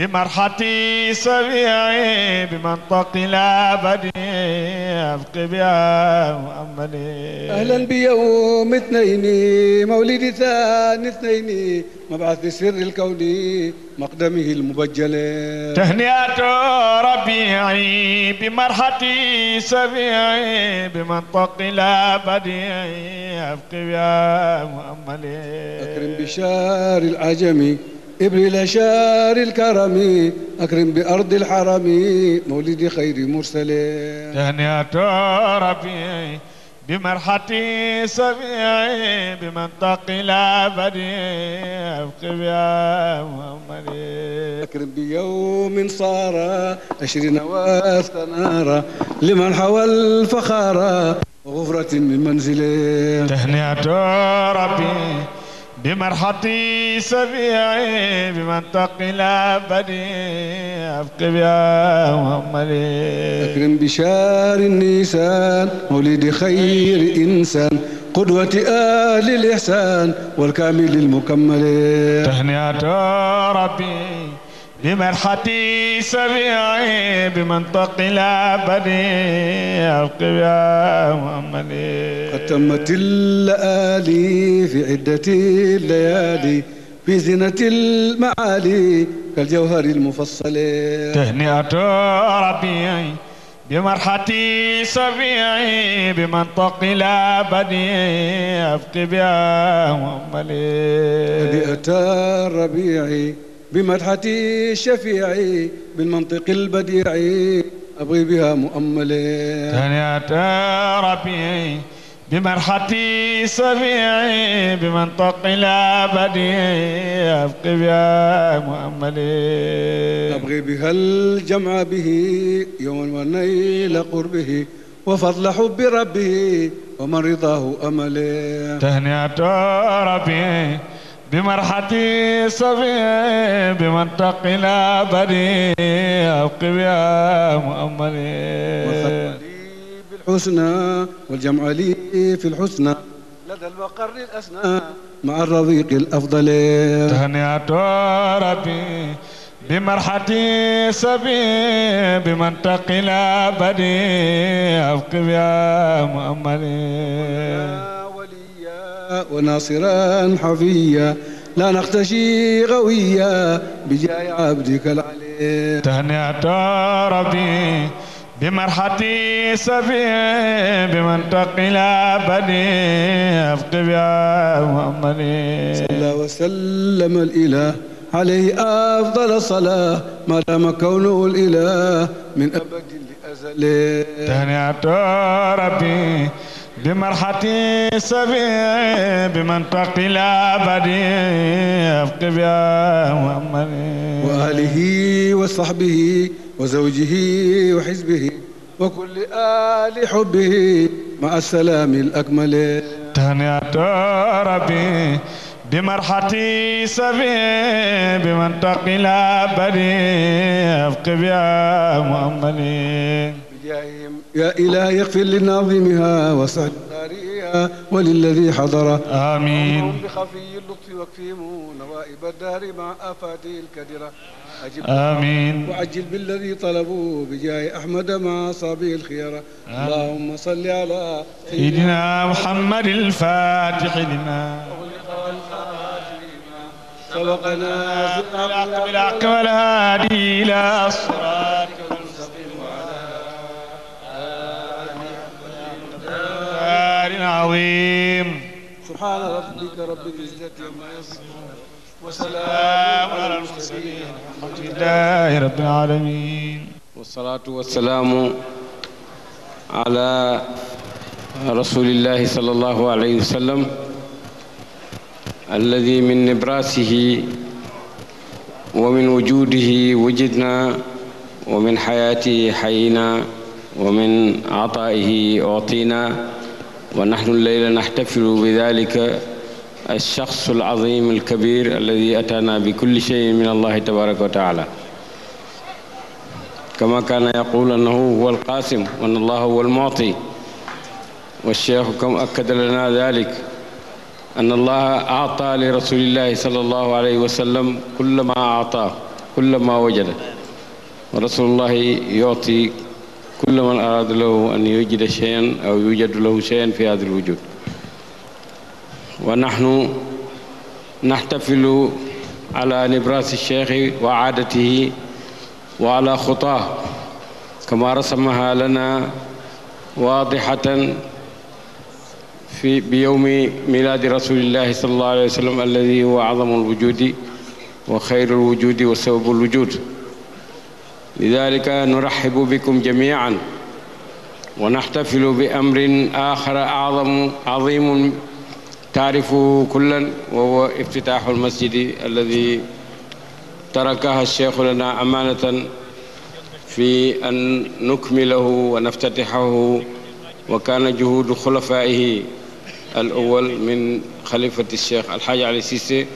بمرحتي سبيعي بمنطق لا بدي ابقي بها مؤملي اهلا بيوم اثنين مولد ثاني اثنين مبعث سر الكون مقدمه المبجل تهنئة ربيعي بمرحتي سبيعي بمنطق لا بدي ابقي بها مؤملي اكرم بشار العجمي إبريل شار الكرم أكرم بأرض الحرم مولد خير مرسلين تهنئة ربي بمرحتي سبيعي بمنطق لا أبقي يا محمد أكرم بيوم صار عشرين واستنار لمن حوى الفخار وغفرة من منزله تهنئة ربي بمرحتي سبيعي بمنطق لا بدي أبقي بها محمدي أكرم بشار النيسان مولد خير إنسان قدوة آل الإحسان والكامل المكمل تهنئة ربي بمرحتي سبيعي بمنطق لا بني القبيع محمدي قد تمت الآلي في عدة الليالي في زينة المعالي كالجوهر المفصل تهنئة ربيعي بمرحتي سبيعي بمنطق لا بني أبقي بها وأملي تهنئة ربيعي بمدحة الشفيع بالمنطق البديع أبغي بها مؤملة تهنئة ربي بمرحتي سبيعي بمنطق لا أبغي أبقي بها مؤملي أبغي بها الجمع به يوما ونيل قربه وفضل حب ربه ومن رضاه أملي تهنئة ربي بمرحتي صبي بمنطق لا بني أبقي يا مؤملي بالحسنى والجمع لي في الحسنى لدى الوقر الأسنى مع الرضيق الأفضل تهنئة ربي بمرحتي سبي بمنطق لا بدي أبقي يا مؤملي وناصرا حفيا لا نختشي غويا بجاي عبدك العلي تهنئت ربي بمرحتي سفي بمن تقل بني افقب يا محمد صلى وسلم الاله عليه افضل الصلاه ما دام كونه الاله من ابد لازل تهنئت ربي بمرحتي سبي بمنطق لا بدي افقف يا محمد وآله وصحبه وزوجه وحزبه وكل آل حبه مع السلام الأكمل تهنئة ربي بمرحتي سبي بمنطق لا بدي افقف يا محمد بجاههم يا إلهي اغفر لناظمها وسرداريها وللذي حضر آمين بخفي اللطف واكفهم نوائب الدهر مع آفاته الكدرة أجب آمين وعجل بالذي طلبوا بجاه أحمد مع أصابه الخيرة اللهم صل على سيدنا محمد الفاتح لما سبقنا بالحق الهادي إلى الصراط العظيم سبحان ربك رب العزة عما يصفون وسلام على المرسلين الحمد لله رب العالمين والصلاة والسلام على رسول الله صلى الله عليه وسلم الذي من نبراسه ومن وجوده وجدنا ومن حياته حينا ومن عطائه أعطينا ونحن الليلة نحتفل بذلك الشخص العظيم الكبير الذي أتانا بكل شيء من الله تبارك وتعالى كما كان يقول أنه هو القاسم وأن الله هو المعطي والشيخ كم أكد لنا ذلك أن الله أعطى لرسول الله صلى الله عليه وسلم كل ما أعطاه كل ما وجده ورسول الله يعطي كل من أراد له أن يجد شيئا أو يوجد له شيئا في هذا الوجود ونحن نحتفل على نبراس الشيخ وعادته وعلى خطاه كما رسمها لنا واضحة في بيوم ميلاد رسول الله صلى الله عليه وسلم الذي هو أعظم الوجود وخير الوجود وسبب الوجود لذلك نرحب بكم جميعا ونحتفل بأمر آخر أعظم عظيم تعرفه كلا وهو افتتاح المسجد الذي تركها الشيخ لنا أمانة في أن نكمله ونفتتحه وكان جهود خلفائه الأول من خليفة الشيخ الحاج علي سيسي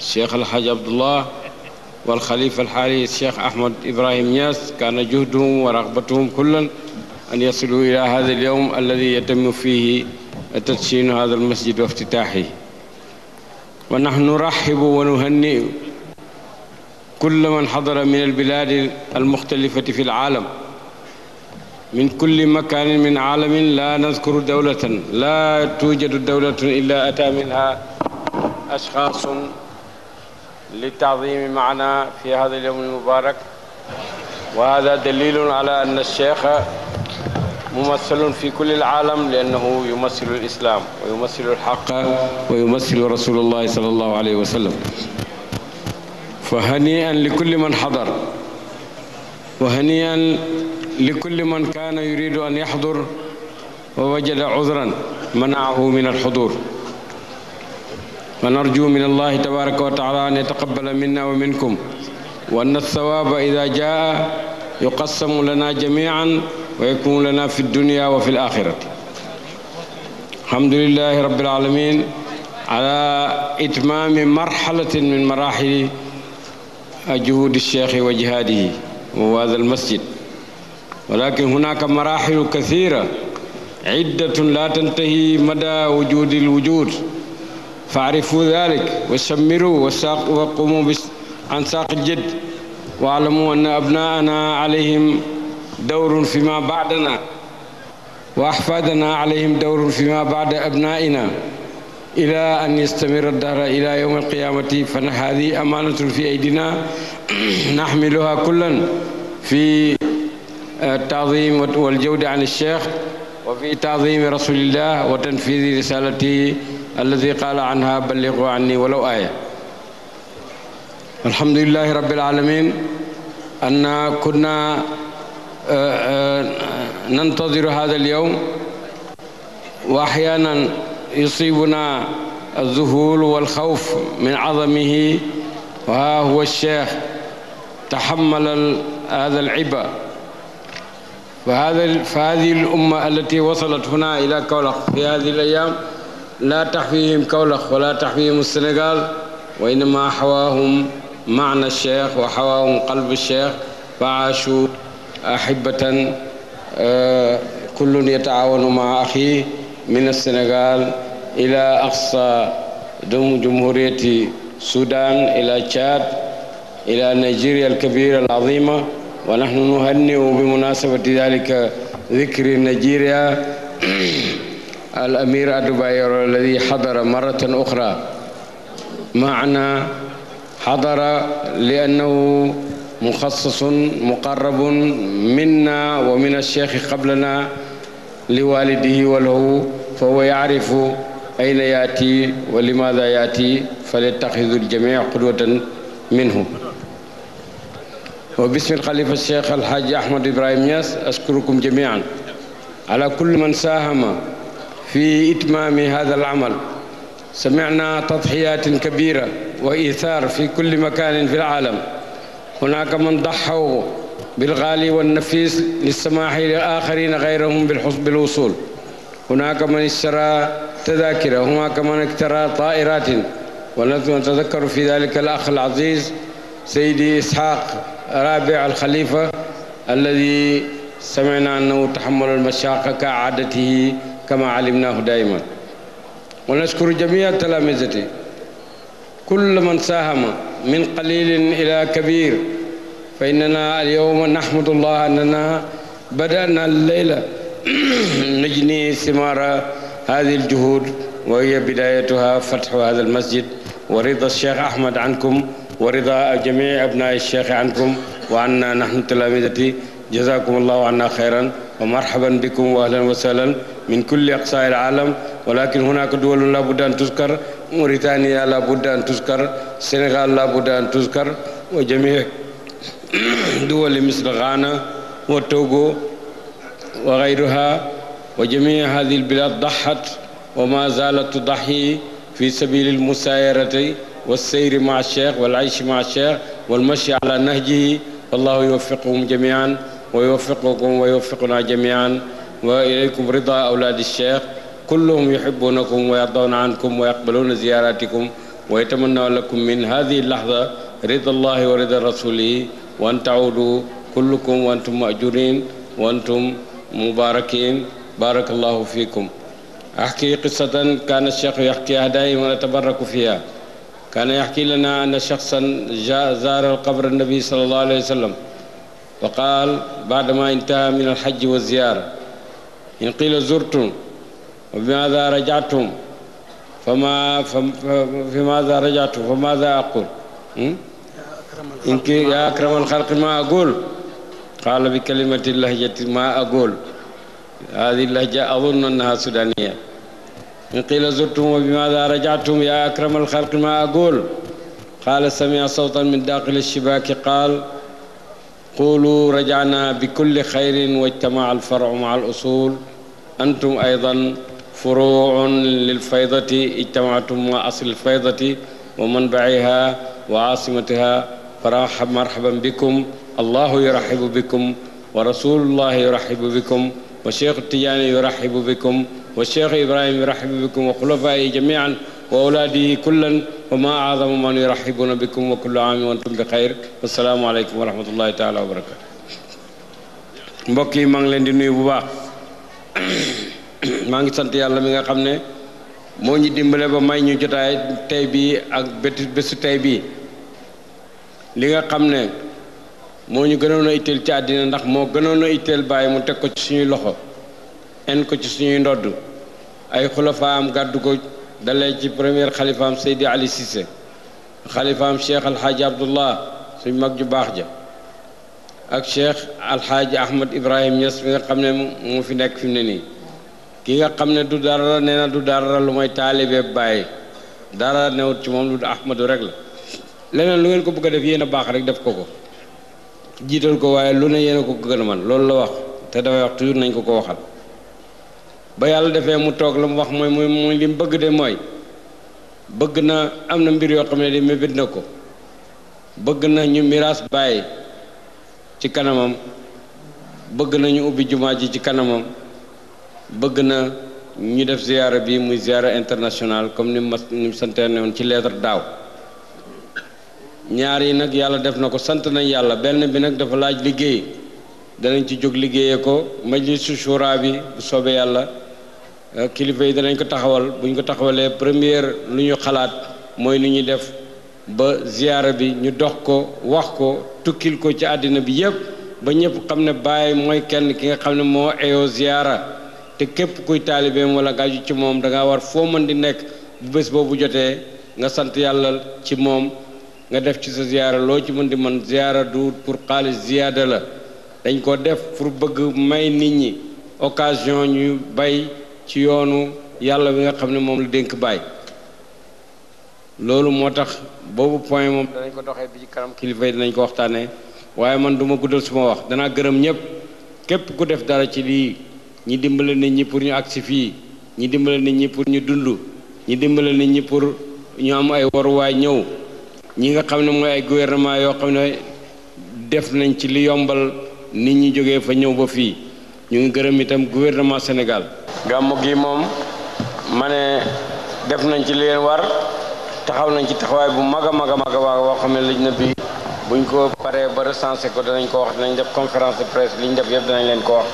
الشيخ الحاج عبد الله والخليفة الحالي الشيخ أحمد إبراهيم ياس كان جهدهم ورغبتهم كلا أن يصلوا إلى هذا اليوم الذي يتم فيه تدشين هذا المسجد وافتتاحه ونحن نرحب ونهنئ كل من حضر من البلاد المختلفة في العالم من كل مكان من عالم لا نذكر دولة لا توجد دولة إلا أتى منها أشخاص للتعظيم معنا في هذا اليوم المبارك وهذا دليل على أن الشيخ ممثل في كل العالم لأنه يمثل الإسلام ويمثل الحق ويمثل رسول الله صلى الله عليه وسلم فهنيئا لكل من حضر وهنيئا لكل من كان يريد أن يحضر ووجد عذرا منعه من الحضور ونرجو من الله تبارك وتعالى أن يتقبل منا ومنكم وأن الثواب إذا جاء يقسم لنا جميعا ويكون لنا في الدنيا وفي الآخرة الحمد لله رب العالمين على إتمام مرحلة من مراحل جهود الشيخ وجهاده وهذا المسجد ولكن هناك مراحل كثيرة عدة لا تنتهي مدى وجود الوجود فاعرفوا ذلك وشمروا وساق وقوموا عن ساق الجد واعلموا أن أبناءنا عليهم دور فيما بعدنا وأحفادنا عليهم دور فيما بعد أبنائنا إلى أن يستمر الدهر إلى يوم القيامة فهذه أمانة في أيدينا نحملها كلا في آه، التعظيم والجودة عن الشيخ وفي تعظيم رسول الله وتنفيذ رسالته الذي قال عنها بلغوا عني ولو آية الحمد لله رب العالمين أن كنا آه، آه، ننتظر هذا اليوم وأحيانا يصيبنا الذهول والخوف من عظمه وها هو الشيخ تحمل هذا العبء فهذه الأمة التي وصلت هنا إلى كولخ في هذه الأيام لا تحفيهم كولخ ولا تحفيهم السنغال وإنما حواهم معنى الشيخ وحواهم قلب الشيخ فعاشوا أحبة آه، كل يتعاون مع أخيه من السنغال إلى أقصى دم جمهورية السودان إلى تشاد إلى نيجيريا الكبيرة العظيمة ونحن نهنئ بمناسبة ذلك ذكر نيجيريا الأمير أدوبايرو الذي حضر مرة أخرى معنا حضر لأنه مخصص مقرب منا ومن الشيخ قبلنا لوالده وله فهو يعرف أين يأتي ولماذا يأتي فليتخذ الجميع قدوة منه وباسم الخليفة الشيخ الحاج أحمد إبراهيم ياس أشكركم جميعا على كل من ساهم في إتمام هذا العمل سمعنا تضحيات كبيرة وإيثار في كل مكان في العالم هناك من ضحوا بالغالي والنفيس للسماح للآخرين غيرهم بالوصول هناك من اشترى تذاكر هناك من اكترى طائرات ونحن نتذكر في ذلك الأخ العزيز سيدي إسحاق رابع الخليفة الذي سمعنا أنه تحمل المشاقة كعادته كما علمناه دائما ونشكر جميع تلامذتي كل من ساهم من قليل إلى كبير فإننا اليوم نحمد الله أننا بدأنا الليلة نجني ثمار هذه الجهود وهي بدايتها فتح هذا المسجد ورضا الشيخ أحمد عنكم ورضا جميع أبناء الشيخ عنكم وعنا نحن تلامذتي جزاكم الله عنا خيرا ومرحبا بكم وأهلا وسهلا من كل أقصى العالم ولكن هناك دول لا بد أن تذكر موريتانيا لا بد أن تذكر السنغال لا بد أن تذكر وجميع دول مثل غانا وتوغو وغيرها وجميع هذه البلاد ضحت وما زالت تضحي في سبيل المسايرة والسير مع الشيخ والعيش مع الشيخ والمشي على نهجه والله يوفقهم جميعا ويوفقكم ويوفقنا جميعا وإليكم رضا أولاد الشيخ كلهم يحبونكم ويرضون عنكم ويقبلون زياراتكم ويتمنون لكم من هذه اللحظة رضا الله ورضا رسوله وأن تعودوا كلكم وأنتم مأجورين وأنتم مباركين بارك الله فيكم أحكي قصة كان الشيخ يحكيها دائما أتبرك فيها كان يحكي لنا أن شخصا جاء زار قبر النبي صلى الله عليه وسلم وقال بعدما انتهى من الحج والزيارة إن قيل زرتم وبماذا رجعتم فما فماذا رجعتم فماذا أقول إن يا أكرم الخلق ما أقول قال بكلمة اللهجة ما أقول هذه اللهجة أظن أنها سودانية إن قيل زرتم وبماذا رجعتم يا أكرم الخلق ما أقول قال سمع صوتا من داخل الشباك قال قولوا رجعنا بكل خير واجتمع الفرع مع الأصول أنتم أيضا فروع للفيضة اجتمعتم مع أصل الفيضة ومنبعها وعاصمتها فراح مرحبا بكم الله يرحب بكم ورسول الله يرحب بكم وشيخ التجاني يرحب بكم والشيخ إبراهيم يرحب بكم وخلفائه جميعا وأولاده كلا وما أعظم من يرحبون بكم وكل عام وأنتم بخير والسلام عليكم ورحمة الله تعالى وبركاته مبكي مان لين دي نوي بو باخ مان غي سانت يالا ميغا خامني مو ني ديمبل با ماي ني جوتاي تاي أن اك بيت بيس تاي بي أن خامني مو ني غنونا ايتل تي ادينا ناخ مو غنونا ايتل باي مو تيكو سي سيني لوخو ان كو سي سيني ندود اي خلفا ام غادو كو dalee ci première xalifaam Seydi Ali sise xalifaam cheikh alxaaji abdullah suñ mag ju baax ja ak cheikh alxaaji ahmad ibrahim ñes bi nga xam ne mu fi nekk fi mu ne nii ki nga xam ne du dara nee na du dara lu may taalibeeb bàyyi dara newut ci moom lu ahmadu rek la leneen lu ngeen ko bëgg a def yéen a baax rek def ko ko jiital ko waaye lu ne yéen a ko gën a man loolu la wax te dafay wax toujours nañ ko ko waxal ba yàlla defee mu toog la mu wax mooy muy mooy li bëgg de mooy bëgg na am na mbir yoo xam ne di mébét na ko bëgg na ñu miraas bàyyi ci kanamam bëgg na ñu ubbi jumaa ji ci kanamam bëgg na ñu def ziyaara bi muy ziyaara international comme ni ma ni mu ci leetar daaw ñaar yi nag yàlla def na ko sant nañ yàlla benn bi nag dafa laaj liggéey danañ ci jóg liggéeyee ko majlisu shura bi bu soobee yàlla Euh, kilifa yi danañ ko taxawal buñ ko taxawalee première lu ñu xalaat mooy nu ñuy def ba ziyaara bi ñu dox ko wax ko tukkil ko ci àddina bi yépp ba ñëpp xam ne Baay mooy kenn ki nga xam ne moo eyoo ziyaara te képp kuy taalibeem wala nga ci moom danga war foo mën di nekk bu bés boobu jotee nga sant yàlla ci moom nga def ci sa ziyaara loo ci mën di mën ziyaara du pour xaalis ziyaada la dañ ko def pour bëgg may nit ñi occasion ñu bay ci yoonu yàlla bi nga xam ne moom la dénk baay loolu moo tax boobu point moom danañ ko doxee bi ci kanam kilifa yi dinañ ko waxtaanee waaye man du ma guddal suma wax danaa gërëm ñëpp képp ku def dara ci lii ñi dimbale nit ñi pour ñu agsi fii ñi dimbale nit ñi pour ñu dund ñi dimbale nit ñi pour ñu am ay waruwaay ñëw ñi nga xam ne mooy ay gouvernement yoo xam ne def nañ ci li yombal nit ñi jógee fa ñëw ba fii ñu ngi gërëm itam gouvernement Sénégal gàmmu gi moom ma ne def nañ ci leen war taxaw nañ ci taxawaay bu mag a mag a mag a waa woo xam ne lëj na bi buñ ko paree ba recensé ko danañ ko wax danañ def conférence de presse liñ def yëpp danañ leen ko wax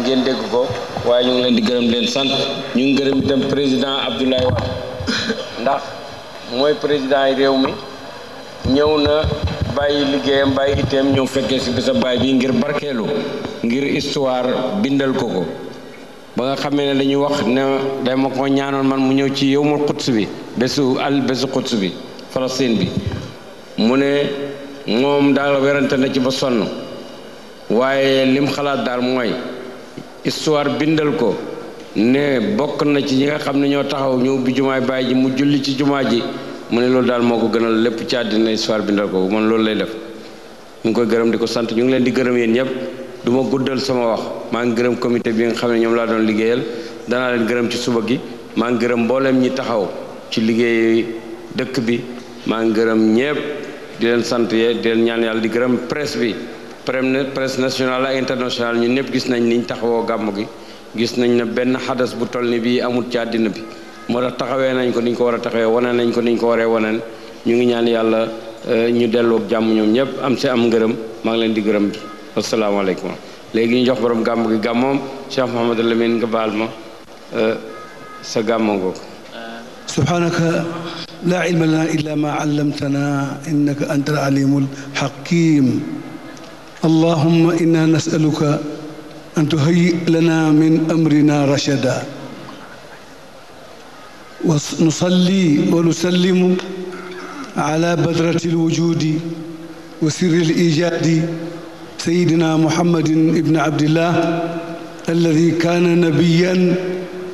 ngeen dégg ko waaye ñu ngi leen di gërëm leen sant ñu ngi gërëm itam président Abdoulaye Wade ndax mooy président yi réew mi ñëw na bàyyi liggéeyam bàyyi iteem ñëw fekkee si bisa baay bi ngir barkeelu ngir histoire bindal ko ko ba nga xamee ne dañuy wax ne dama ko ñaanoon man mu ñëw ci yow yowmul xuds bi bésu al bésu xuds bi Palestine bi mu ne moom daal werante na ci ba sonn waaye lim xalaat daal mooy histoire bindal ko ne bokk na ci ñi nga xam ne ñoo taxaw ñëw bi jumaay baay ji mu julli ci jumaa ji mu ne loolu daal moo ko gënal lépp ci àddina histoire bindal ko man loolu lay def ñu ngi koy gërëm di ko sant ñu ngi leen di gërëm yéen ñëpp du ma guddal sama wax maa ngi gërëm comité bi nga xam ne ñoom laa doon liggéeyal danaa leen gërëm ci suba gi maa ngi gërëm mbooleem ñi taxaw ci liggéey dëkk bi maa ngi gërëm ñépp di leen sant yee di leen ñaan yàlla di gërëm presse bi presse nationale ak internationale ñun ñëpp gis nañ niñ taxawoo gàmm gi gis nañ ne benn xadas bu toll ni bii amul ci àddina bi moo tax taxawee nañ ko niñ ko war a taxawee nañ ko niñ ko waree waneen ñu ngi ñaan yàlla euh, ñu delloog jàmm ñoom ñëpp am si am ngërëm maa ngi leen di gërëm bi السلام عليكم لكن جو برم غام غام شيخ محمد لمين غبالما ا سغامغو سبحانك لا علم لنا الا ما علمتنا انك انت العليم الحكيم اللهم انا نسالك ان تهيئ لنا من امرنا رشدا ونصلي ونسلم على بذره الوجود وسر الايجاد سيدنا محمد بن عبد الله الذي كان نبيا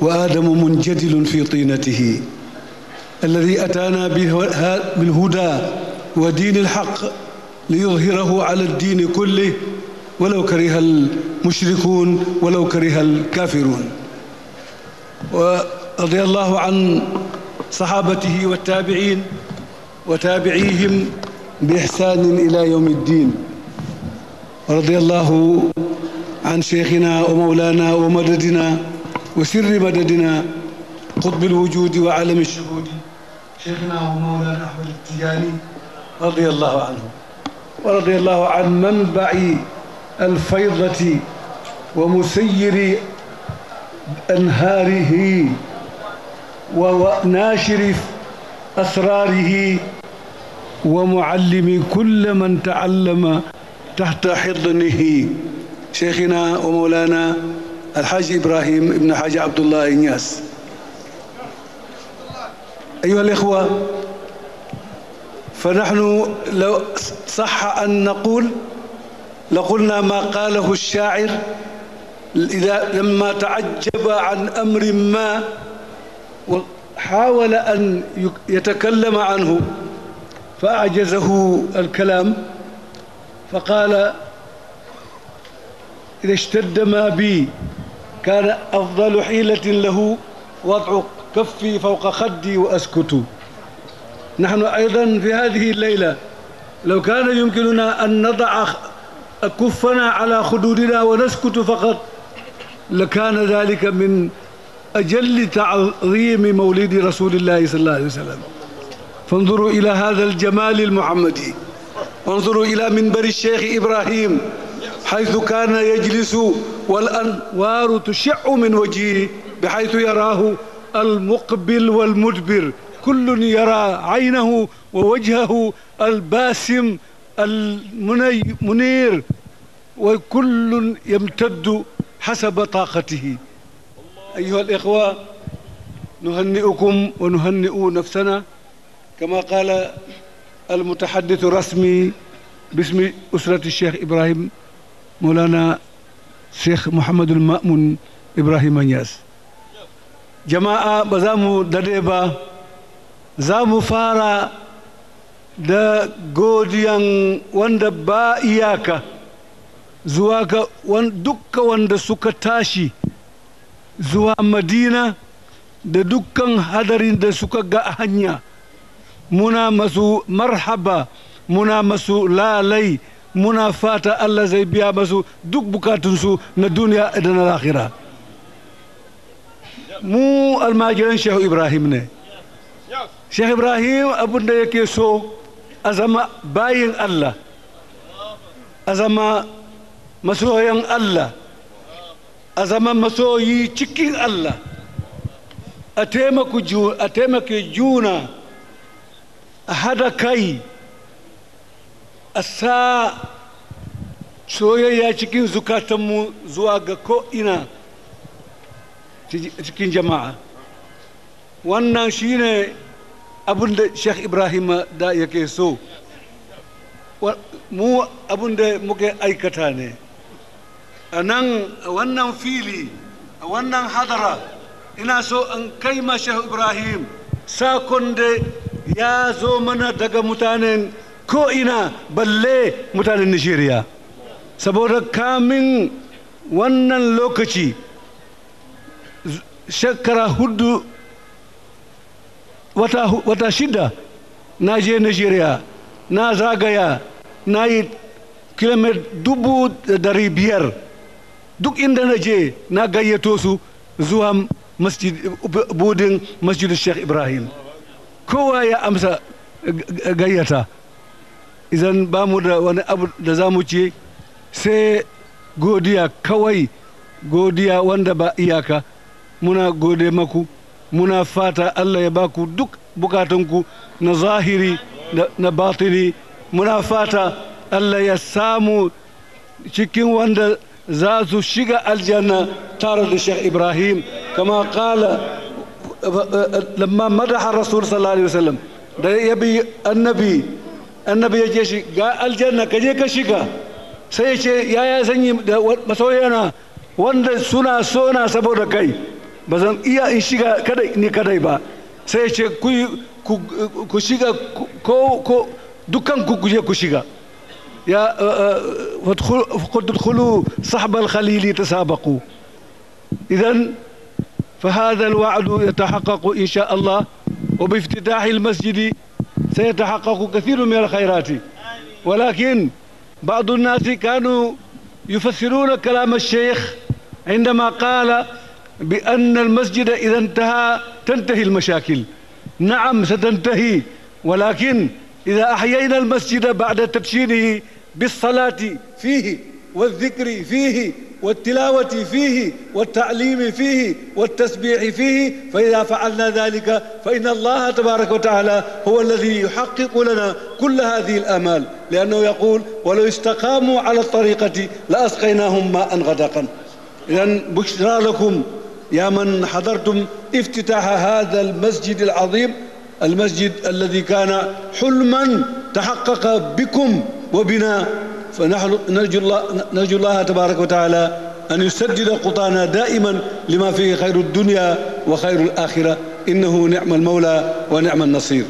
وآدم منجدل في طينته الذي أتانا بالهدى ودين الحق ليظهره على الدين كله ولو كره المشركون ولو كره الكافرون ورضي الله عن صحابته والتابعين وتابعيهم بإحسان إلى يوم الدين ورضي الله عن شيخنا ومولانا ومددنا وسر مددنا قطب الوجود وعلم الشهود شيخنا ومولانا أحمد التجاني رضي الله عنه ورضي الله عن منبع الفيضة ومسير أنهاره وناشر أسراره ومعلم كل من تعلم تحت حضنه شيخنا ومولانا الحاج إبراهيم ابن حاج عبد الله إنياس أيها الإخوة فنحن لو صح أن نقول لقلنا ما قاله الشاعر إذا لما تعجب عن أمر ما وحاول أن يتكلم عنه فأعجزه الكلام فقال إذا اشتد ما بي كان أفضل حيلة له وضع كفي فوق خدي وأسكت نحن أيضا في هذه الليلة لو كان يمكننا أن نضع كفنا على خدودنا ونسكت فقط لكان ذلك من أجل تعظيم مولد رسول الله صلى الله عليه وسلم فانظروا إلى هذا الجمال المحمدي انظروا إلى منبر الشيخ إبراهيم حيث كان يجلس والأنوار تشع من وجهه بحيث يراه المقبل والمدبر كل يرى عينه ووجهه الباسم المنير وكل يمتد حسب طاقته أيها الإخوة نهنئكم ونهنئ نفسنا كما قال المتحدث الرسمي باسم اسره الشيخ ابراهيم مولانا الشيخ محمد المامون ابراهيم انياس جماعه بزامو دديبا زامو فارا دا غوديان وند با اياكا زواكا وان دوكا وند زوا مدينه دا دوكان هادرين دا سوكا غا منا مسو مرحبا منا مسو لا لي منا فاتا الله زي بيا مسو دوك بكاتنسو ندنيا ادنا الاخرة مو الماجرين شيخ ابراهيم نه شيخ ابراهيم ابو نديكي سو ازما باين الله ازما مسو ين الله ازما مسو يي تشكين الله اتيمكو جو اتيمكو جونا a haɗa kai a sa soyayya cikin zukatanmu zuwa ga ko'ina cikin jama'a wannan shi ne abin da sheikh ibrahim da yake so mu abin da muke aikata ne a nan wannan fili a wannan hadara ina so an kai ma sheikh ibrahim sakon da ya zo mana daga mutanen ko'ina balle mutanen nigeria saboda kamin wannan lokaci shekara hudu wata, wata shida na je nigeria na zagaya na yi kilomita dubu dari biyar duk inda na je na gayyato su zuwa budin masjidin sheikh ibrahim kowa ya amsa gayyata idan ba mu da wani abu da za mu ci sai godiya kawai godiya wanda ba iyaka muna gode maku muna fata allah ya baku duk bukatunku na zahiri na batiri muna fata allah ya samu cikin wanda za su shiga aljanna tare da shekh ibrahim kama kala لما مدح الرسول صلى الله عليه وسلم ده يبي النبي annabi ya ce shi ga aljanna ka je ka shiga sai ya ce ya ya sanyi da masoyana wanda suna sona saboda kai ba zan iya in shiga kadai ni kadai ba sai ya ce ku shiga ko ko dukkan ku je ku shiga ya fadkhulu sahbal khalili tasabaqu idan فهذا الوعد يتحقق إن شاء الله وبافتتاح المسجد سيتحقق كثير من الخيرات ولكن بعض الناس كانوا يفسرون كلام الشيخ عندما قال بأن المسجد إذا انتهى تنتهي المشاكل نعم ستنتهي ولكن إذا أحيينا المسجد بعد تدشينه بالصلاة فيه والذكر فيه والتلاوة فيه والتعليم فيه والتسبيح فيه فإذا فعلنا ذلك فإن الله تبارك وتعالى هو الذي يحقق لنا كل هذه الآمال لأنه يقول ولو استقاموا على الطريقة لأسقيناهم ماء غدقا إذا بشرى لكم يا من حضرتم افتتاح هذا المسجد العظيم المسجد الذي كان حلما تحقق بكم وبنا فنحن نرجو الله, نرجو الله تبارك وتعالى أن يسجل قطانا دائما لما فيه خير الدنيا وخير الآخرة إنه نعم المولى ونعم النصير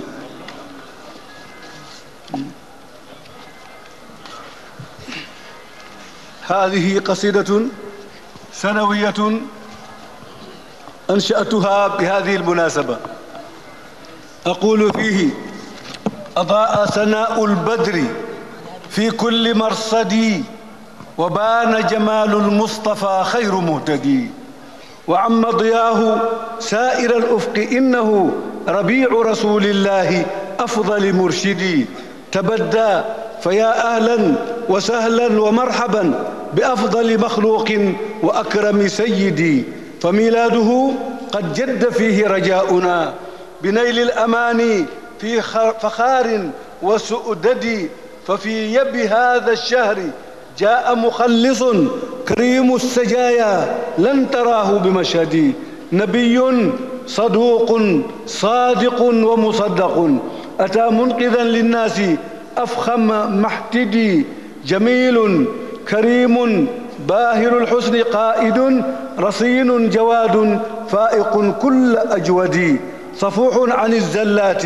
هذه قصيدة سنوية أنشأتها بهذه المناسبة أقول فيه أضاء سناء البدر في كل مرصدي وبان جمال المصطفى خير مهتدي وعم ضياه سائر الأفق إنه ربيع رسول الله أفضل مرشدي تبدى فيا أهلا وسهلا ومرحبا بأفضل مخلوق وأكرم سيدي فميلاده قد جد فيه رجاؤنا بنيل الأماني في فخار وسؤددي ففي يب هذا الشهر جاء مخلص كريم السجايا لن تراه بمشهدي نبي صدوق صادق ومصدق أتى منقذا للناس أفخم محتدي جميل كريم باهر الحسن قائد رصين جواد فائق كل أجودي صفوح عن الزلات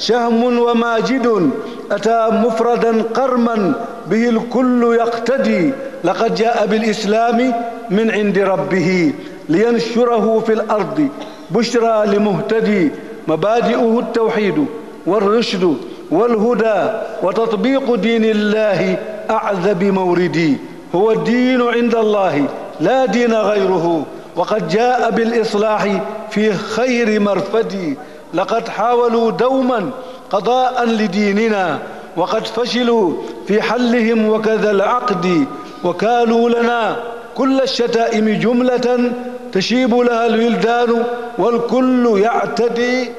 شهم وماجد أتى مفردا قرما به الكل يقتدي لقد جاء بالإسلام من عند ربه لينشره في الأرض بشرى لمهتدي مبادئه التوحيد والرشد والهدى وتطبيق دين الله أعذب موردي هو الدين عند الله لا دين غيره وقد جاء بالإصلاح في خير مرفدي لقد حاولوا دوما قضاء لديننا وقد فشلوا في حلهم وكذا العقد وكالوا لنا كل الشتائم جملة تشيب لها الولدان والكل يعتدي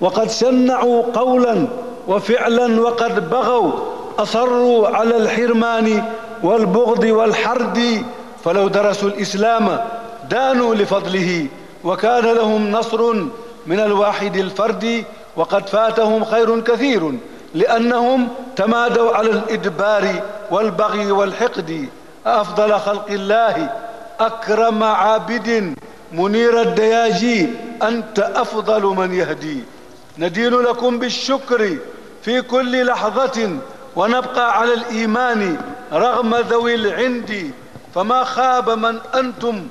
وقد شنعوا قولا وفعلا وقد بغوا أصروا على الحرمان والبغض والحرد فلو درسوا الإسلام دانوا لفضله وكان لهم نصر من الواحد الفرد وقد فاتهم خير كثير لأنهم تمادوا على الإدبار والبغي والحقد أفضل خلق الله أكرم عابد منير الدياجي أنت أفضل من يهدي ندين لكم بالشكر في كل لحظة ونبقى على الإيمان رغم ذوي العند فما خاب من أنتم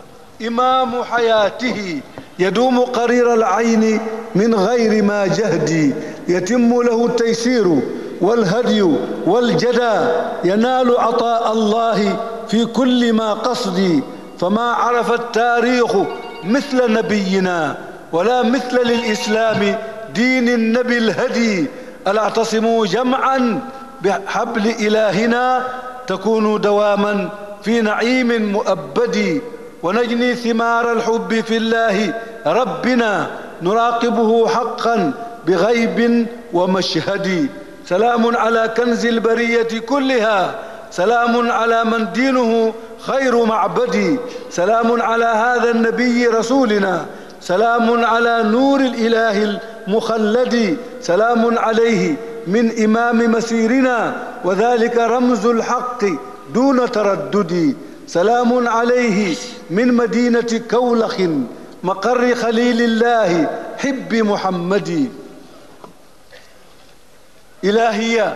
إمام حياته يدوم قرير العين من غير ما جهدي يتم له التيسير والهدي والجدى ينال عطاء الله في كل ما قصدي فما عرف التاريخ مثل نبينا ولا مثل للإسلام دين النبي الهدي ألا اعتصموا جمعا بحبل إلهنا تكونوا دواما في نعيم مؤبد ونجني ثمار الحب في الله ربنا نراقبه حقا بغيب ومشهد سلام على كنز البرية كلها سلام على من دينه خير معبد سلام على هذا النبي رسولنا سلام على نور الإله المخلد سلام عليه من إمام مسيرنا وذلك رمز الحق دون تردد سلام عليه من مدينة كولخ مقر خليل الله حب محمد إلهيا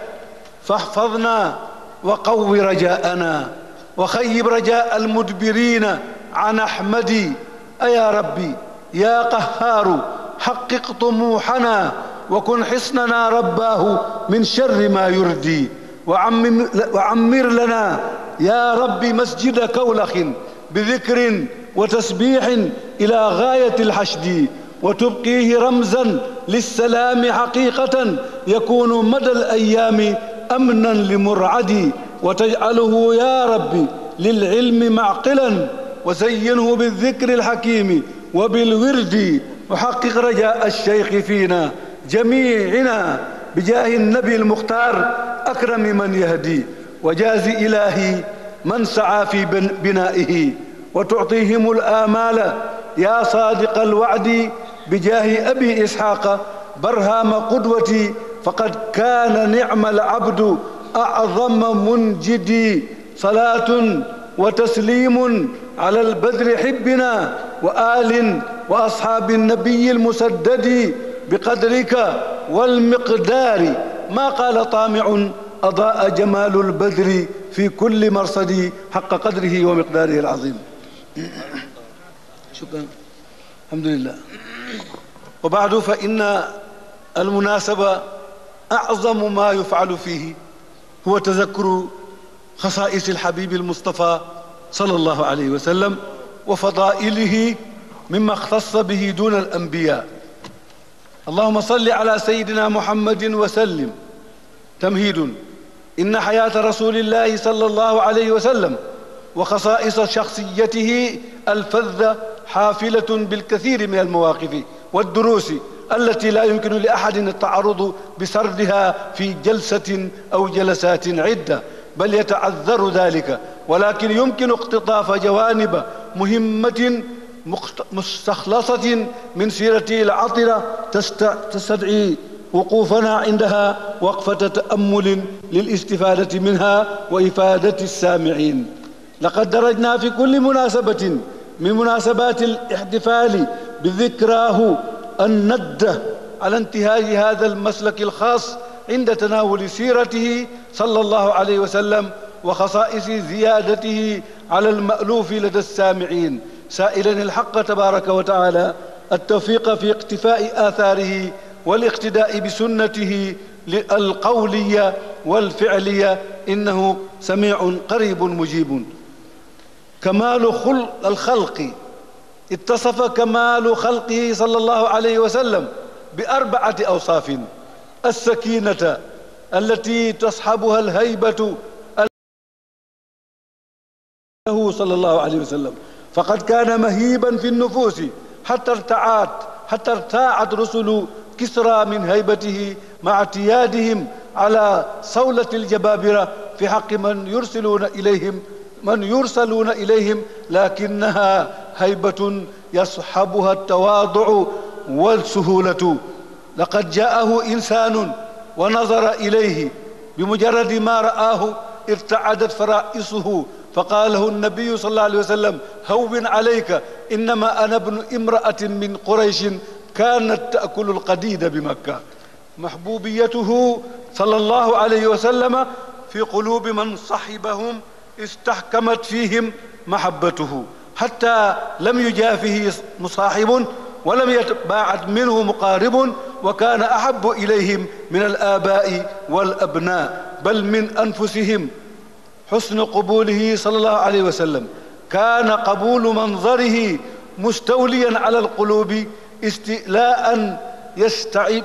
فاحفظنا وقو رجاءنا وخيب رجاء المدبرين عن أحمد أيا ربي يا قهار حقق طموحنا وكن حصننا رباه من شر ما يردي وعمر لنا يا رب مسجد كولخ بذكر وتسبيح إلى غاية الحشد وتبقيه رمزا للسلام حقيقة يكون مدى الأيام أمنا لمرعدي وتجعله يا رب للعلم معقلا وزينه بالذكر الحكيم وبالورد وحقق رجاء الشيخ فينا جميعنا بجاه النبي المختار أكرم من يهدي وجاز إلهي من سعى في بنائه وتعطيهم الآمال يا صادق الوعد بجاه أبي إسحاق برهام قدوتي فقد كان نعم العبد أعظم منجدي صلاة وتسليم على البدر حبنا وآل وأصحاب النبي المسدد بقدرك والمقدار ما قال طامع أضاء جمال البدر في كل مرصد حق قدره ومقداره العظيم شكرا الحمد لله وبعد فإن المناسبة أعظم ما يفعل فيه هو تذكر خصائص الحبيب المصطفى صلى الله عليه وسلم وفضائله مما اختص به دون الأنبياء اللهم صل على سيدنا محمد وسلم تمهيد إن حياة رسول الله صلى الله عليه وسلم وخصائص شخصيته الفذة حافلة بالكثير من المواقف والدروس التي لا يمكن لأحد التعرض بسردها في جلسة أو جلسات عدة بل يتعذر ذلك ولكن يمكن اقتطاف جوانب مهمة مستخلصة من سيرته العطرة تستدعي وقوفنا عندها وقفة تأمل للاستفادة منها وإفادة السامعين لقد درجنا في كل مناسبة من مناسبات الاحتفال بذكراه الندة على انتهاج هذا المسلك الخاص عند تناول سيرته صلى الله عليه وسلم وخصائص زيادته على المألوف لدى السامعين سائلا الحق تبارك وتعالى التوفيق في اقتفاء آثاره والاقتداء بسنته القولية والفعلية إنه سميع قريب مجيب كمال خلق الخلق اتصف كمال خلقه صلى الله عليه وسلم بأربعة أوصاف السكينة التي تصحبها الهيبة له صلى الله عليه وسلم فقد كان مهيبا في النفوس حتى ارتعت حتى ارتاعت رسل كسرى من هيبته مع اعتيادهم على صولة الجبابرة في حق من يرسلون إليهم من يرسلون إليهم لكنها هيبة يصحبها التواضع والسهولة لقد جاءه إنسان ونظر إليه بمجرد ما رآه ارتعدت فرائصه فقاله النبي صلى الله عليه وسلم هون عليك إنما أنا ابن امرأة من قريش كانت تأكل القديد بمكة محبوبيته صلى الله عليه وسلم في قلوب من صحبهم استحكمت فيهم محبته حتى لم يجافه مصاحب ولم يتباعد منه مقارب وكان أحب إليهم من الآباء والأبناء بل من أنفسهم حسن قبوله صلى الله عليه وسلم كان قبول منظره مستوليا على القلوب استئلاء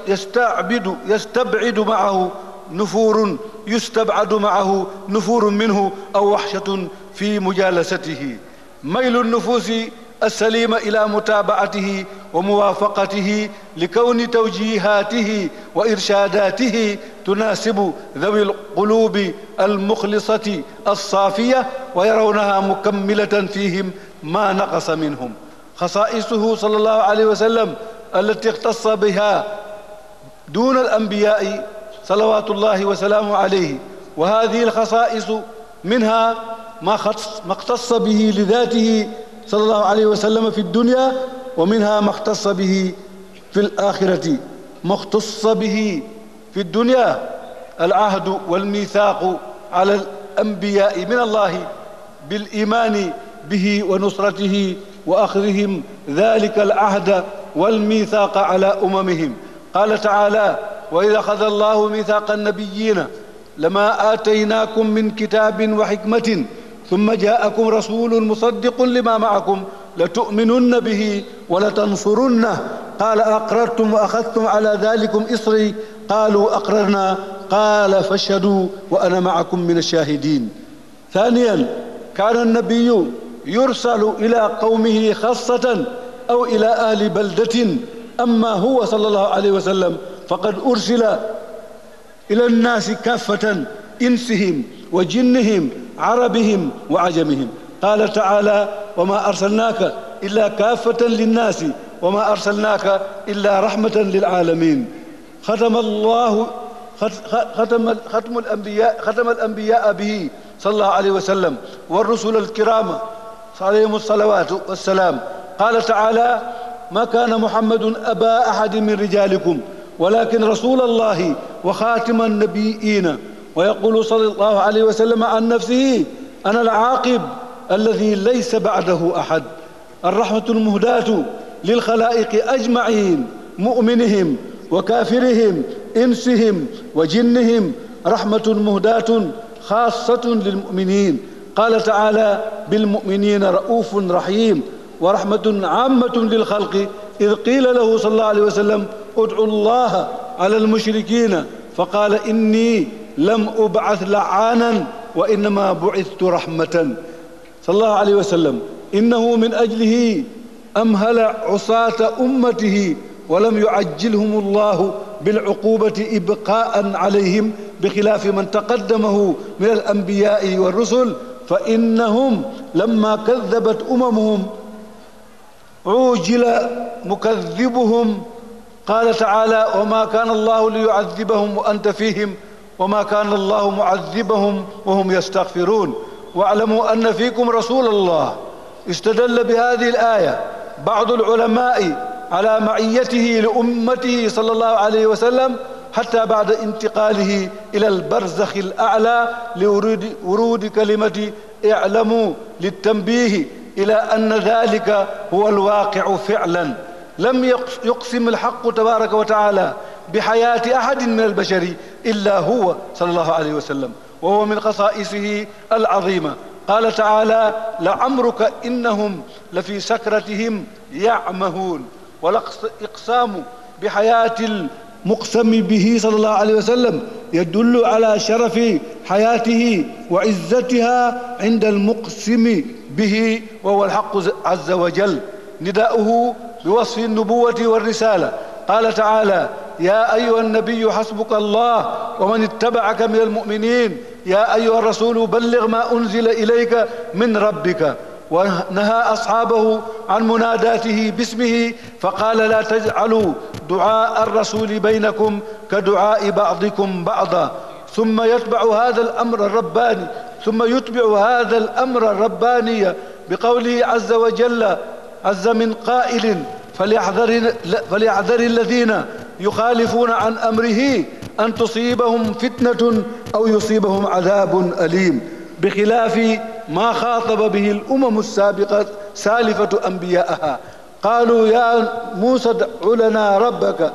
يستعبد يستبعد معه نفور يستبعد معه نفور منه أو وحشة في مجالسته ميل النفوس السليمة إلى متابعته وموافقته لكون توجيهاته وإرشاداته تناسب ذوي القلوب المخلصة الصافية ويرونها مكملة فيهم ما نقص منهم خصائصه صلى الله عليه وسلم التي اختص بها دون الأنبياء صلوات الله وسلامه عليه وهذه الخصائص منها ما, خص ما اختص به لذاته صلى الله عليه وسلم في الدنيا ومنها ما اختص به في الآخرة ما اختص به في الدنيا العهد والميثاق على الأنبياء من الله بالإيمان به ونصرته وأخذهم ذلك العهد والميثاق على أممهم قال تعالى وإذا أخذ الله ميثاق النبيين لما آتيناكم من كتاب وحكمة ثم جاءكم رسول مصدق لما معكم لتؤمنن به ولتنصرنه قال أقررتم وأخذتم على ذلكم إصري قالوا أقررنا قال فاشهدوا وأنا معكم من الشاهدين ثانيا كان النبي يرسل إلى قومه خاصة أو إلى أهل بلدة أما هو صلى الله عليه وسلم فقد أرسل إلى الناس كافة إنسهم وجنهم عربهم وعجمهم قال تعالى وما أرسلناك إلا كافة للناس وما أرسلناك إلا رحمة للعالمين ختم الله ختم ختم الأنبياء ختم الأنبياء به صلى الله عليه وسلم والرسل الكرام عليهم الصلوات والسلام قال تعالى ما كان محمد أبا أحد من رجالكم ولكن رسول الله وخاتم النبيين ويقول صلى الله عليه وسلم عن نفسه أنا العاقب الذي ليس بعده أحد الرحمة المهداة للخلائق أجمعين مؤمنهم وكافرهم إنسهم وجنهم رحمة مهداة خاصة للمؤمنين قال تعالى بالمؤمنين رؤوف رحيم ورحمة عامة للخلق إذ قيل له صلى الله عليه وسلم ادعوا الله على المشركين فقال إني لم أبعث لعانا وإنما بعثت رحمة صلى الله عليه وسلم إنه من أجله أمهل عصاة أمته ولم يعجلهم الله بالعقوبة إبقاء عليهم بخلاف من تقدمه من الأنبياء والرسل فإنهم لما كذبت أممهم عوجل مكذبهم قال تعالى وما كان الله ليعذبهم وأنت فيهم وما كان الله معذبهم وهم يستغفرون واعلموا أن فيكم رسول الله استدل بهذه الآية بعض العلماء على معيته لأمته صلى الله عليه وسلم حتى بعد انتقاله إلى البرزخ الأعلى لورود ورود كلمة اعلموا للتنبيه إلى أن ذلك هو الواقع فعلا لم يقسم الحق تبارك وتعالى بحياة أحد من البشر إلا هو صلى الله عليه وسلم وهو من خصائصه العظيمة قال تعالى لعمرك إنهم لفي سكرتهم يعمهون والإقسام بحياة مقسم به صلى الله عليه وسلم يدل على شرف حياته وعزتها عند المقسم به وهو الحق عز وجل نداؤه بوصف النبوة والرسالة قال تعالى يا أيها النبي حسبك الله ومن اتبعك من المؤمنين يا أيها الرسول بلغ ما أنزل إليك من ربك ونهى أصحابه عن مناداته باسمه فقال لا تجعلوا دعاء الرسول بينكم كدعاء بعضكم بعضا ثم يتبع هذا الأمر الرباني ثم يتبع هذا الأمر الرباني بقوله عز وجل عز من قائل فليحذر, فليحذر الذين يخالفون عن أمره أن تصيبهم فتنة أو يصيبهم عذاب أليم بخلاف ما خاطب به الأمم السابقة سالفة أنبياءها قالوا يا موسى ادع لنا ربك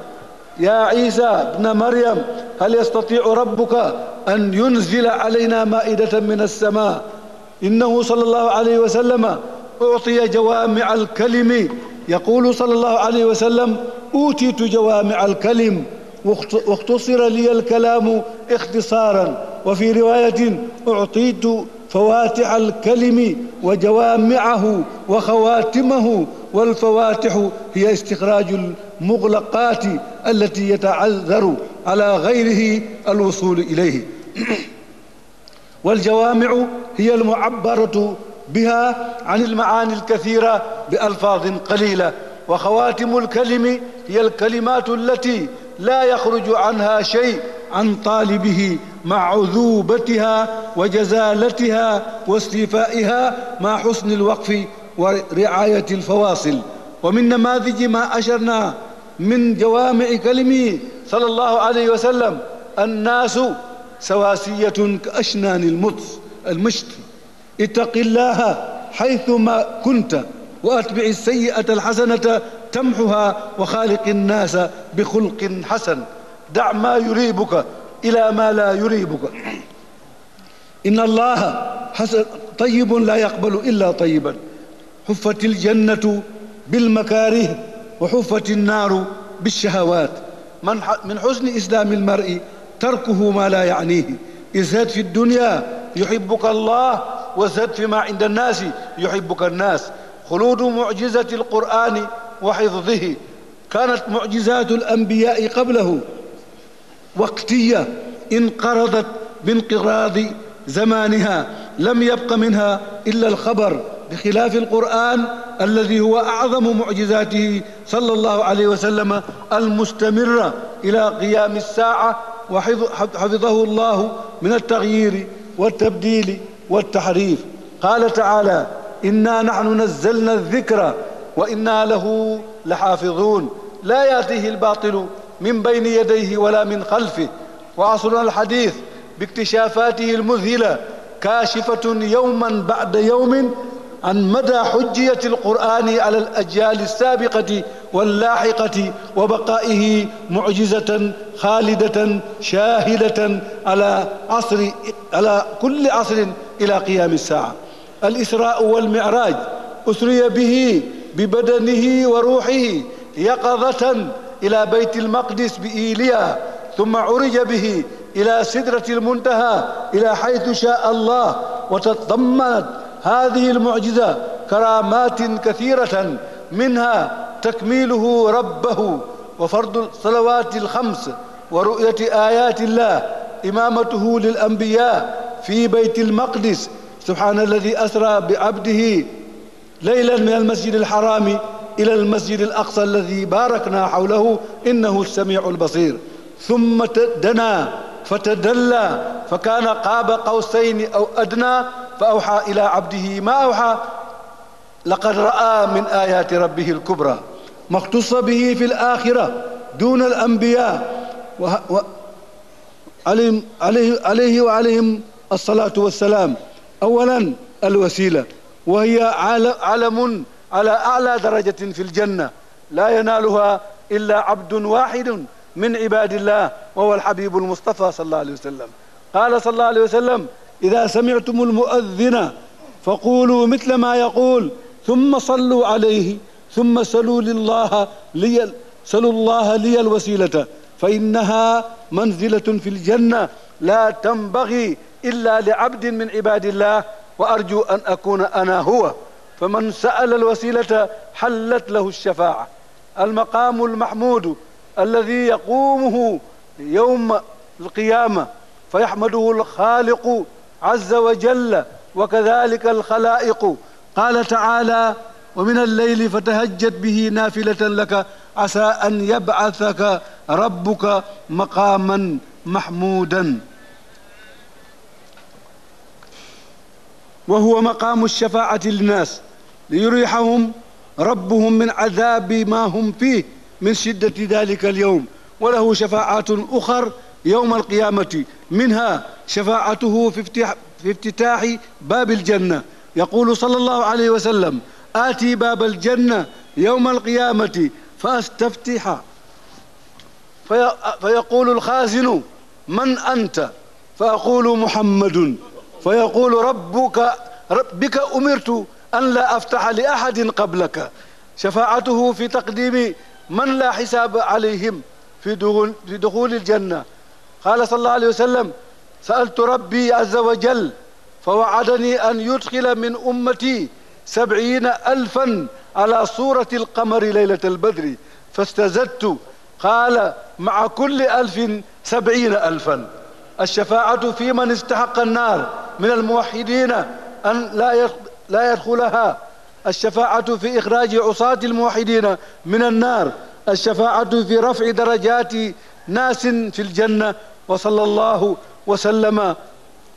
يا عيسى ابن مريم هل يستطيع ربك أن ينزل علينا مائدة من السماء إنه صلى الله عليه وسلم أعطي جوامع الكلم يقول صلى الله عليه وسلم أوتيت جوامع الكلم واختصر لي الكلام اختصارا وفي رواية أعطيت فواتح الكلم وجوامعه وخواتمه والفواتح هي استخراج المغلقات التي يتعذر على غيره الوصول إليه والجوامع هي المعبرة بها عن المعاني الكثيرة بألفاظ قليلة وخواتم الكلم هي الكلمات التي لا يخرج عنها شيء عن طالبه مع عذوبتها وجزالتها واستيفائها مع حسن الوقف ورعاية الفواصل ومن نماذج ما أشرنا من جوامع كلمه صلى الله عليه وسلم الناس سواسية كأشنان المطس المشت اتق الله حيثما كنت وأتبع السيئة الحسنة تمحها وخالق الناس بخلق حسن دع ما يريبك إلى ما لا يريبك إن الله حسن طيب لا يقبل إلا طيبا حفت الجنة بالمكاره وحفت النار بالشهوات من من حسن إسلام المرء تركه ما لا يعنيه ازهد في الدنيا يحبك الله وازهد فيما عند الناس يحبك الناس خلود معجزة القرآن وحفظه كانت معجزات الأنبياء قبله وقتية انقرضت بانقراض زمانها لم يبق منها إلا الخبر بخلاف القرآن الذي هو أعظم معجزاته صلى الله عليه وسلم المستمرة إلى قيام الساعة وحفظه الله من التغيير والتبديل والتحريف قال تعالى إنا نحن نزلنا الذكر وإنا له لحافظون لا يأتيه الباطل من بين يديه ولا من خلفه وعصرنا الحديث باكتشافاته المذهلة كاشفة يوما بعد يوم عن مدى حجية القرآن على الأجيال السابقة واللاحقة وبقائه معجزة خالدة شاهدة على عصر على كل عصر إلى قيام الساعة الإسراء والمعراج أسري به ببدنه وروحه يقظة إلى بيت المقدس بإيليا ثم عرج به إلى سدرة المنتهى إلى حيث شاء الله وتضمنت هذه المعجزة كرامات كثيرة منها تكميله ربه وفرض الصلوات الخمس ورؤية آيات الله إمامته للأنبياء في بيت المقدس سبحان الذي أسرى بعبده ليلا من المسجد الحرام إلى المسجد الأقصى الذي باركنا حوله إنه السميع البصير ثم دنا فتدلى فكان قاب قوسين أو أدنى فأوحى إلى عبده ما أوحى لقد رأى من آيات ربه الكبرى ما اختص به في الآخرة دون الأنبياء و... عليهم عليه, عليه وعليهم الصلاة والسلام أولا الوسيلة وهي علم على أعلى درجة في الجنة لا ينالها إلا عبد واحد من عباد الله وهو الحبيب المصطفى صلى الله عليه وسلم قال صلى الله عليه وسلم إذا سمعتم المؤذن فقولوا مثل ما يقول ثم صلوا عليه ثم سلوا لله لي سلوا الله لي الوسيلة فإنها منزلة في الجنة لا تنبغي إلا لعبد من عباد الله وأرجو أن أكون أنا هو فمن سأل الوسيلة حلت له الشفاعة المقام المحمود الذي يقومه يوم القيامة فيحمده الخالق عز وجل وكذلك الخلائق قال تعالى ومن الليل فتهجد به نافلة لك عسى أن يبعثك ربك مقاما محمودا وهو مقام الشفاعة للناس ليريحهم ربهم من عذاب ما هم فيه من شدة ذلك اليوم وله شفاعات أخر يوم القيامة منها شفاعته في, افتتاح باب الجنة يقول صلى الله عليه وسلم آتي باب الجنة يوم القيامة فأستفتح فيقول الخازن من أنت فأقول محمد فيقول ربك ربك أمرت أن لا أفتح لأحد قبلك شفاعته في تقديم من لا حساب عليهم في دخول, في دخول الجنة قال صلى الله عليه وسلم سألت ربي عز وجل فوعدني أن يدخل من أمتي سبعين ألفا على صورة القمر ليلة البدر فاستزدت قال مع كل ألف سبعين ألفا الشفاعة في من استحق النار من الموحدين أن لا لا يدخلها الشفاعة في إخراج عصاة الموحدين من النار الشفاعة في رفع درجات ناس في الجنة وصلى الله وسلم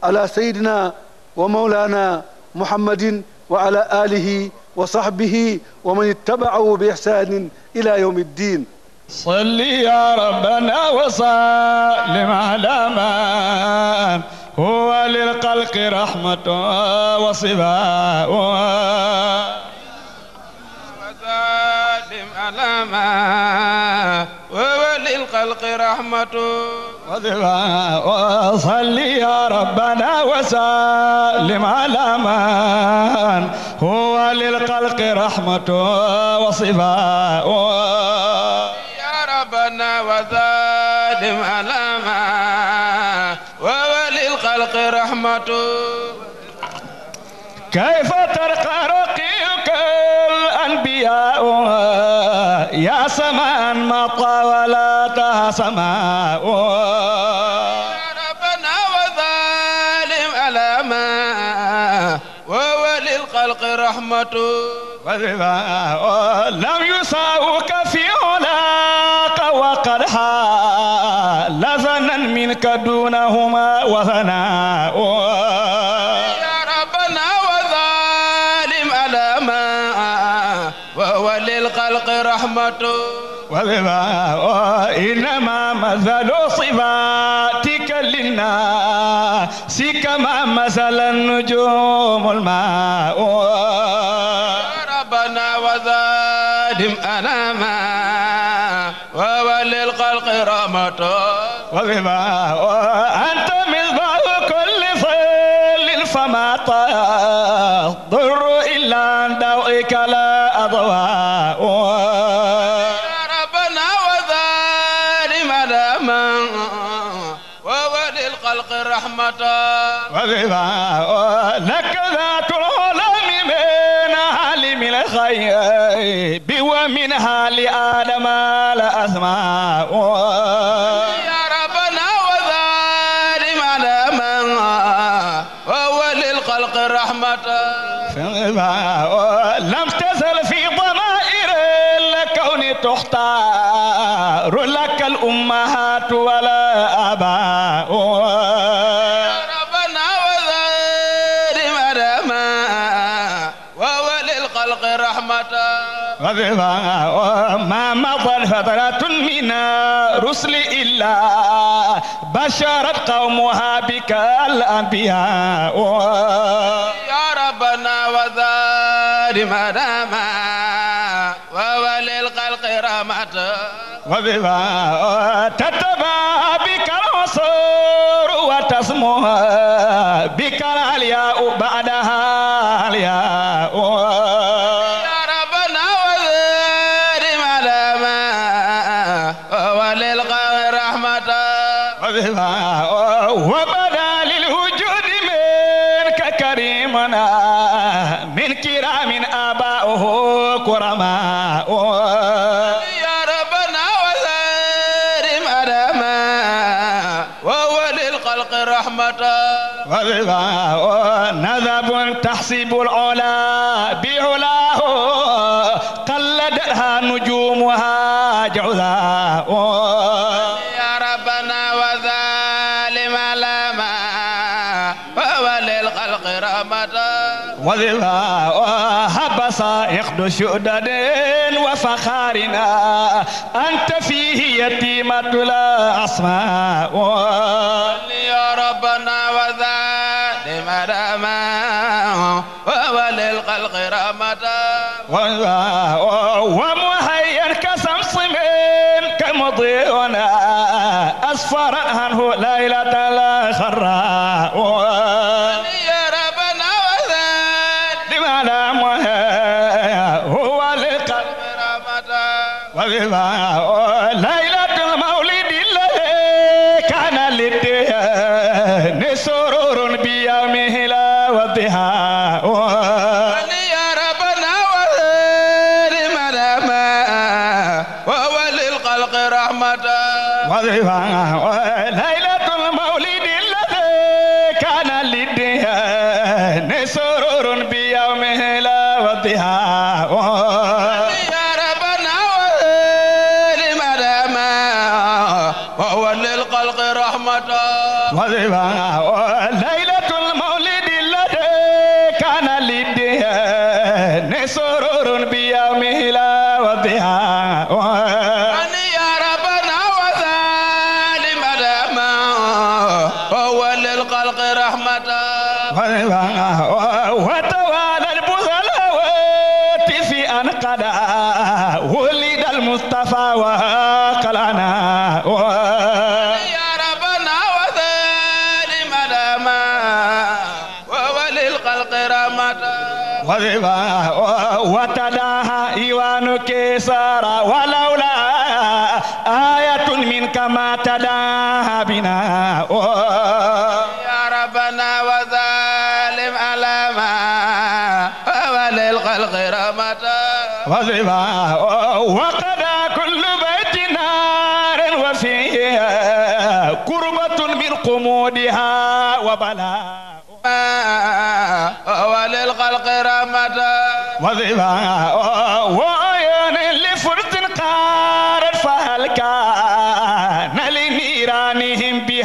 على سيدنا ومولانا محمد وعلى آله وصحبه ومن اتبعه بإحسان إلى يوم الدين صلي يا ربنا وسلم على من هو للخلق رحمة وصفاء وسلم على من هو للخلق رحمة وصفاء وصل يا ربنا وسلم على من هو للخلق رحمة وصفاء لنا وظالم وولي الخلق رحمة كيف ترقى رقيك الأنبياء يا سماء ما طاولتها سماء ربنا وظالم رحمة لم يساوك في علاه وقد حال ثنا منك دونهما وثناء يا ربنا وظالم على ما وهو للخلق رحمة وبما إنما مثل صفاتك للناس كما مثل النجوم الماء يا ربنا وظالم على ما الرحمة وبما أنت مصباح كل فيل فما ضر إلا دوئك لا أضواء ربنا وظالم دما وولي الخلق رحمة وبما لك الغيب ومنها لآدم الأسماء يا ربنا رحمة لم تزل في ضمائر الكون تختار لك الأمهات ولا أباء وما مضى فترة من رسل إلا بشرت قومها بك الأنبياء يا ربنا وذار مداما وولي الخلق رحمة وبما تتبع بك العصور وتسمها بك الألياء بعدها الألياء ظلا وهبصا يخدو شؤدد وفخارنا أنت فيه يتيمة لا أصماء يا ربنا وذا لمداما وللخلق رحمة ومهيا كسمسم كمضيئنا أسفر عنه ليلة لا ما يا ربنا وظالم على ما وللخلق رمضا وظلما وقد كل بيت نار وفيها كربة من قمودها وبلا وللخلق رمضان وظلما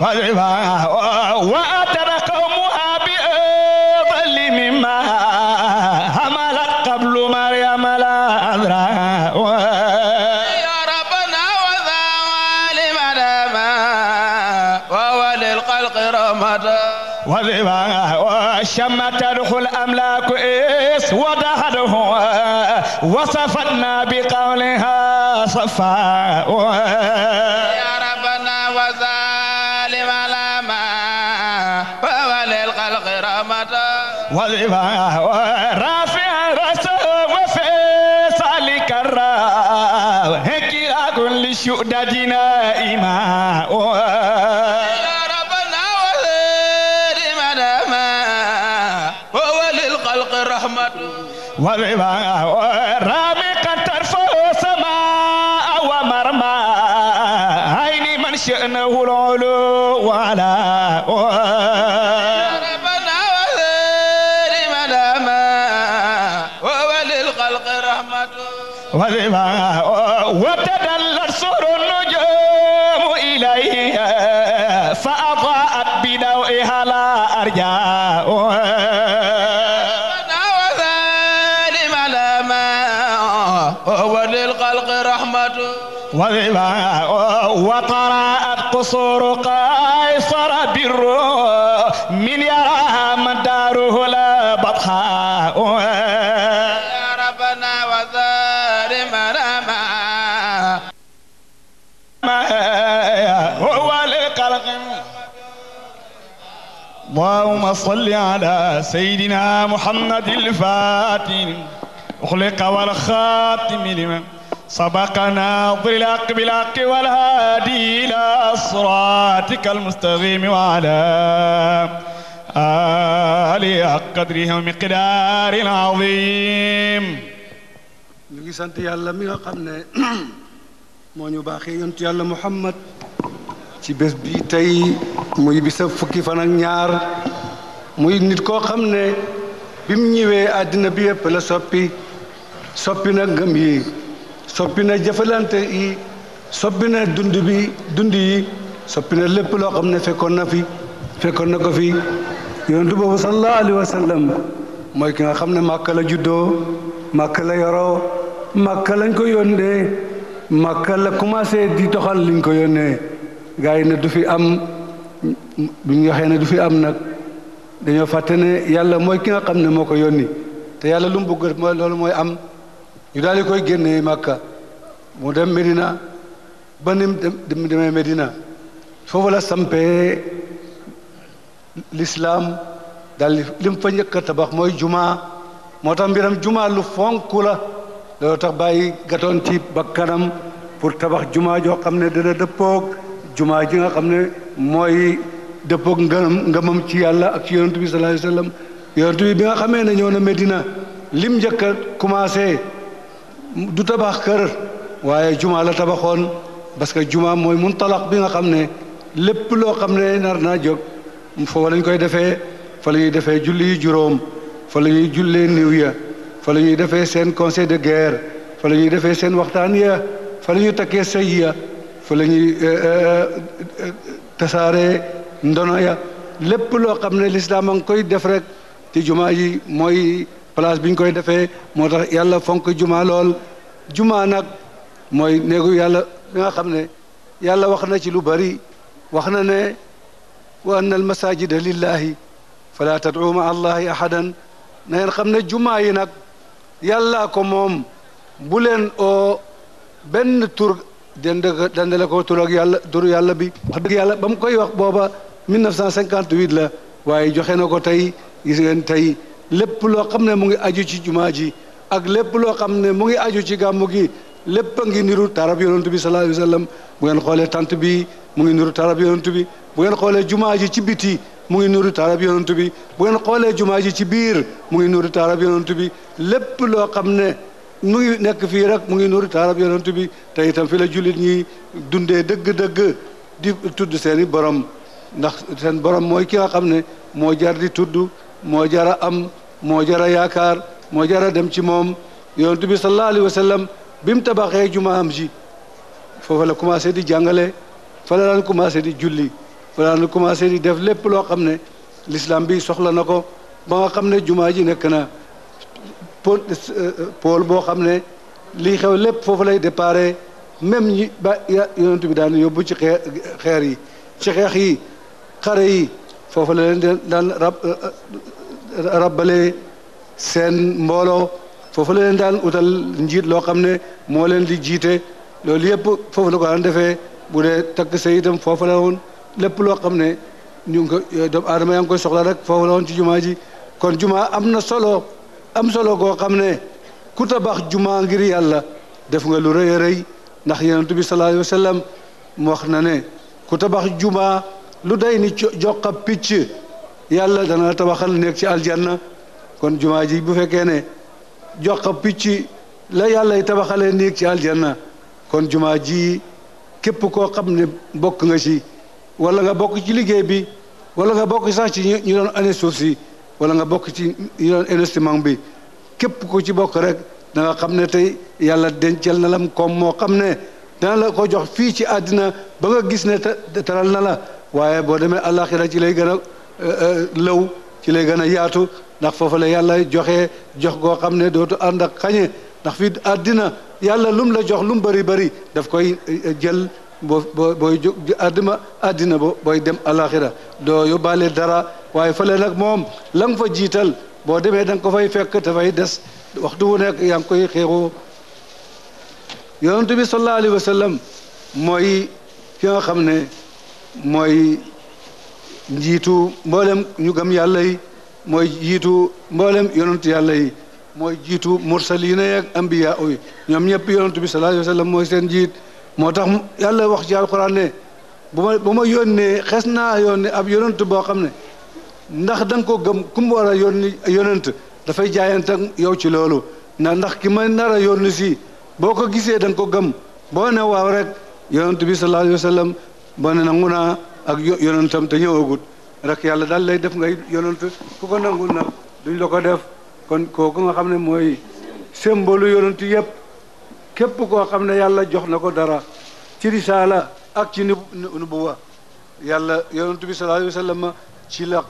وأتر قومها بأضل مما حملت قبل مريم لا أدرى يا ربنا وذا والمدما وللخلق رمضان وشم تدخل أملاك إيس ودهده وصفتنا بقولها صفا وظيفة ورافع رأسه وفي سالك هكي أقول شؤددنا إماء ربنا ولمنا ما هو للخلق رحمة وظيفة السماء وتدلت سر النجوم إليها فأضاءت بضوئها لا أرجاء وطرأت قصور قيصر بالروم اللهم صل على سيدنا محمد الفاتن أخلق والخاتم لما سبق ناظر الحق بالحق والهادي إلى صراطك المستقيم وعلى آله قدره ومقدار العظيم نجي ngi sant ميغا mi nga xam ne moo ñu baaxee yontu yàlla Muhammad ci muy bisa fukki fan ak ñaar muy nit koo xam ne bi mu ñëwee àddina bi yëpp la soppi soppi na ngëm yi soppi na jëfalante yi soppi na dund bi dund yi soppi na lépp loo xam ne fekkoon na fi fekkoon na ko fi yonentu boobu sallallahu alayhi wa mooy ki nga xam ne màkka la juddoo màkka la yoro màkka lañ ko yónnee màkka la commencé di doxal liñ ko yónnee gars yi ne du fi am bi ñu waxee ne du fi am nag dañoo fàtte ne yàlla mooy ki nga xam ne moo ko yónni te yàlla lum mu bëgg mooy loolu mooy am ñu daal di koy génnee Makka mu dem Medina ba ni mu demee Medina foofu la sampee lislaam daal di fa njëkk tabax mooy jumaa moo tax mbiram jumaa lu fonk la loolu tax bàyyi gatoon ci kanam pour tabax jumaa joo xam ne dana dëppoog juma ji nga xam ne mooy dëppoog ngëmam ngëmam ci yàlla ak ci yonent bi sallallahu alayhi wasallam bi bi nga na Medina lim njëkk a commencé du tabax kër waaye jumaa la tabaxoon parce que jumaa mooy muntalaq bi nga xam ne lépp loo nar naa jóg foofu lañ koy defee fa la ñuy defee julli yi juróom fa la ya, fa conseil de guerre fa la ñuy defee seen ya fa la fa la ñuy eh, eh, eh, tasaare ndono ya lépp loo xam ne lislaam a ngi koy def ti ci jumaa yi mooy place bi koy defee moo tax yàlla fonk jumaa lool jumaa nag mooy néegu yàlla bi nga xam ne yàlla wax na ci lu bari wax na ne wa anna al masajida lillahi falaa tad'u ma allahi ahadan na ngeen xam ne jumaa yi nag yàllaa ko moom bu leen oo benn dendaka dendale ko tur ak yàlla turu yàlla bi wax dëgg yàlla ba mu koy wax booba 1958 la waaye joxe na ko tey gis ngeen tey lépp loo xam ne mu ngi aju ci jumaa ji ak lépp loo xam ne mu ngi aju ci gàmmu gi lépp a ngi niru tarab yonent bi sallallahu alayhi wa ngeen xoolee tant bi mu ngi niru tarab yonent bi bu ngeen xoolee jumaa ji ci biti mu ngi nuru tarab yonent bi bu ngeen xoolee jumaa ji ci biir mu ngi niru tarab yonent bi lépp loo xam ne mu ngi nekk fii rek mu ngi nuru taarab yonent bi tey itam fi la jullit ñi dundee dëgg-dëgg di tudd seeni borom ndax seen borom mooy ki nga xam ne moo jar di tudd moo jar a am moo jar a yaakaar moo jar a dem ci moom yonent bi sallallahu alayhi wa bi mu tabaxee juma am ji foofu la commencé di jàngale fa la daan commencé di julli fa la daan commencé di def lépp loo xam ne l'islam bi soxla na ko ba nga xam ne jumaa ji nekk na pool euh, boo xam ne lii xew lépp foofu lay déparé même ñi ba yonent bi daan yóbbu ci xee xeer yi ci xeex yi xare yi foofu la leen daan rab euh, euh, rabbale seen mbooloo foofu la leen daan utal njiit loo xam ne moo leen di jiite loolu yëpp foofu la ko daan defee bu dee takk sa itam foofu la lépp loo xam ne ñu ko doomu aadama yaa ngi koy soxla rek foofu la woon ci jumaa ji kon jumaa am na solo am solo goo xam ne ku tabax jumaa ngir yàlla def nga lu rëy a rëy ndax yonent bi sallallahu alayhi wa mu wax na ne ku tabax jumaa lu day ni joqa picc yàlla dana tabaxal nekk ci aljanna kon jumaa ji bu fekkee ne joqa picc la yàllay tabaxalee nekk ci aljanna kon jumaa ji képp koo xam ne bokk nga ci wala nga bokk ci liggéey bi wala nga bokk sax ci ñu doon ane suuf si wala nga bokk ci yoon investissement bi képp ku ci bokk rek da nga xam ne tey yàlla denceel na lam koom moo xam ne dana la ko jox fii ci àddina ba nga gis ne taral na la waaye boo demee àllaaxira ci lay gën a euh, euh, lëw ci lay gën a yaatu ndax foofu la yàlla joxe jox goo xam ne dootu ànd ak xañe ndax fii àddina yàlla lum la jox lum bari bari daf koy euh, jël boy boo booy jóg àdduma àddina ba dem alaxira doo yóbbaale dara waaye fële nag moom la nga fa jiital boo demee da nga ko fay fekk te fay des waxtu wu nekk yaa ngi koy xeexoo yonent bi sallallahu alayhi wa sallam mooy ki nga xam ne mooy njiitu ñu gëm yàlla yi mooy jiitu mboolem yonent yàlla yi mooy jiitu mursaliina yeeg ambiya yi ñoom ñëpp yonent bi sallallahu alayhi wa sallam mooy seen moo tax yàlla wax jaar alquran ne bu ma bu ma yónnee xes naa yónnee ab yonent boo xam ne ndax da ko gëm ku mu war a yónni yonent dafay jaayante ak yow ci loolu na ndax ki ma nar a yónni si boo ko gisee da ko gëm boo ne waaw rek yonent bi sallallahu alayhi wa sallam boo ne nangu naa ak yonentam te ñëwagut rek yàlla daal lay def ngay yonent ku ko nangul nag duñ la ko def kon ko nga xam ne mooy symbole yonent yëpp képp koo xam ne yàlla jox na ko dara ci risaala ak ci nubuwa yàlla yonent bi sallallahu alayhi wa sallam ci la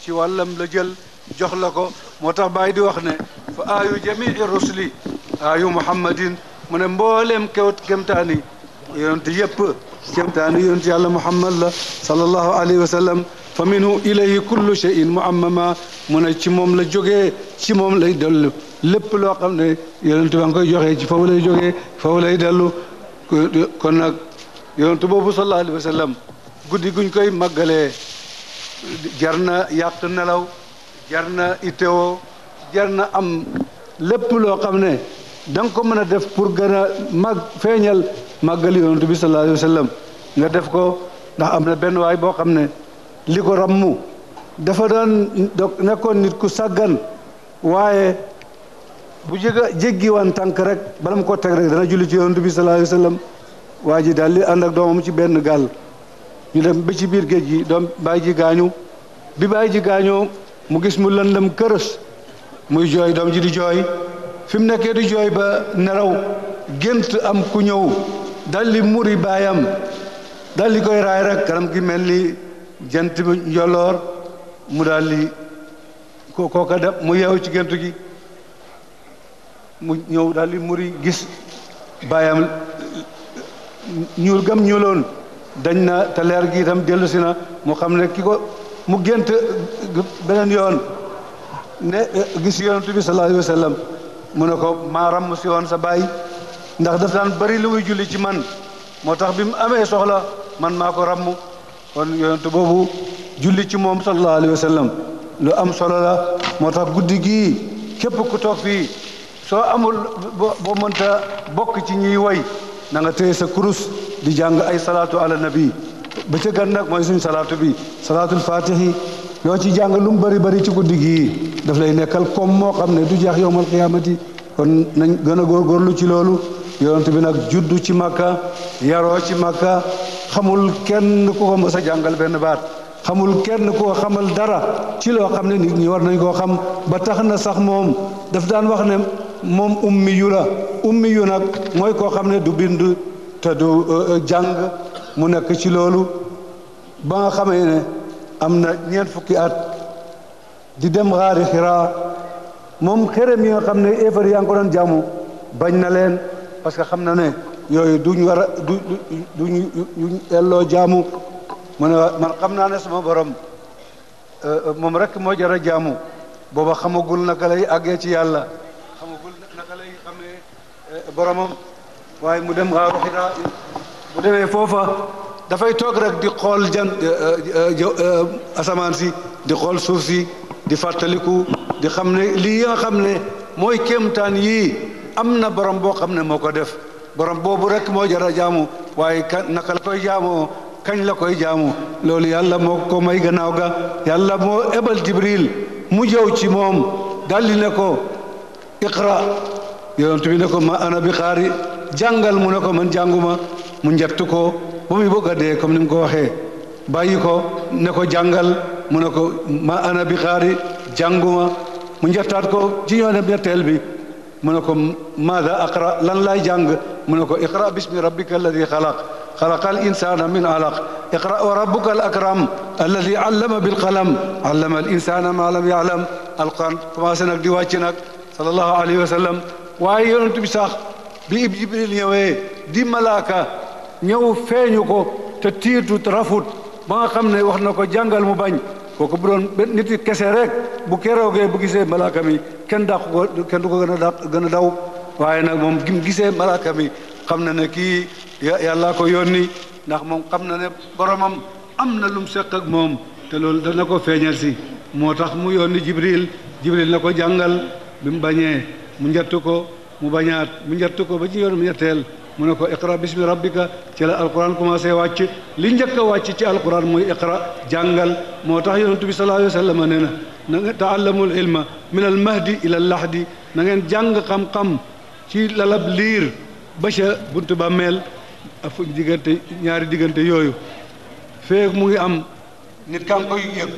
ci wàllam la jël jox la ko moo tax bàyyi di wax ne fa aayu jamii rusuli aayu muhammadin mu ne mbooleem kewt kemtaani yonent yëpp kemtaani yonent yàlla muhammad la sallallahu alayhi wa sallam fa minhu ilayhi kullu shay'in muammama mu ne ci moom la jógee ci moom lay dellu lépp loo xam ne yonentu ba koy joxe ci foofu lay jógee foofu lay dellu kon nag yonentu boobu sallallahu alayhi guddi guñ koy màggalee jar na yàq nelaw jar na itewoo jar na am lépp loo xam ne da ko mën a def pour gën a mag feeñal màggal yonentu bi sallallahu alayhi nga def ko ndax am na benn waay boo xam ne li ko rammu dafa daan nekkoon nit ku sàggan waaye bu jega jéggi wan tànk rek bala mu ko teg rek dana julli ci yonent bi waa ji daal di ànd ak doomam ci benn gàll ñu dem ba ci biir géej gi doom bàyyi ji gaañu bi bàyyi ji gaañoo mu gis mu lëndëm kërës muy jooy doom ji di jooy fi mu nekkee di jooy ba neraw gént am ku ñëw dal di muri baayam daldi di koy raay rek kanam gi mel ni jant bi njolloor mu daal di kooka dem mu yeewu ci gént gi mu ñëw daal di muri gis baayam ñuul gam ñuuloon dañ na te leer gi itam dellu si na mu xam ne ki ko mu gént beneen yoon ne gis yonent bi sallallahu alayhi wa mu ne ko maa ràmm si woon sa baay ndax daf daan bari lu muy julli ci man moo tax bi mu amee soxla man maa ko ràmm kon yonent boobu julli ci moom sallallahu alayhi wa lu am solola moo tax guddi gi képp ku toog fii soo amul boo mënta bokk ci ñuy woy na nga téye sa kurus di jàng ay salaatu ala nabi ba ca gën nag mooy suñ salaatu bi salaatul fatihi yow ci jàng lu mu bari bari ci guddi gii daf lay nekkal comme moo xam ne du jeex yowmal qiyaamati kon nañ gën a góorgóorlu ci loolu yonent bi nag juddu ci màkka yaroo ci màkka xamul kenn ku ko mës a jàngal benn baat xamul kenn ku ko xamal dara ci loo xam ne nit ñi war nañ koo xam ba tax na sax moom daf daan wax ne moom ummi yu ummi yu nag mooy koo xam ne du bind te du euh, euh, jàng mu nekk ci loolu ba nga am na ñeent fukki at di dem xaari xiraa moom xerem yi xam ne éefar yaa ngi jàmmu bañ na leen parce que xam na ne yooyu duñ war a du duñ duñ elloo jaamu mu ne man xam naa ne sama borom euh, moom rek moo jar a jaamu booba xamagul naka lay àggee ci yàlla boromam waaye mu dem xaaru xiraa bu demee foofa dafay toog rek di xool jan eh, eh, eh, asamaan si di xool suuf si di fàttaliku di xam ne lii nga xam ne mooy kéemtaan yii am na borom boo xam ne moo ko def borom boobu rek moo jar a jaamu waaye ka naka la koy jaamoo kañ la koy jaamu loolu yàlla moo ko may gannaaw ga yàlla moo ebal jibril mu jëw ci moom daldi ne ko iqra yonent bi ne ko ma ana bi xaari jàngal mu ne ko man jànguma mu njett ko ba muy bëgg a dee comme ni mu ko waxee bàyyi ko ne ko jàngal mu ne ko ma ana bi xaari jànguma mu njettaat ko ci yoon ñetteel bi mu ne ko maada aqra lan laay jàng mu ne ko iqra bismi rabbika alladi xalaq xalaqa al insana min alaq iqra wa rabbuka al akram alladi allama bil qalam allama al insana ma lam yaalam alquran commencé nag di wàcc nag sallallahu alayhi wa sallam waaye yonent bi sax bi ib jibril ñëwee di malaka ñëw feeñu ko te tiitu rafut ba nga xam ne wax na ko jàngal mu bañ kooku bu doon nit yi rek bu keroogee bu gisee malaaka mi kenn dàq ko kenn du ko gën a daw waaye nag moom gim gisee malaaka mi ne ya-, ko yoni ndax moom xam na ne boromam am na lum seq ak moom te loolu dana ko feeñal si moo mu yoni jibril jibril na ko jàngal bi mu njartu ko mu bañaat mu njartu ko ba ci yoon mu ñetteel mu ne ko iqra bismi rabbika ci la alquran commencé wàcc li njëkk a wàcc ci alquran mooy iqra jàngal moo tax yonentu bi sallallahu alayhi na nga taallamul ilma min almahdi mahdi ila al lahdi na ngeen jàng xam-xam ci lalab liir ba ca buntu bàmmeel af diggante ñaari diggante yooyu feeg mu ngi am nit kan koy yek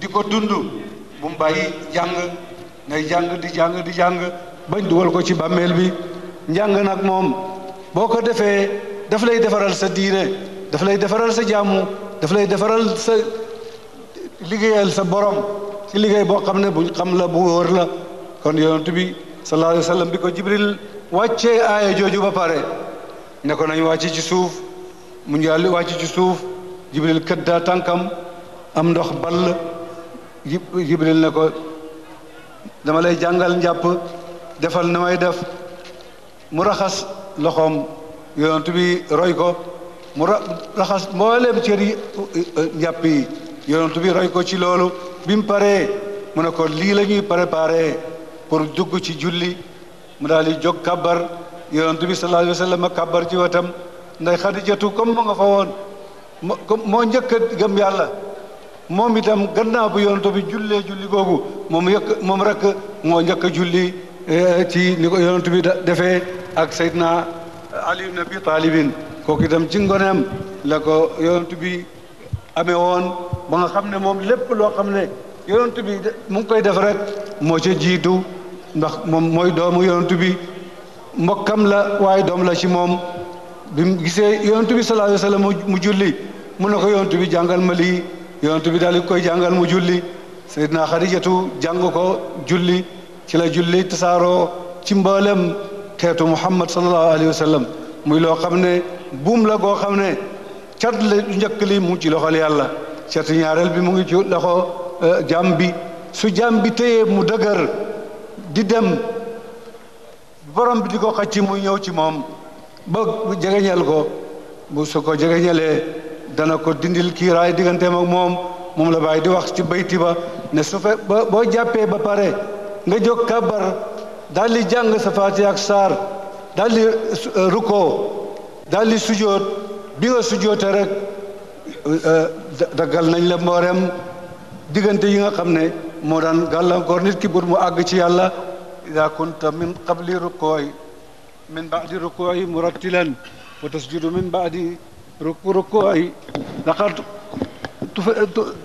di ko dund bu mu di jàng di jàng bañ dugal ko ci bàmmeel bi njàng nag moom boo ko defee daf lay defaral sa diine daf lay defaral sa jàmm daf lay defaral sa liggéeyal sa borom ci liggéey boo xam ne buñ xam la bu wóor la kon yonent bi sallallahu alayhi wa sallam bi jooju ba pare ne ko nañ wàcc ci suuf mu njàlli wàcc ci suuf jibril këddaa tànkam am ndox ball jibril ne ko dama lay jàngal njàpp defal na may def mu raxas loxoom yonent bi roy ko mu raxas mboolem cër yi eh, njàpp yi yonent bi roy ko ci loolu bi mu paree mu ne ko lii la ñuy préparé pour dugg ci julli mu daal di jóg kàbbar yonent bi sallallahu alayhi wa sallam kàbbar ci wetam nday xadijatu comme ma nga fa woon moo njëkk a gëm yàlla moom itam gannaaw bu yonent bi julli googu moom yëkk moom rek moo njëkk julli Eh, ci ni ko yonent bi defee ak Seydina Ali ibn Abi Talibin kooku itam ci ngoneem la ko yonent bi amee woon ba nga xam ne moom lépp loo xam ne yonent bi mu ngi koy def rek moo ci jiitu ndax moom mooy doomu yoontu bi mbokkam la waaye doom la ci moom bi mu gisee yonent bi sallallahu alayhi wa mu julli mu ne ko yoontu bi jàngal ma lii yonent bi daal di koy jàngal mu julli Seydina Xadijatu jàng ko julli ci la julli tasaaroo ci mboolem xeetu muhammad sallallahu alayhi wa sallam muy loo xam ne buum la goo xam ne cat la njëkk li mu ci loxol yàlla catu ñaareel bi mu ngi ci loxo euh, jàmm bi su jàmm bi téyee mu dëgër di dem borom bi di ko xacc muy ñëw ci moom ba jegeñal ko bu su ko jegeñalee dana ko dindil kiiraay digganteem ak moom moom la bàyyi di wax ci bayti ba ne su boo jàppee ba pare nga jóg kabar daal jang jàng sa faati ak saar daal eh, ruko daal sujud sujoot bi nga sujoote rek eh, daggal nañ la mboorem diggante yi nga xam ne moo daan gàllankoor nit ki bur mu àgg ci yàlla ida kunta min qabli rukooy min baadi rukooy murattilan wa tasjudu min ruko rukoai laqad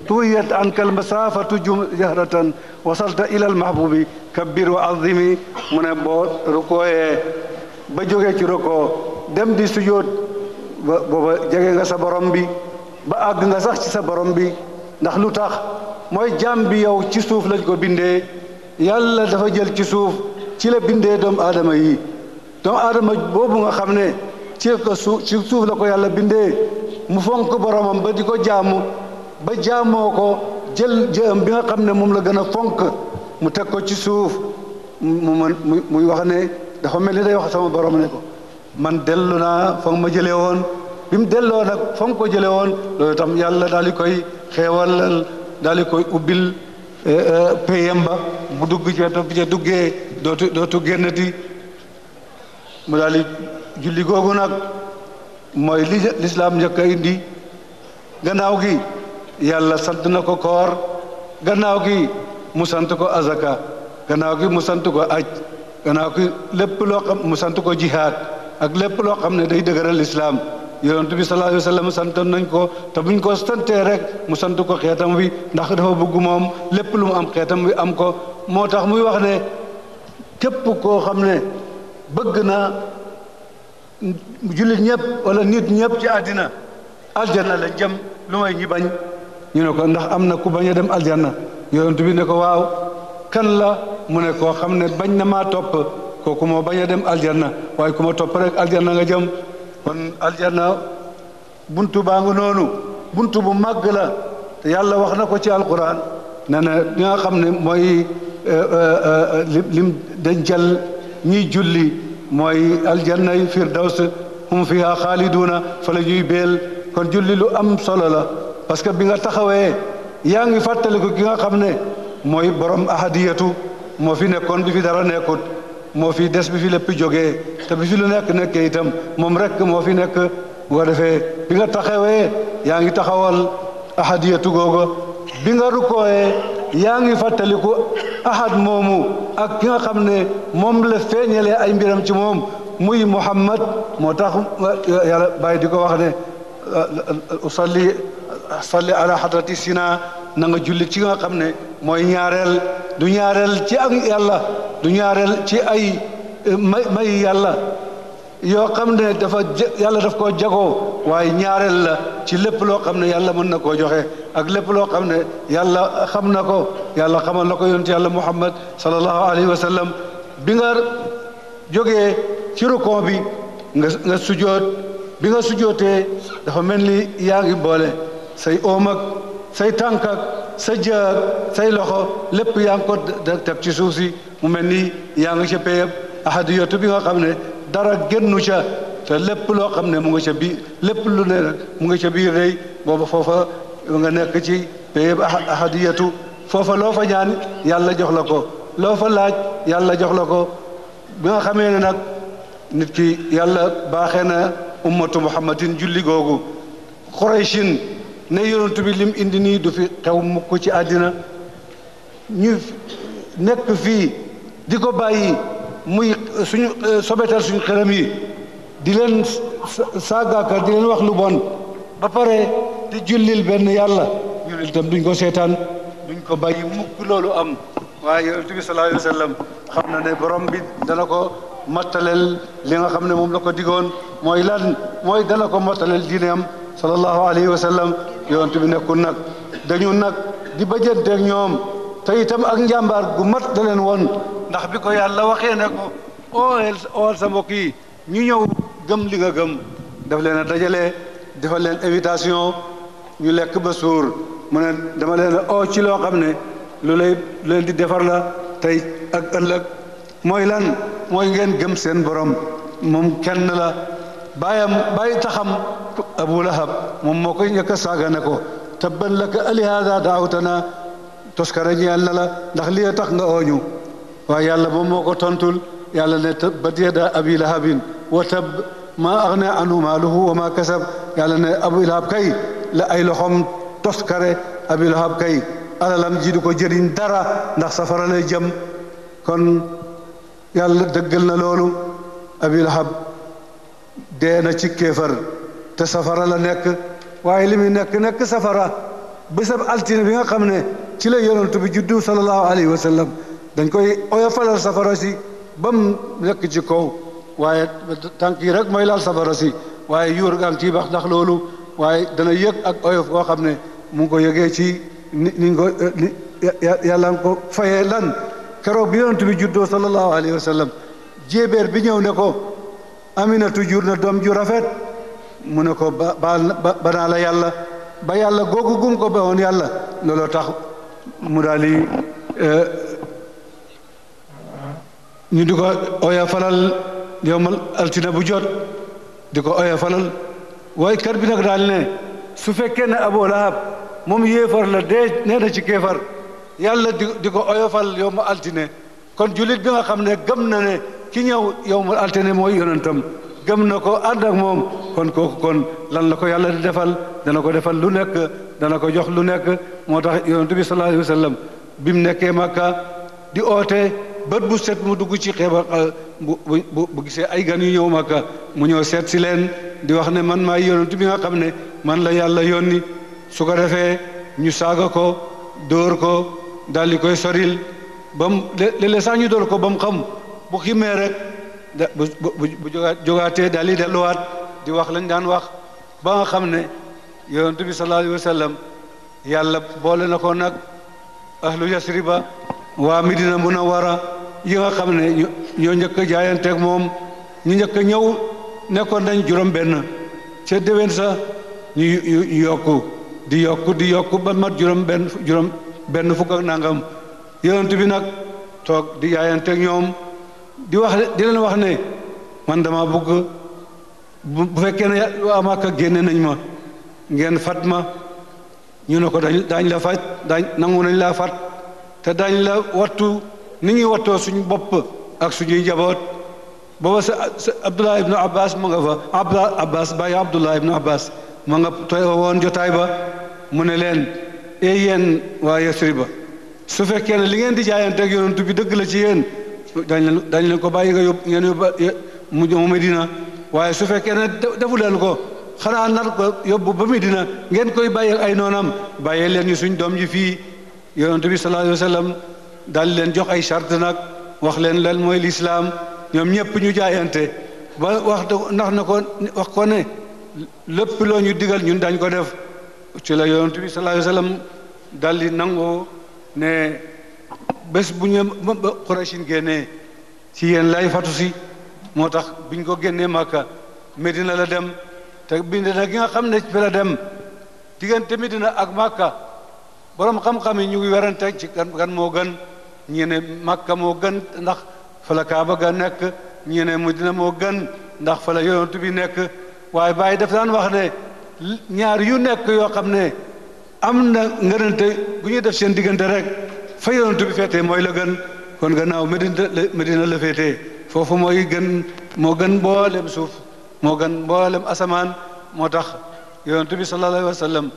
تويت عنك المسافة جهرة وصلت إلى المحبوب كبر وعظمي mu ne boo rukkooyee ba jógee ci rukkoo dem di sujjóot ba booba jege nga sa borom bi ba àgg nga sax ci sa borom bi ndax lu tax mooy jaam bi yow ci suuf la ko bindee yàlla dafa jël ci suuf ci la bindee doomu aadama yi doomu aadama boobu nga xam ne ci suuf la ko yàlla bindee mu fonk boromam ba di ko jaamu ba jaamoo ko jël jëm bi nga xam ne moom la gën a fonk mu teg ko ci suuf mu muy wax ne dafa mel ni day wax sama borom ne man dellu naa fa ma jëlee woon bi mu delloo nag fa nga jëlee woon loolu tam yàlla daal di koy xeewalal koy ubbil eh, eh, payem ba mu dugg ci topp ca duggee dootu dootu génnati mu daal di julli googu nag mooy li lislaam njëkk a indi gannaaw gi yàlla sant na ko koor gannaaw gi mu sant ko azaka gannaaw gi mu sant ko aj gannaaw gi lépp loo xam mu sant ko jihaad ak lépp loo xam ne day dëgëral islaam yonent bi sallallahu alayhi santoon nañ ko te buñ ko santee rek mu sant ko xeetam wi ndax dafa bëgg moom lépp lu mu am xeetam wi am ko moo tax muy wax ne képp koo xam ne bëgg na jullit ñëpp wala nit ñëpp ci àddina aljana la jëm lu may ñu ndax am na ku bañ dem aljanna yonent bi ne ko waaw kan la mu ne koo xam ne bañ na ma topp kooku moo bañ a dem aljanna waaye ku ma topp rek aljanna nga jëm kon aljanna buntu baa nga noonu buntu bu màgg la te yàlla wax na ko ci alquran ne na li xam ne mooy eh, eh, eh, lim jal ñiy julli mooy aljanna yi hum fiha xaaliduuna fa la ñuy beel kon julli lu am solo la parce que bi nga taxawee yaa ngi fàttaliku ki nga xam ne mooy borom ahadiyatu moo fi nekkoon bi fi dara nekkut moo fi des bi fi lépp jógee te bi fi lu nekk nekkee itam moom rek moo fi nekk bu defee bi nga taxawee yaa ngi taxawal ahadiyatu googa bi nga rukkooyee yaa ngi fàttaliku ahad moomu ak ki nga xam ne moom la feeñalee ay mbiram ci moom muy muhammad moo tax yàlla bàyyi di ko wax ne usalli salli ala hadrati sina na nga julli ci nga xam ne mooy ñaareel du ñaareel ci ak yàlla du ñaareel ci ay eh, may may yàlla yoo xam ne dafa yàlla daf ko jagoo waaye ñaareel la ci lépp loo xam ne yàlla mën na koo joxe ak lépp loo xam ne yàlla xam na ko yàlla xamal na ko yonent yàlla muhammad sallallahu alayhi wa sallam bi nga jógee ci rukon bi nga nga bi nga sujootee dafa mel ni yaa ngi boole say oom say tànk ak sa jëag say loxo lépp yaa ngi ko teg ci suuf si mu mel ni yaa ngi ca ahadiyatu bi nga xam ne dara génnu ca te lépp loo xam ne mu nga ca biir lépp lu ne nag mu nga booba foofa nga nekk ci payab ah, ahadiyatu foofa loo fa ñaan yàlla jox la ko loo fa laaj yàlla jox la ko bi nga xamee ne nag nit ki yàlla baaxee na ummatu muhammadin julli googu qurayshin ne yonent bi lim indi ni du fi xew mukk ci adina ñu nek fi diko bàyyi muy suñu sobetal suñu xeram yi di len saga ka di len wax lu bon ba pare di jullil ben yàlla ñun itam duñ ko setan duñ ko bàyyi mukk lolu am waaye yonent bi sallallahu alayhi wasallam xamna ne borom bi dana ko matalel li nga xamne mom la ko digon moy lan moy dana ko mattaleel diine am sallallahu alayhi wa sallam yonent bi nekkul nag dañu nag di bëjanteeg ñoom te itam ak njàmbaar gu mat da leen woon ndax bi ko yàlla waxee ne ko ool ool sa mbokk yi ñu ñëw gëm li nga gëm daf leen a dajale defal leen invitation ñu lekk ba suur mu ne dama leen a oo ci loo xam ne lu lay leen di defar la tey ak ëllëg mooy lan mooy ngeen gëm seen borom moom kenn la baayam baay taxam abu lahab moom moo ko njëkk a saaga ne ko tabban laka alihada daawtana toskara ñeel la ndax li tax nga ooñu waaye yàlla moom moo ko tontul yàlla ne tabbat yada abi lahabin wa tab maa agna anhu maaluhu wa maa kasab yàlla ne abu lahab kay la ay loxom toskare abi lahab kay alalam ji du ko jëriñ dara ndax safara lay jëm kon yàlla dëggal na loolu abi lahab dee na ci kéefar te safara la nekk waaye li muy nekk nekk safara bésab altine bi nga xam ne ci la yonent bi juddu sallallahu alayhi wa sallam dañ koy oyofalal safara si bam nekk ci kaw waaye tànk yi rek mooy laal safara si waaye yuur gaa ngi ciy bax ndax loolu waaye dana yëg ak oyof koo xam ne mu ngi ko yëgee ci ni ni ko eh, ni yàlla ko fayee lan keroog bi yonent bi juddoo sallallahu alayhi wa sallam jéebeer bi ñëw ne ko aminatu jur na doom ju rafet mu ne ko ba ba naa la yàlla ba yàlla googu gum ko ba woon yàlla looloo tax mu daal di eh, ñu di ko oya falal yowmal bu jot di ko oya falal waaye kër bi nag daal ne su fekkee ne Abu Lahab moom yéefar la dee nee ci kéefar yàlla di di ko oyofal yow altine kon jullit bi nga xam ne gëm na ne ki ñëw yow mu altine mooy yonentam gëm na ko ànd moom kon kooku kon lan la ko yàlla di defal dana ko defal lu nekk dana ko jox lu nekk moo tax yonentu bi sallallahu alayhi wa bi mu nekkee Makka di oote bët bu set mu dugg ci xeeba euh, bu bu gisee ay gan yu ñëw Makka mu ñëw seet si leen di wax ne man maay yonent bi nga xam ne man la yàlla yónni su ko defee ñu saaga ko dóor ko daal di koy soril ba mu léeg-léeg sax ñu dóor ko ba mu xam bu ximee rek da bu bu jógaatee daal di delluwaat di wax lañ daan wax ba nga xam ne yonent bi sallallahu alayhi wa yàlla boole na ko nag ahlu yasriba waa a Munawara yi nga xam ne ñoo njëkk jaayanteeg moom ñu njëkk a ñëw nekkoon nañ juróom benn ca déwén sa ñu yokk di yokk di yokku ba mat juróom benn juróom benn fukk ak nangam yonent bi nag toog di jaayanteeg ñoom di wax di leen wax ne man dama bëgg bu fekkee ne waa Màkka génne nañ ma ngeen fat ma ñu ne ko dañ daañ la faj daañ nangu nañ la fat te dañ la wattu ni ñuy wattoo suñu bopp ak suñuy jaboot booba sa Abdullah ibnu Abbas ma nga fa Abbas bàyyi Abdullah ibnu Abbas ma nga toy woon jotaay ba mu ne leen e yéen waa ba su fekkee ne li ngeen di jaayante ak yoon bi dëgg la ci yéen dañ leen leen ko bàyyi nga yóbbu ngeen yóbba mu mu Medina waaye su fekkee ne defu leen ko xanaa nar ko yóbbu ba Medina ngeen koy bàyyee ay noonam bàyyee leen ñu suñ doom ji fii yonent bi sallallahu alayhi wa sallam leen jox ay charte nag wax leen lan mooy lislaam ñoom ñëpp ñu jaayante ba wax ndax na ko wax ko ne lépp loo ñu digal ñun dañ ko def ci la yonent bi sallallahu nangu ne bés bu ñu Quraysin génne ci yéen lay fatu si moo tax biñ ko génnee Màkka Medina la dem te Medina gi nga xam ne fi la dem diggante Medina ak makka borom xam-xam yi ñu ngi werante ci kan moo gën ñene ne Màkka moo gën ndax fa Kaaba ga nekk ñi ne moo gën ndax fa la yonent bi nekk waaye Baay def daan wax ne ñaar yu nekk yoo xam ne am na ngërante gu ñuy def seen diggante rek fa yonent bi féetee mooy la gën kon ganaaw Medina Medina la féetee foofu mooy gën moo gën mboolem suuf moo gën mboolem asamaan moo tax yonent bi sallallahu alayhi wa sallam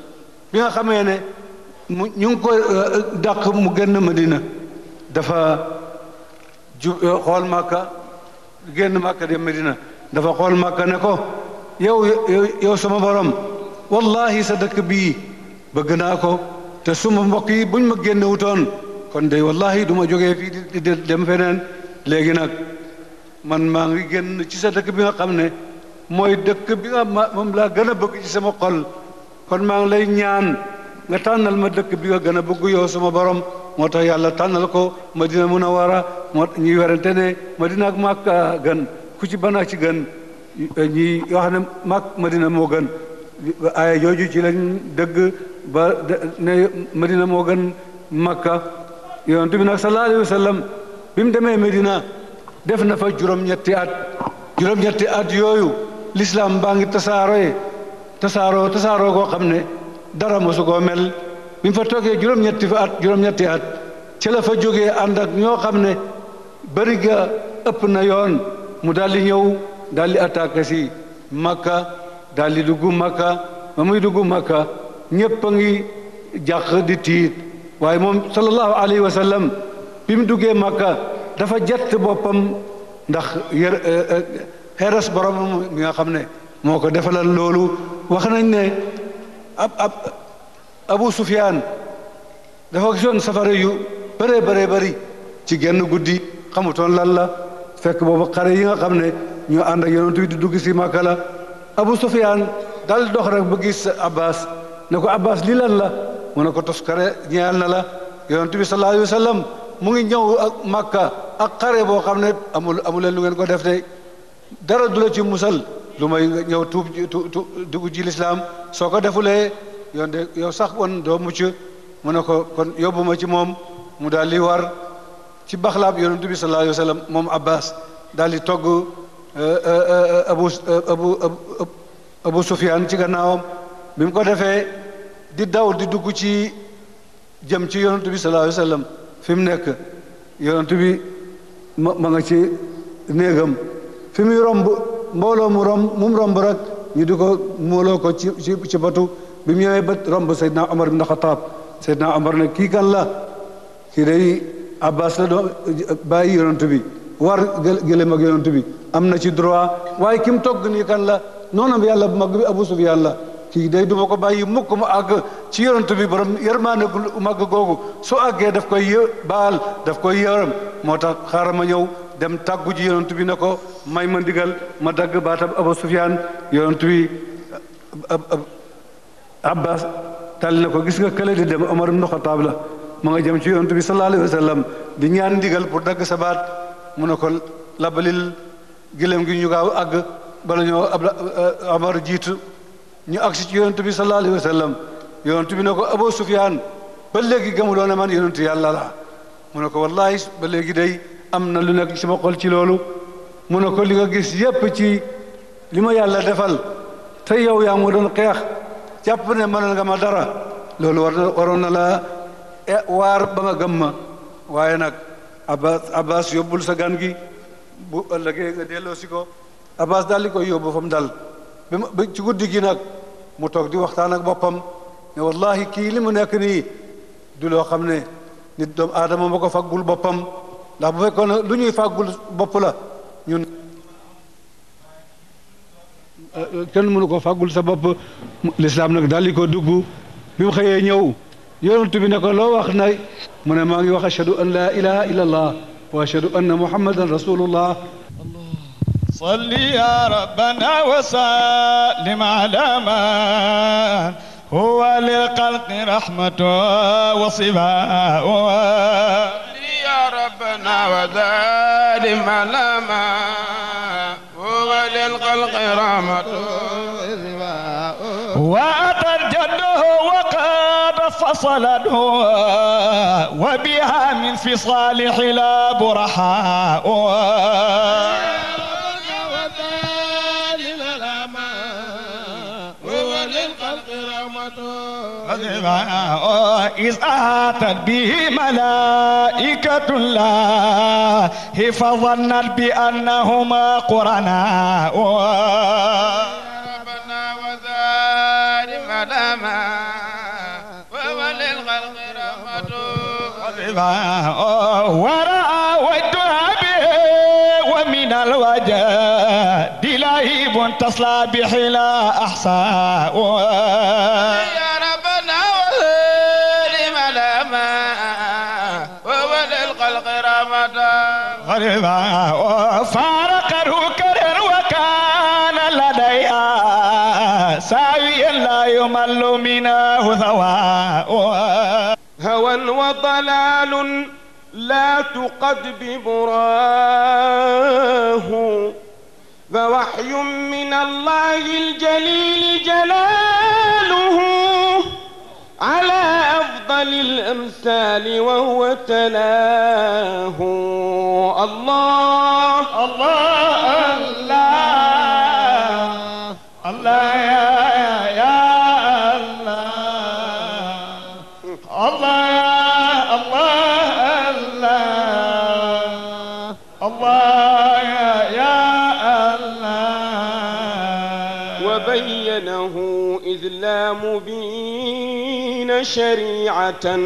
bi nga xamee ne mu ñu ngi ko euh, dàq mu génn dafa ju euh, xool màkka génn màkka dem Medina dafa xool màkka ne ko yow yow sama borom wallahi sa dëkk bii bëgg naa ko te suma mbokk yi buñ ma génn wutoon kon de wallahi du ma jógee fii di dem feneen léegi nag man maa ngi génn ci sa dëkk bi nga xam ne mooy dëkk bi nga moom laa gën a bëgg ci sama xol kon maa ngi lay ñaan nga tànnal ma dëkk bi nga gën a bëgg yow sama borom moo tax yàlla tànnal ko ma Madina a moo ñuy werante ne Madina ak Makka gën ku ci banaa ci gën ñi wax ne Makka Madina moo gën aaya jooju ci lañ dëgg ba ne Madina moo gën Makka yonent bi nag sallallahu alayhi wa bi mu demee Medina def na fa juróom-ñetti at juróom-ñetti at yooyu lislaam baa ngi tasaaroye tasaaroo tasaaroo goo xam ne dara mosu koo mel bi mu fa toogee juróom-ñetti fa at juróom-ñetti at ci fa jógee ànd ak ñoo xam ne bari ga ëpp na yoon mu daal di ñëw daal di si makka daal di dugg makka ba muy dugg makka ñëpp a ngi jàq di tiit waaye moom sallallahu alayhi wa sallam bi mu duggee màkka dafa jett boppam ndax yër euh, euh, xeeras boromam mi nga xam ne moo ko defalal loolu wax nañ ne ab ab abu sufyaan dafa gisoon safara yu bëree bëree bari ci genn guddi xamutoon lan la fekk boobu xare yi nga xam ne ñu ànd ak yonent bi di dugg si màkka la abu sufyaan dal dox rek ba gis abbas ne ko abbas li lan la mu ne ko toskare ñeel na la yonent bi sallallahu alayhi wa mu ngi ñëw ak makka ak xare boo xam ne amul amuleen lu ngeen ko def de dara du la ci musal lu may ñëw tuub dugg ji lislaam soo ko defulee yoon de yow sax doo mucc mu ne ko kon yóbbu ma ci moom mu daal di war ci baxlaab yonent bi sallallahu alayhi wa sallam moom abbas daal di togg euh, euh, euh, abu abu ci gannaawam bi mu ko defee di daw di dugg ci jëm ci yonent bi fi mu nekk yonent bi ma ma ci néegam fi muy romb mbooloo mu romb mu romb rek ñu di ko mooloo ko ci ci ci batu bi mu ñëwee ba romb Seydina Omar ibn Khattab Seydina Omar ne kii kan la kii day Abbas la doon bàyyi yonent bi war gëlëm ak yonent bi am na ci droit waaye ki mu togg nii kan la noonam yàlla bu mag bi Abu Sufyaan la kii day duma ko bàyyi mukk mu àgg ci yonent bi borom yërmaane gu màgg googu su àggee daf koy baal daf koy yërëm moo tax xaaral ma ñëw dem tàggu ji bi ne ko may ma ndigal ma dagg baatam Abu Sufyaan yonent bi Abbas tali na ko gis nga kële di dem Omar ibn Xataab la ma nga jëm ci yonent bi sallallahu alayhi di ñaan ndigal pour dagg sa baat mu ne ko labalil gilem gi ñu gaaw àgg bala ñoo Omar ñu agsi ci yonent bi sallallahu alayhi wa sallam yonent bi na ko Abu Sufyaan ba léegi gëmuloo ne man yonent yàlla la mu ne ko wallahi ba léegi day am na lu nekk sama xol ci loolu mu ne ko li nga gis yépp ci li ma yàlla defal te yow yaa ma doon xeex jàpp ne mënoon nga ma dara loolu war na na la e, waar ba nga gëm waaye nag abbas yobbul sa gan gi bu ëllëgee nga delloo si ko abbas daldi koy yóbbu fa mu dal bi ci guddi gi nag mu toog di waxtaan ak boppam ne wallahi kii li mu nekk nii du loo xam ne nit doomu aadama ma ko faggul boppam ndax bu fekkoon lu ñuy faggul bopp la ñun kenn mënu ko faggul sa bopp lislaam nag daal di ko dugg bi mu xëyee ñëw yonent bi ne ko loo wax na mu ne maa ngi wax ashhadu an laa ilaha illa allah wa ashhadu anna muhammadan rasulullah صل يا ربنا وسلم على من هو للخلق رحمة وصفاء صل يا ربنا وسلم على من هو للخلق رحمة وصفاء وأتى الجده وقد فصله وبها من فصال حلاب رحاء إذ أتت به ملائكة الله فظنت بأنهما قرناء ربنا وزاد رحمة به ومن الوجه دلائب تصلى بحلا أحصاء مغربا وفارقه كرا وكان لديها ساويا لا يمل منه ثواء هوى وضلال لا تقد ببراه فوحي من الله الجليل جلاله على أفضل الأمثال وهو تلاه الله الله شريعة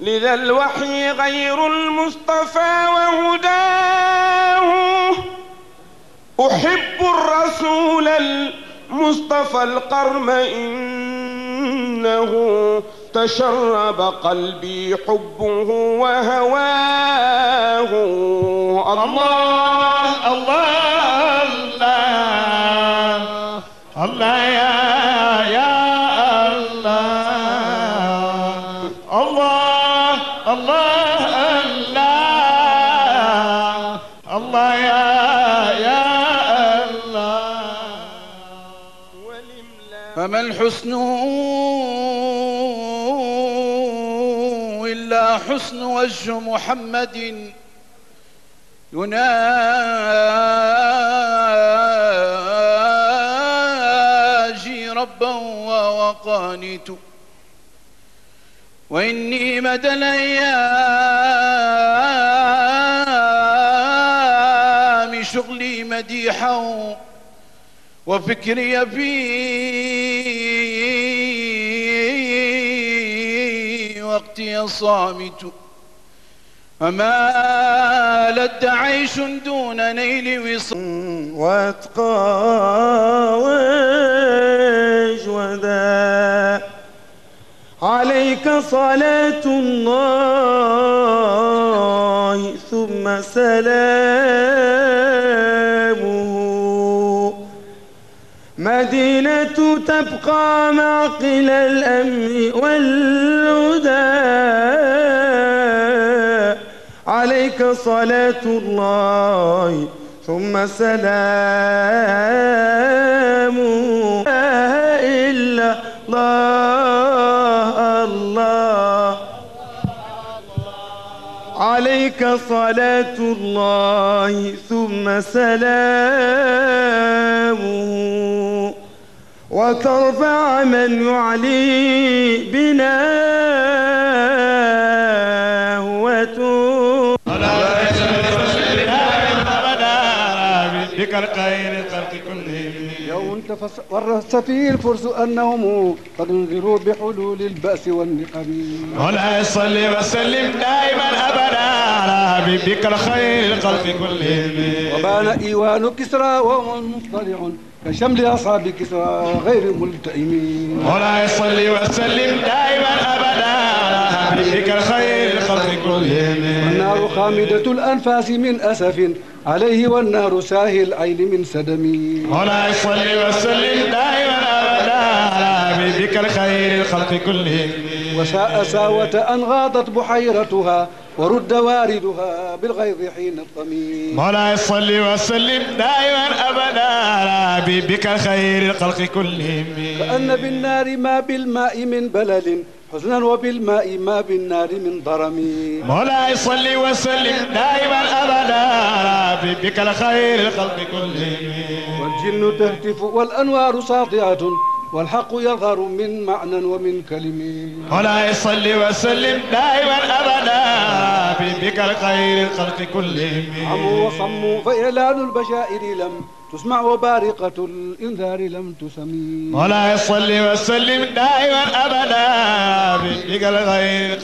لذا الوحي غير المصطفى وهداه أحب الرسول المصطفى القرم إنه تشرب قلبي حبه وهواه الله الله, الله فما الحسن إلا حسن وجه محمد يناجي ربا وقانت وإني مدى الأيام شغلي مديحا وفكري فيه وقتي صامت وما لد عيش دون نيل وصام واتقى وجودا عليك صلاة الله ثم سلامه مدينة تبقى معقل الأمن والهدى عليك صلاة الله ثم سلام لا إله إلا الله الله عليك صلاة الله ثم سلامه وترفع من يعلي بنا والرأس فيه الفرس أنهم قد انذروا بحلول البأس والنقم هنا صلي وسلم دائما أبدا على حبيبك الخير القلب كلهم وبان إيوان كسرى وهو مطلع شمل أصحابك غير ملتئمين ولا يصلي ويسلم دائما أبدا على حبيبك الخير الخلق كلهم والنار خامدة الأنفاس من أسف عليه والنار ساهي العين من سدم ولا يصلي ويسلم دائما أبدا على حبيبك الخير الخلق كلهم وساء ساوة أن غاضت بحيرتها ورد واردها بالغيظ حين الضمير مولاي صل وسلم دائما ابدا على حبيبك خير الخلق كلهم كأن بالنار ما بالماء من بلل حزنا وبالماء ما بالنار من ضرم مولاي صل وسلم دائما ابدا على حبيبك الخير الخلق كلهم والجن تهتف والانوار ساطعه والحق يظهر من معنى ومن كلمة ولا يصلي وسلم دائما أبدا في بك خير الخلق كلهم عموا وصموا فإعلان البشائر لم تسمع وبارقة الإنذار لم تسمي ولا يصلي وسلم دائما أبدا بك الغير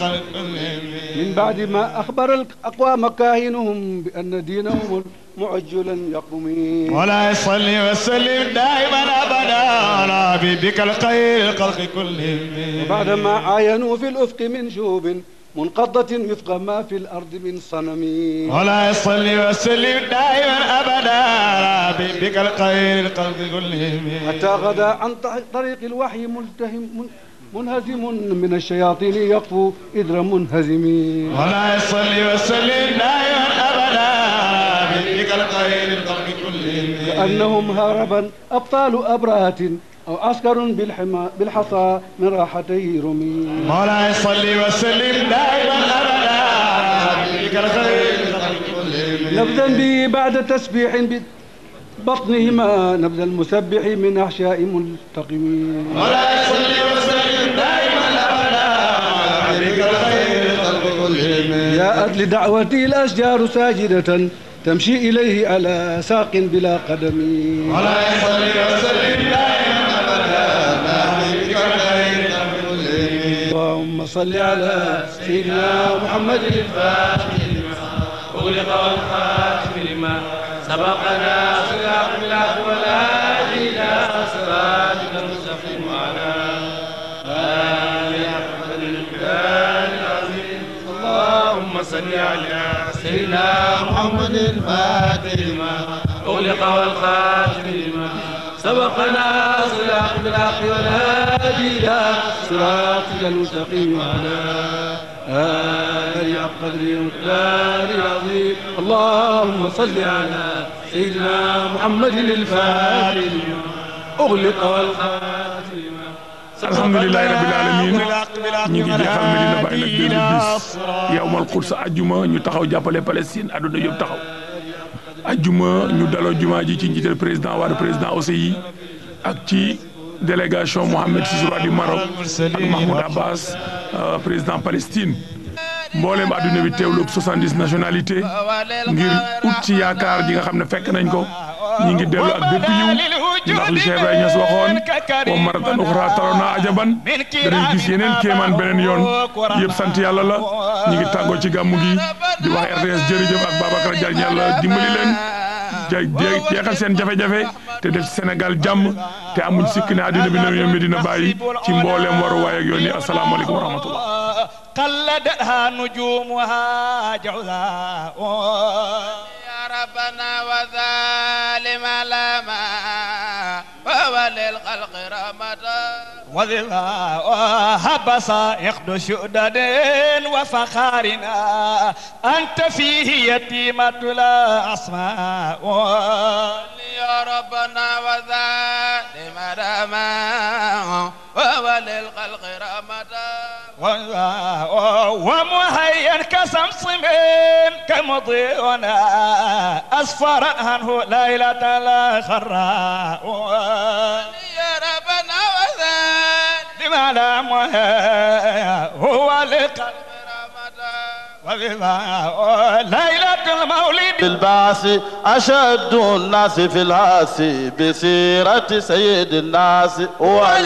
من بعد ما أخبر الأقوام كاهنهم بأن دينهم معجلا يقومي ولا يصلي وسلم دائما أبدا بك الخير الخلق كلهم وبعدما عاينوا في الأفق من شوب منقضة مثق ما في الأرض من صنم ولا يصلي وسلم دائما أبدا على بك القير القلب كلهم حتى غدا عن طريق الوحي ملتهم من منهزم من الشياطين يقفو إذر منهزم ولا يصلي وسلم دائما أبدا على بك القير القلب كلهم كأنهم هربا أبطال أبرات أو عسكر بالحصى من راحتي رمي مولاي صلي وسلم دائما أبدا الخير نبذا به بعد تسبيح بطنهما نبذ المسبح من أحشاء ملتقمين ولا يصلي وسلم دائما أبدا عليك الخير خلق كلهم جاءت لدعوتي الأشجار ساجدة تمشي إليه على ساق بلا قدم ولا يصلي وسلم دائما صل على سيدنا محمد الفاتح لما أغلق والخاتم لما سبقنا صراط الله ولا إلى صراط المستقيم وعلى آله حق المقدار العظيم اللهم صل على سيدنا محمد الفاتح لما أغلق والخاتم لما سبقنا صلاح الحق والهادي إلى صراطك المستقيم على آل القدر قدر العظيم اللهم صل على سيدنا محمد الفاتح أغلق والخاتم الحمد لله رب العالمين ñu ngi jeexal Medina Baye nag يوم yow mal xursa ajjuma ñu taxaw jàppale Palestine àdduna Nous ñu dalo juma ji ci président war président OCI ak ci délégation Mohamed Sissoura du Maroc Mahmoud Abbas euh, président Palestine mbooleem adduna bi teewlu 70 nationalité ngir ut ci yaakaar ji nga xam ne fekk nañ ko ñi ngi dellu ak bépp yiw ndax li Cheikh Ibrahima Niass waxoon wa maratan uxra tarona ajaban danañ gis yeneen kéemaan beneen yoon yëpp sant yàlla la ñi ngi tàggoo ci gàmmu gi di wax RTS jërëjëf ak Babacar Diagne yàlla dimbali leen a seen jafe-jafe te def Sénégal jàmm te amuñ sikki ne àddina bi nañu Medina Baye ci mbooleem waru waay ak yoon yi asalaamaaleykum wa rahmatullah qalladatha ya rabbana wa zalima lama wa lil khalqi rahmatan وذبا وهبص يخدش شؤدد وفخارنا أنت فيه يتيمة لا أسماء يا ربنا وذا لمرما وللخلق رمضا ومهيا كسمصم كمضينا أسفر عنه ليلة لا يا ربنا Ima da mwa wa eh, eh, eh, oh, le ليلة المولد البعث أشد الناس في الهاس بسيرة سيد الناس ولا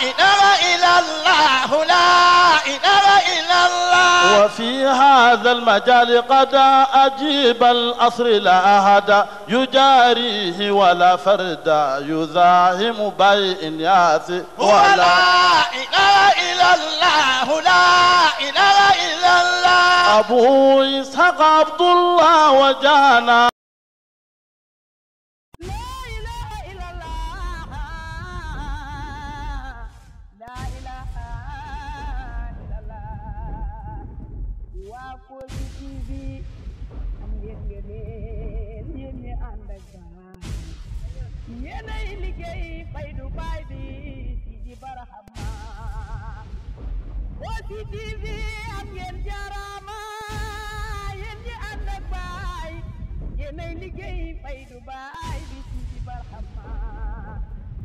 إله إلا الله لا إله إلا الله وفي هذا المجال قد أجيب الأصر لا أحد يجاريه ولا فرد يزاحم بيء ياس ولا إله إلا الله لا إله إلا الله أبوه إسحاق عبد الله وجانا TV nay liggéey fay du baay bi ci barxama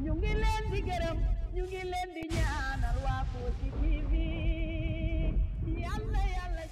ñu ngi leen di gërëm ñu ngi leen di ñaanal waa Kossy TV yàlla yàlla